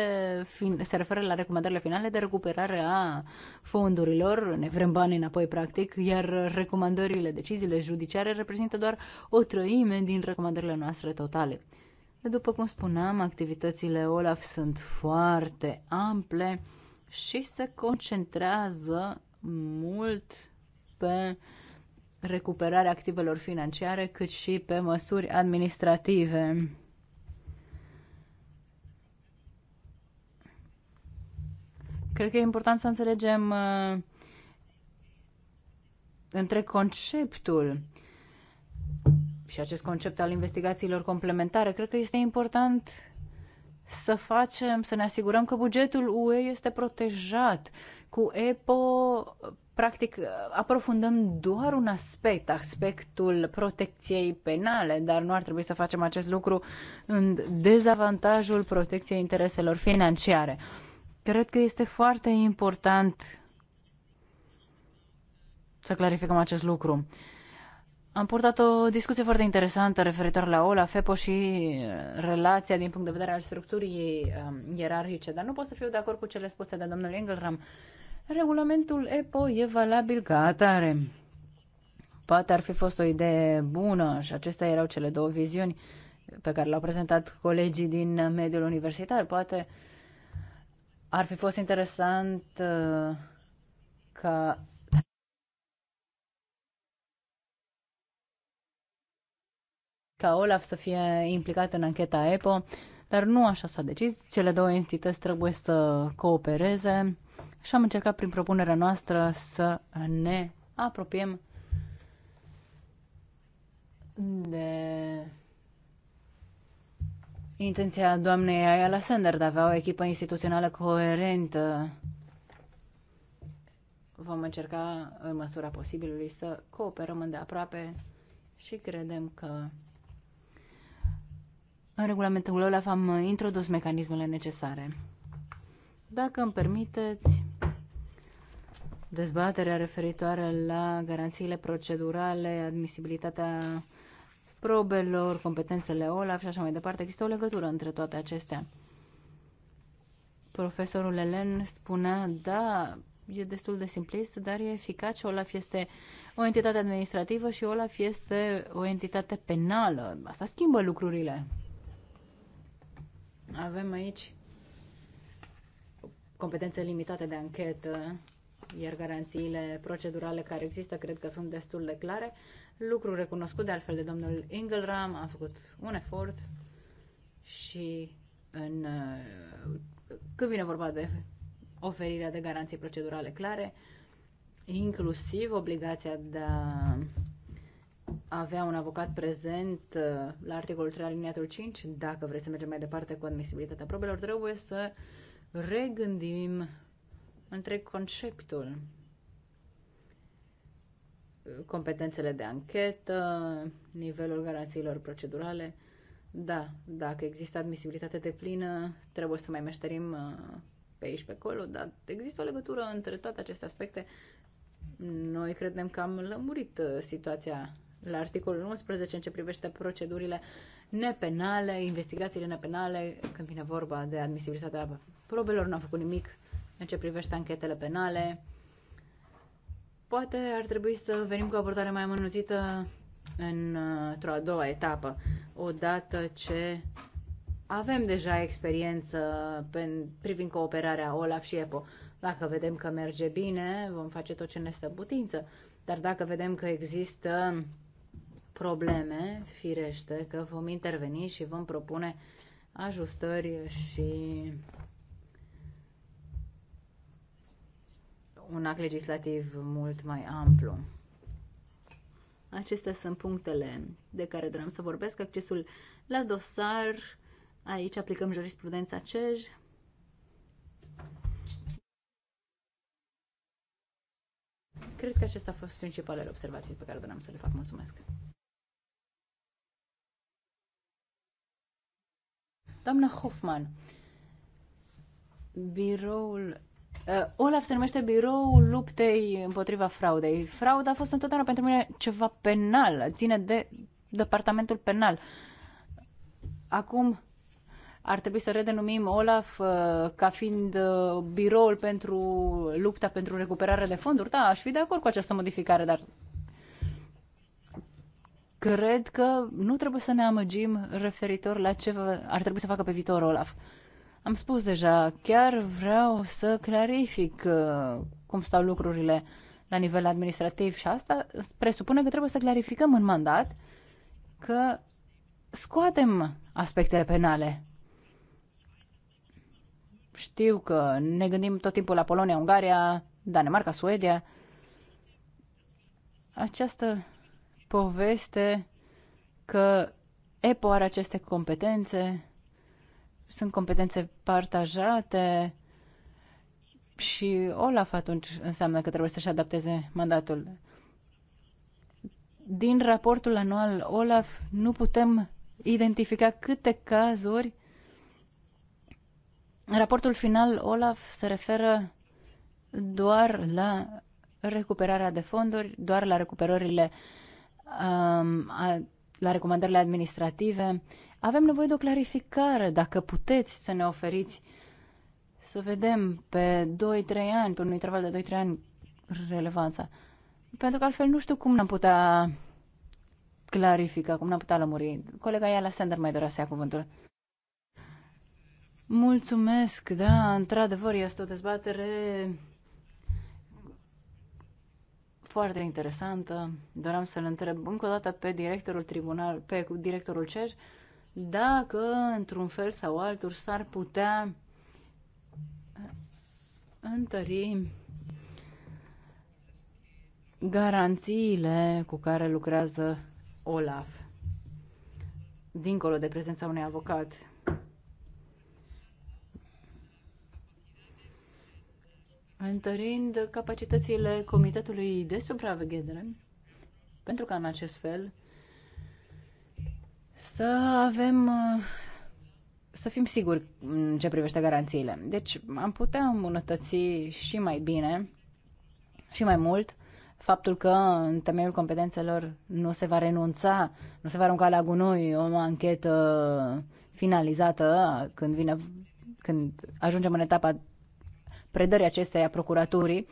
[SPEAKER 2] se referă la recomandările finale de recuperare a fondurilor, ne vrem bani înapoi practic, iar recomandările, deciziile judiciare reprezintă doar o trăime din recomandările noastre totale. După cum spuneam, activitățile OLAF sunt foarte ample și se concentrează mult pe uh, recuperarea activelor financiare, cât și pe măsuri administrative. Cred că e important să înțelegem uh, între conceptul și acest concept al investigațiilor complementare. Cred că este important să facem, să ne asigurăm că bugetul UE este protejat. Cu EPO Practic, aprofundăm doar un aspect, aspectul protecției penale, dar nu ar trebui să facem acest lucru în dezavantajul protecției intereselor financiare. Cred că este foarte important să clarificăm acest lucru. Am purtat o discuție foarte interesantă referitor la OLA, FEPO și uh, relația din punct de vedere al structurii um, ierarhice, dar nu pot să fiu de acord cu cele spuse de domnul Engelram. Uh, Regulamentul EPO e valabil ca atare. Poate ar fi fost o idee bună și acestea erau cele două viziuni pe care le-au prezentat colegii din mediul universitar. Poate ar fi fost interesant uh, ca ca Olaf să fie implicat în ancheta EPO, dar nu așa s-a decis. Cele două entități trebuie să coopereze și am încercat prin propunerea noastră să ne apropiem de intenția doamnei la Sender de a avea o echipă instituțională coerentă. Vom încerca, în măsura posibilului, să cooperăm îndeaproape și credem că în regulamentul ăla am introdus mecanismele necesare. Dacă îmi permiteți, dezbaterea referitoare la garanțiile procedurale, admisibilitatea probelor, competențele OLAF și așa mai departe. Există o legătură între toate acestea. Profesorul Elen spunea, da, e destul de simplist, dar e eficace. OLAF este o entitate administrativă și OLAF este o entitate penală. Asta schimbă lucrurile. Avem aici competențe limitate de anchetă, iar garanțiile procedurale care există cred că sunt destul de clare, lucru recunoscut de altfel de domnul Ingelram, a făcut un efort și în, uh, când vine vorba de oferirea de garanții procedurale clare, inclusiv obligația de a avea un avocat prezent uh, la articolul 3 aliniatul 5, dacă vreți să mergem mai departe cu admisibilitatea probelor, trebuie să uh, regândim întreg conceptul. Competențele de anchetă, nivelul garanțiilor procedurale. Da, dacă există admisibilitate de plină, trebuie să mai meșterim uh, pe aici, pe acolo, dar există o legătură între toate aceste aspecte. Noi credem că am lămurit uh, situația la articolul 11 în ce privește procedurile nepenale, investigațiile nepenale, când vine vorba de admisibilitatea probelor, nu a făcut nimic în ce privește anchetele penale. Poate ar trebui să venim cu o abordare mai amănunțită într-o a doua etapă, odată ce avem deja experiență pen, privind cooperarea OLAF și EPO. Dacă vedem că merge bine, vom face tot ce ne stă putință. Dar dacă vedem că există probleme, firește că vom interveni și vom propune ajustări și un act legislativ mult mai amplu. Acestea sunt punctele de care doream să vorbesc. Accesul la dosar, aici aplicăm jurisprudența CEJ. Cred că acestea au fost principalele observații pe care doream să le fac. Mulțumesc! Doamna Hoffman, biroul Uh, Olaf se numește Biroul Luptei împotriva fraudei. Frauda a fost întotdeauna pentru mine ceva penal, ține de departamentul penal. Acum ar trebui să redenumim Olaf uh, ca fiind uh, biroul pentru lupta pentru recuperare de fonduri. Da, aș fi de acord cu această modificare, dar cred că nu trebuie să ne amăgim referitor la ce ar trebui să facă pe viitor Olaf. Am spus deja, chiar vreau să clarific uh, cum stau lucrurile la nivel administrativ și asta presupune că trebuie să clarificăm în mandat că scoatem aspectele penale. Știu că ne gândim tot timpul la Polonia, Ungaria, Danemarca, Suedia. Această poveste că EPO are aceste competențe sunt competențe partajate și Olaf atunci înseamnă că trebuie să-și adapteze mandatul. Din raportul anual Olaf nu putem identifica câte cazuri Raportul final Olaf se referă doar la recuperarea de fonduri, doar la recuperările, um, a, la recomandările administrative. Avem nevoie de o clarificare, dacă puteți să ne oferiți, să vedem pe 2-3 ani, pe un interval de 2-3 ani, relevanța. Pentru că altfel nu știu cum n-am putea clarifica, cum n-am putea lămuri. Colega la Sender mai dorea să ia cuvântul. Mulțumesc, da, într-adevăr este o dezbatere foarte interesantă. Doream să-l întreb încă o dată pe directorul tribunal, pe directorul CEJ, dacă, într-un fel sau altul, s-ar putea întări garanțiile cu care lucrează Olaf, dincolo de prezența unui avocat. întărind capacitățile Comitetului de Supraveghere, pentru că în acest fel să avem uh, să fim siguri în ce privește garanțiile. Deci am putea îmbunătăți și mai bine și mai mult faptul că în temeiul competențelor nu se va renunța, nu se va arunca la gunoi o anchetă finalizată când vine când ajungem în etapa predării acesteia procuraturii,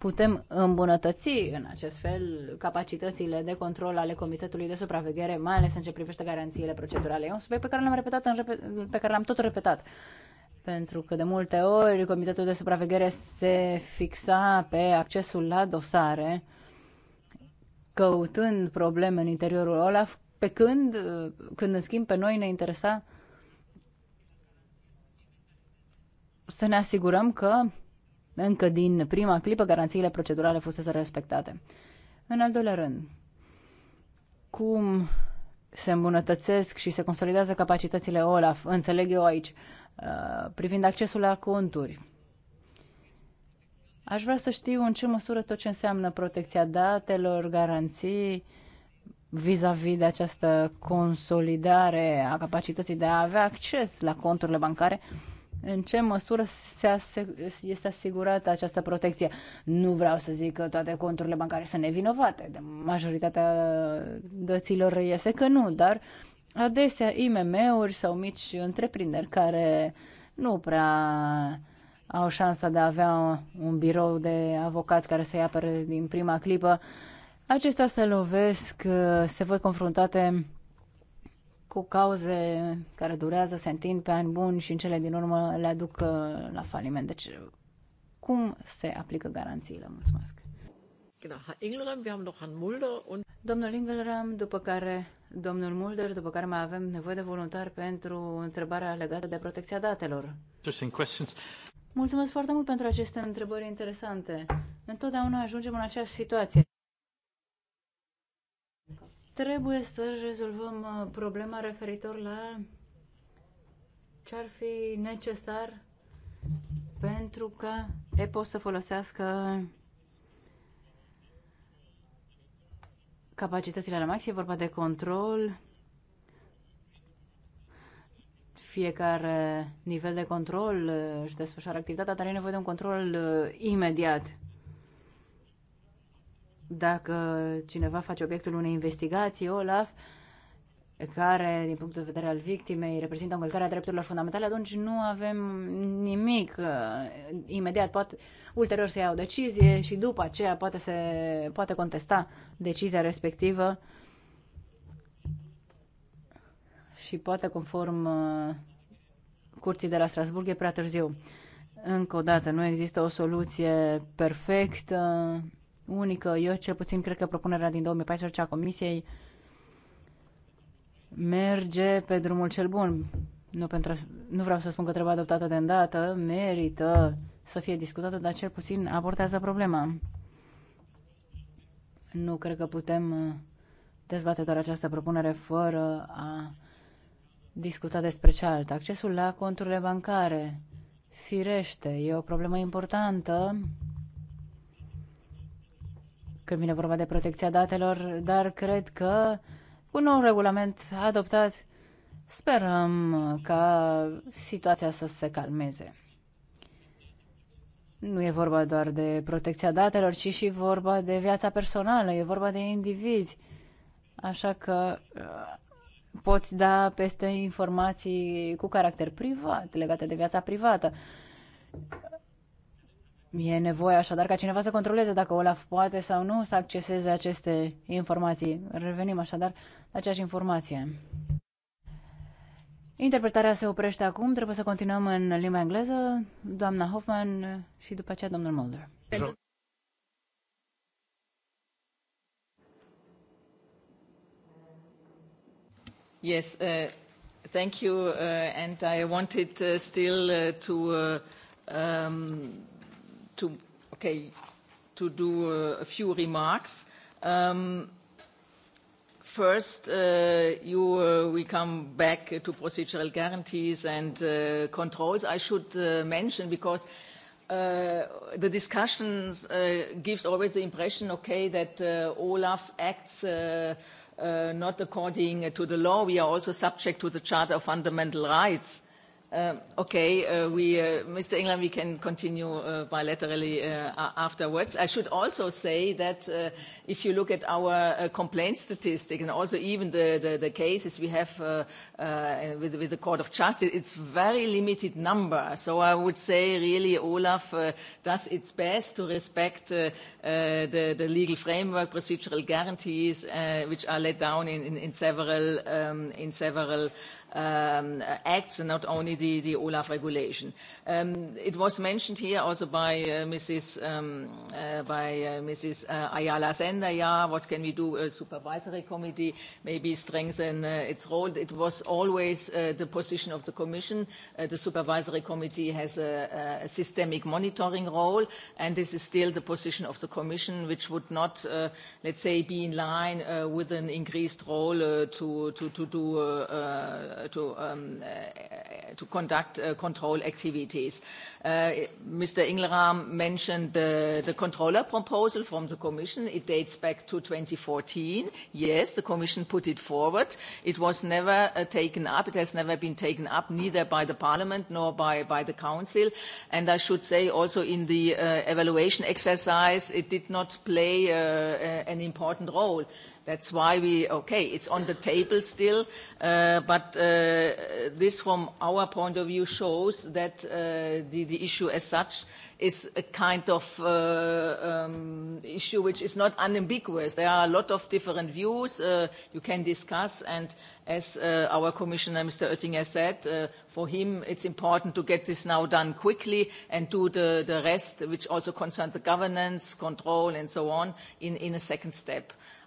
[SPEAKER 2] putem îmbunătăți în acest fel capacitățile de control ale Comitetului de Supraveghere, mai ales în ce privește garanțiile procedurale. E un subiect pe care l-am repetat, în repet, pe care l-am tot repetat. Pentru că de multe ori Comitetul de Supraveghere se fixa pe accesul la dosare, căutând probleme în interiorul OLAF, pe când, când în schimb pe noi ne interesa să ne asigurăm că încă din prima clipă garanțiile procedurale fusese respectate. În al doilea rând, cum se îmbunătățesc și se consolidează capacitățile OLAF, înțeleg eu aici, uh, privind accesul la conturi. Aș vrea să știu în ce măsură tot ce înseamnă protecția datelor, garanții, vis-a-vis -vis de această consolidare a capacității de a avea acces la conturile bancare, uh, în ce măsură se ase- este asigurată această protecție. Nu vreau să zic că toate conturile bancare sunt nevinovate, de majoritatea dăților iese că nu, dar adesea IMM-uri sau mici întreprinderi care nu prea au șansa de a avea un birou de avocați care să-i apere din prima clipă, acestea se lovesc, se văd confruntate cu cauze care durează, se întind pe ani buni și în cele din urmă le aduc uh, la faliment. Deci, cum se aplică garanțiile? Mulțumesc! Domnul Ingelram, după care domnul Mulder, după care mai avem nevoie de voluntari pentru întrebarea legată de protecția datelor. Mulțumesc foarte mult pentru aceste întrebări interesante. Întotdeauna ajungem în aceeași situație. Trebuie să rezolvăm uh, problema referitor la ce ar fi necesar pentru ca EPO să folosească capacitățile la maxim, e vorba de control, fiecare nivel de control uh, își desfășoară activitatea, dar e nevoie de un control uh, imediat dacă cineva face obiectul unei investigații, Olaf, care, din punct de vedere al victimei, reprezintă o încălcare a drepturilor fundamentale, atunci nu avem nimic. Uh, imediat, poate, ulterior se ia o decizie și după aceea poate se poate contesta decizia respectivă și poate conform uh, curții de la Strasburg e prea târziu. Încă o dată, nu există o soluție perfectă unică. Eu cel puțin cred că propunerea din 2014 a Comisiei merge pe drumul cel bun. Nu, pentru, nu vreau să spun că trebuie adoptată de îndată, merită să fie discutată, dar cel puțin abordează problema. Nu cred că putem uh, dezbate doar această propunere fără a discuta despre cealaltă. Accesul la conturile bancare, firește, e o problemă importantă când vine vorba de protecția datelor, dar cred că cu un nou regulament adoptat sperăm ca situația să se calmeze. Nu e vorba doar de protecția datelor, ci și vorba de viața personală, e vorba de indivizi. Așa că uh, poți da peste informații cu caracter privat, legate de viața privată. E nevoie așadar ca cineva să controleze dacă Olaf poate sau nu să acceseze aceste informații. Revenim așadar la aceeași informație. Interpretarea se oprește acum, trebuie să continuăm în limba engleză, doamna Hoffman și după aceea domnul Mulder.
[SPEAKER 5] Yes, uh, thank you, uh, and I wanted uh, still uh, to uh, um, to, okay, to do uh, a, few remarks. Um, first, uh, you uh, will come back to procedural guarantees and controls. I should mention, because the discussions gives always the impression, okay, that Olaf acts not according to the law. We are also subject to the Charter of Fundamental Rights Um, okay, uh, we, uh, Mr. England, we can continue uh, bilaterally uh, afterwards. I should also say that uh, if you look at our uh, complaint statistic and also even the, the, the cases we have with, with, the Court of Justice, it's very limited number. So I would say really Olaf does its best to respect Uh, the, the legal framework, procedural guarantees, uh, which are laid down in, in, in several, um, in several um, uh, acts, and not only the, the OLAF regulation. Um, it was mentioned here also by uh, Mrs. Um, uh, by uh, Mrs. Uh, Ayala Sender. Yeah, what can we do? A supervisory committee maybe strengthen uh, its role. It was always uh, the position of the Commission. the supervisory committee has a, a, systemic monitoring role, and this is still the position of the Commission, which would not, let's say, be in line with an increased role to to to do to um, to conduct control activity activities. Uh, Mr. Ingleram mentioned uh, the controller proposal from the Commission. It dates back to 2014. Yes, the Commission put it forward. It was never uh, taken up. It has never been taken up, neither by the Parliament nor by, by the Council. And I should say also in the uh, evaluation exercise, it did not play uh, an important role. That's why we, okay, it's on the table still, uh, but uh, this from our point of view shows that uh, the, the issue as such is a kind of uh, um, issue which is not unambiguous. There are a lot of different views uh, you can discuss, and as uh, our Commissioner, Mr. Oettinger, said, uh, for him it's important to get this now done quickly and do the, the rest, which also concerns the governance, control, and so on, in, in a second step.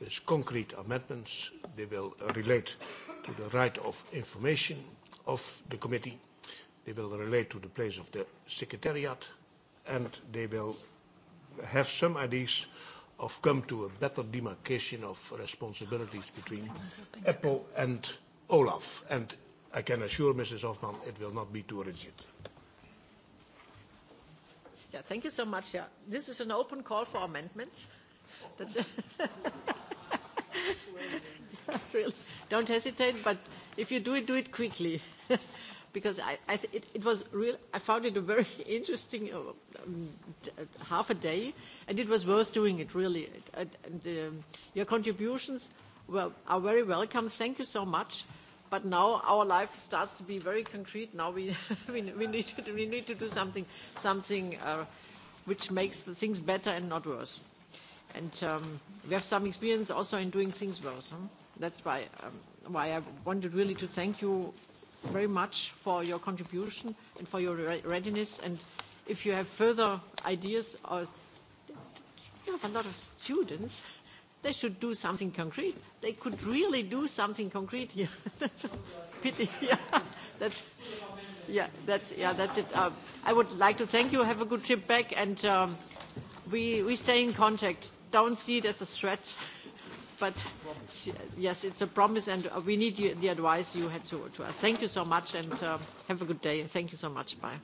[SPEAKER 4] with concrete amendments. They will relate to the right of information of the committee. They will relate to the place of the secretariat and they will have some ideas of come to a better demarcation of responsibilities between Apple and Olaf. And I can assure Mrs. Hoffman it will not be too rigid.
[SPEAKER 1] Yeah, thank you so much. Yeah, this is an open call for amendments. That's <laughs> <laughs> <laughs> really, don't hesitate, but if you do it, do it quickly. <laughs> because I, I it, it was real, I found it a very <laughs> interesting uh, um, uh, half a day, and it was worth doing it, really. And, and, um, your contributions were, are very welcome. Thank you so much. But now our life starts to be very concrete. Now we, we, we, need, to, do, we need to do something, something uh, which makes the things better and not worse. And um, we have some experience also in doing things worse. Huh? that's why, um, why I wanted really to thank you very much for your contribution and for your re readiness. And if you have further ideas, or you have a lot of students, they should do something concrete. They could really do something concrete here. <laughs> that's a pity. <laughs> yeah, that's, yeah, that's, yeah, that's it. Uh, I would like to thank you. Have a good trip back, and um, we, we stay in contact. Don't see it as a threat. <laughs> but yes, it's a promise, and uh, we need the advice you had to, us. Uh, thank you so much, and um, have a good day. Thank you so much. Bye.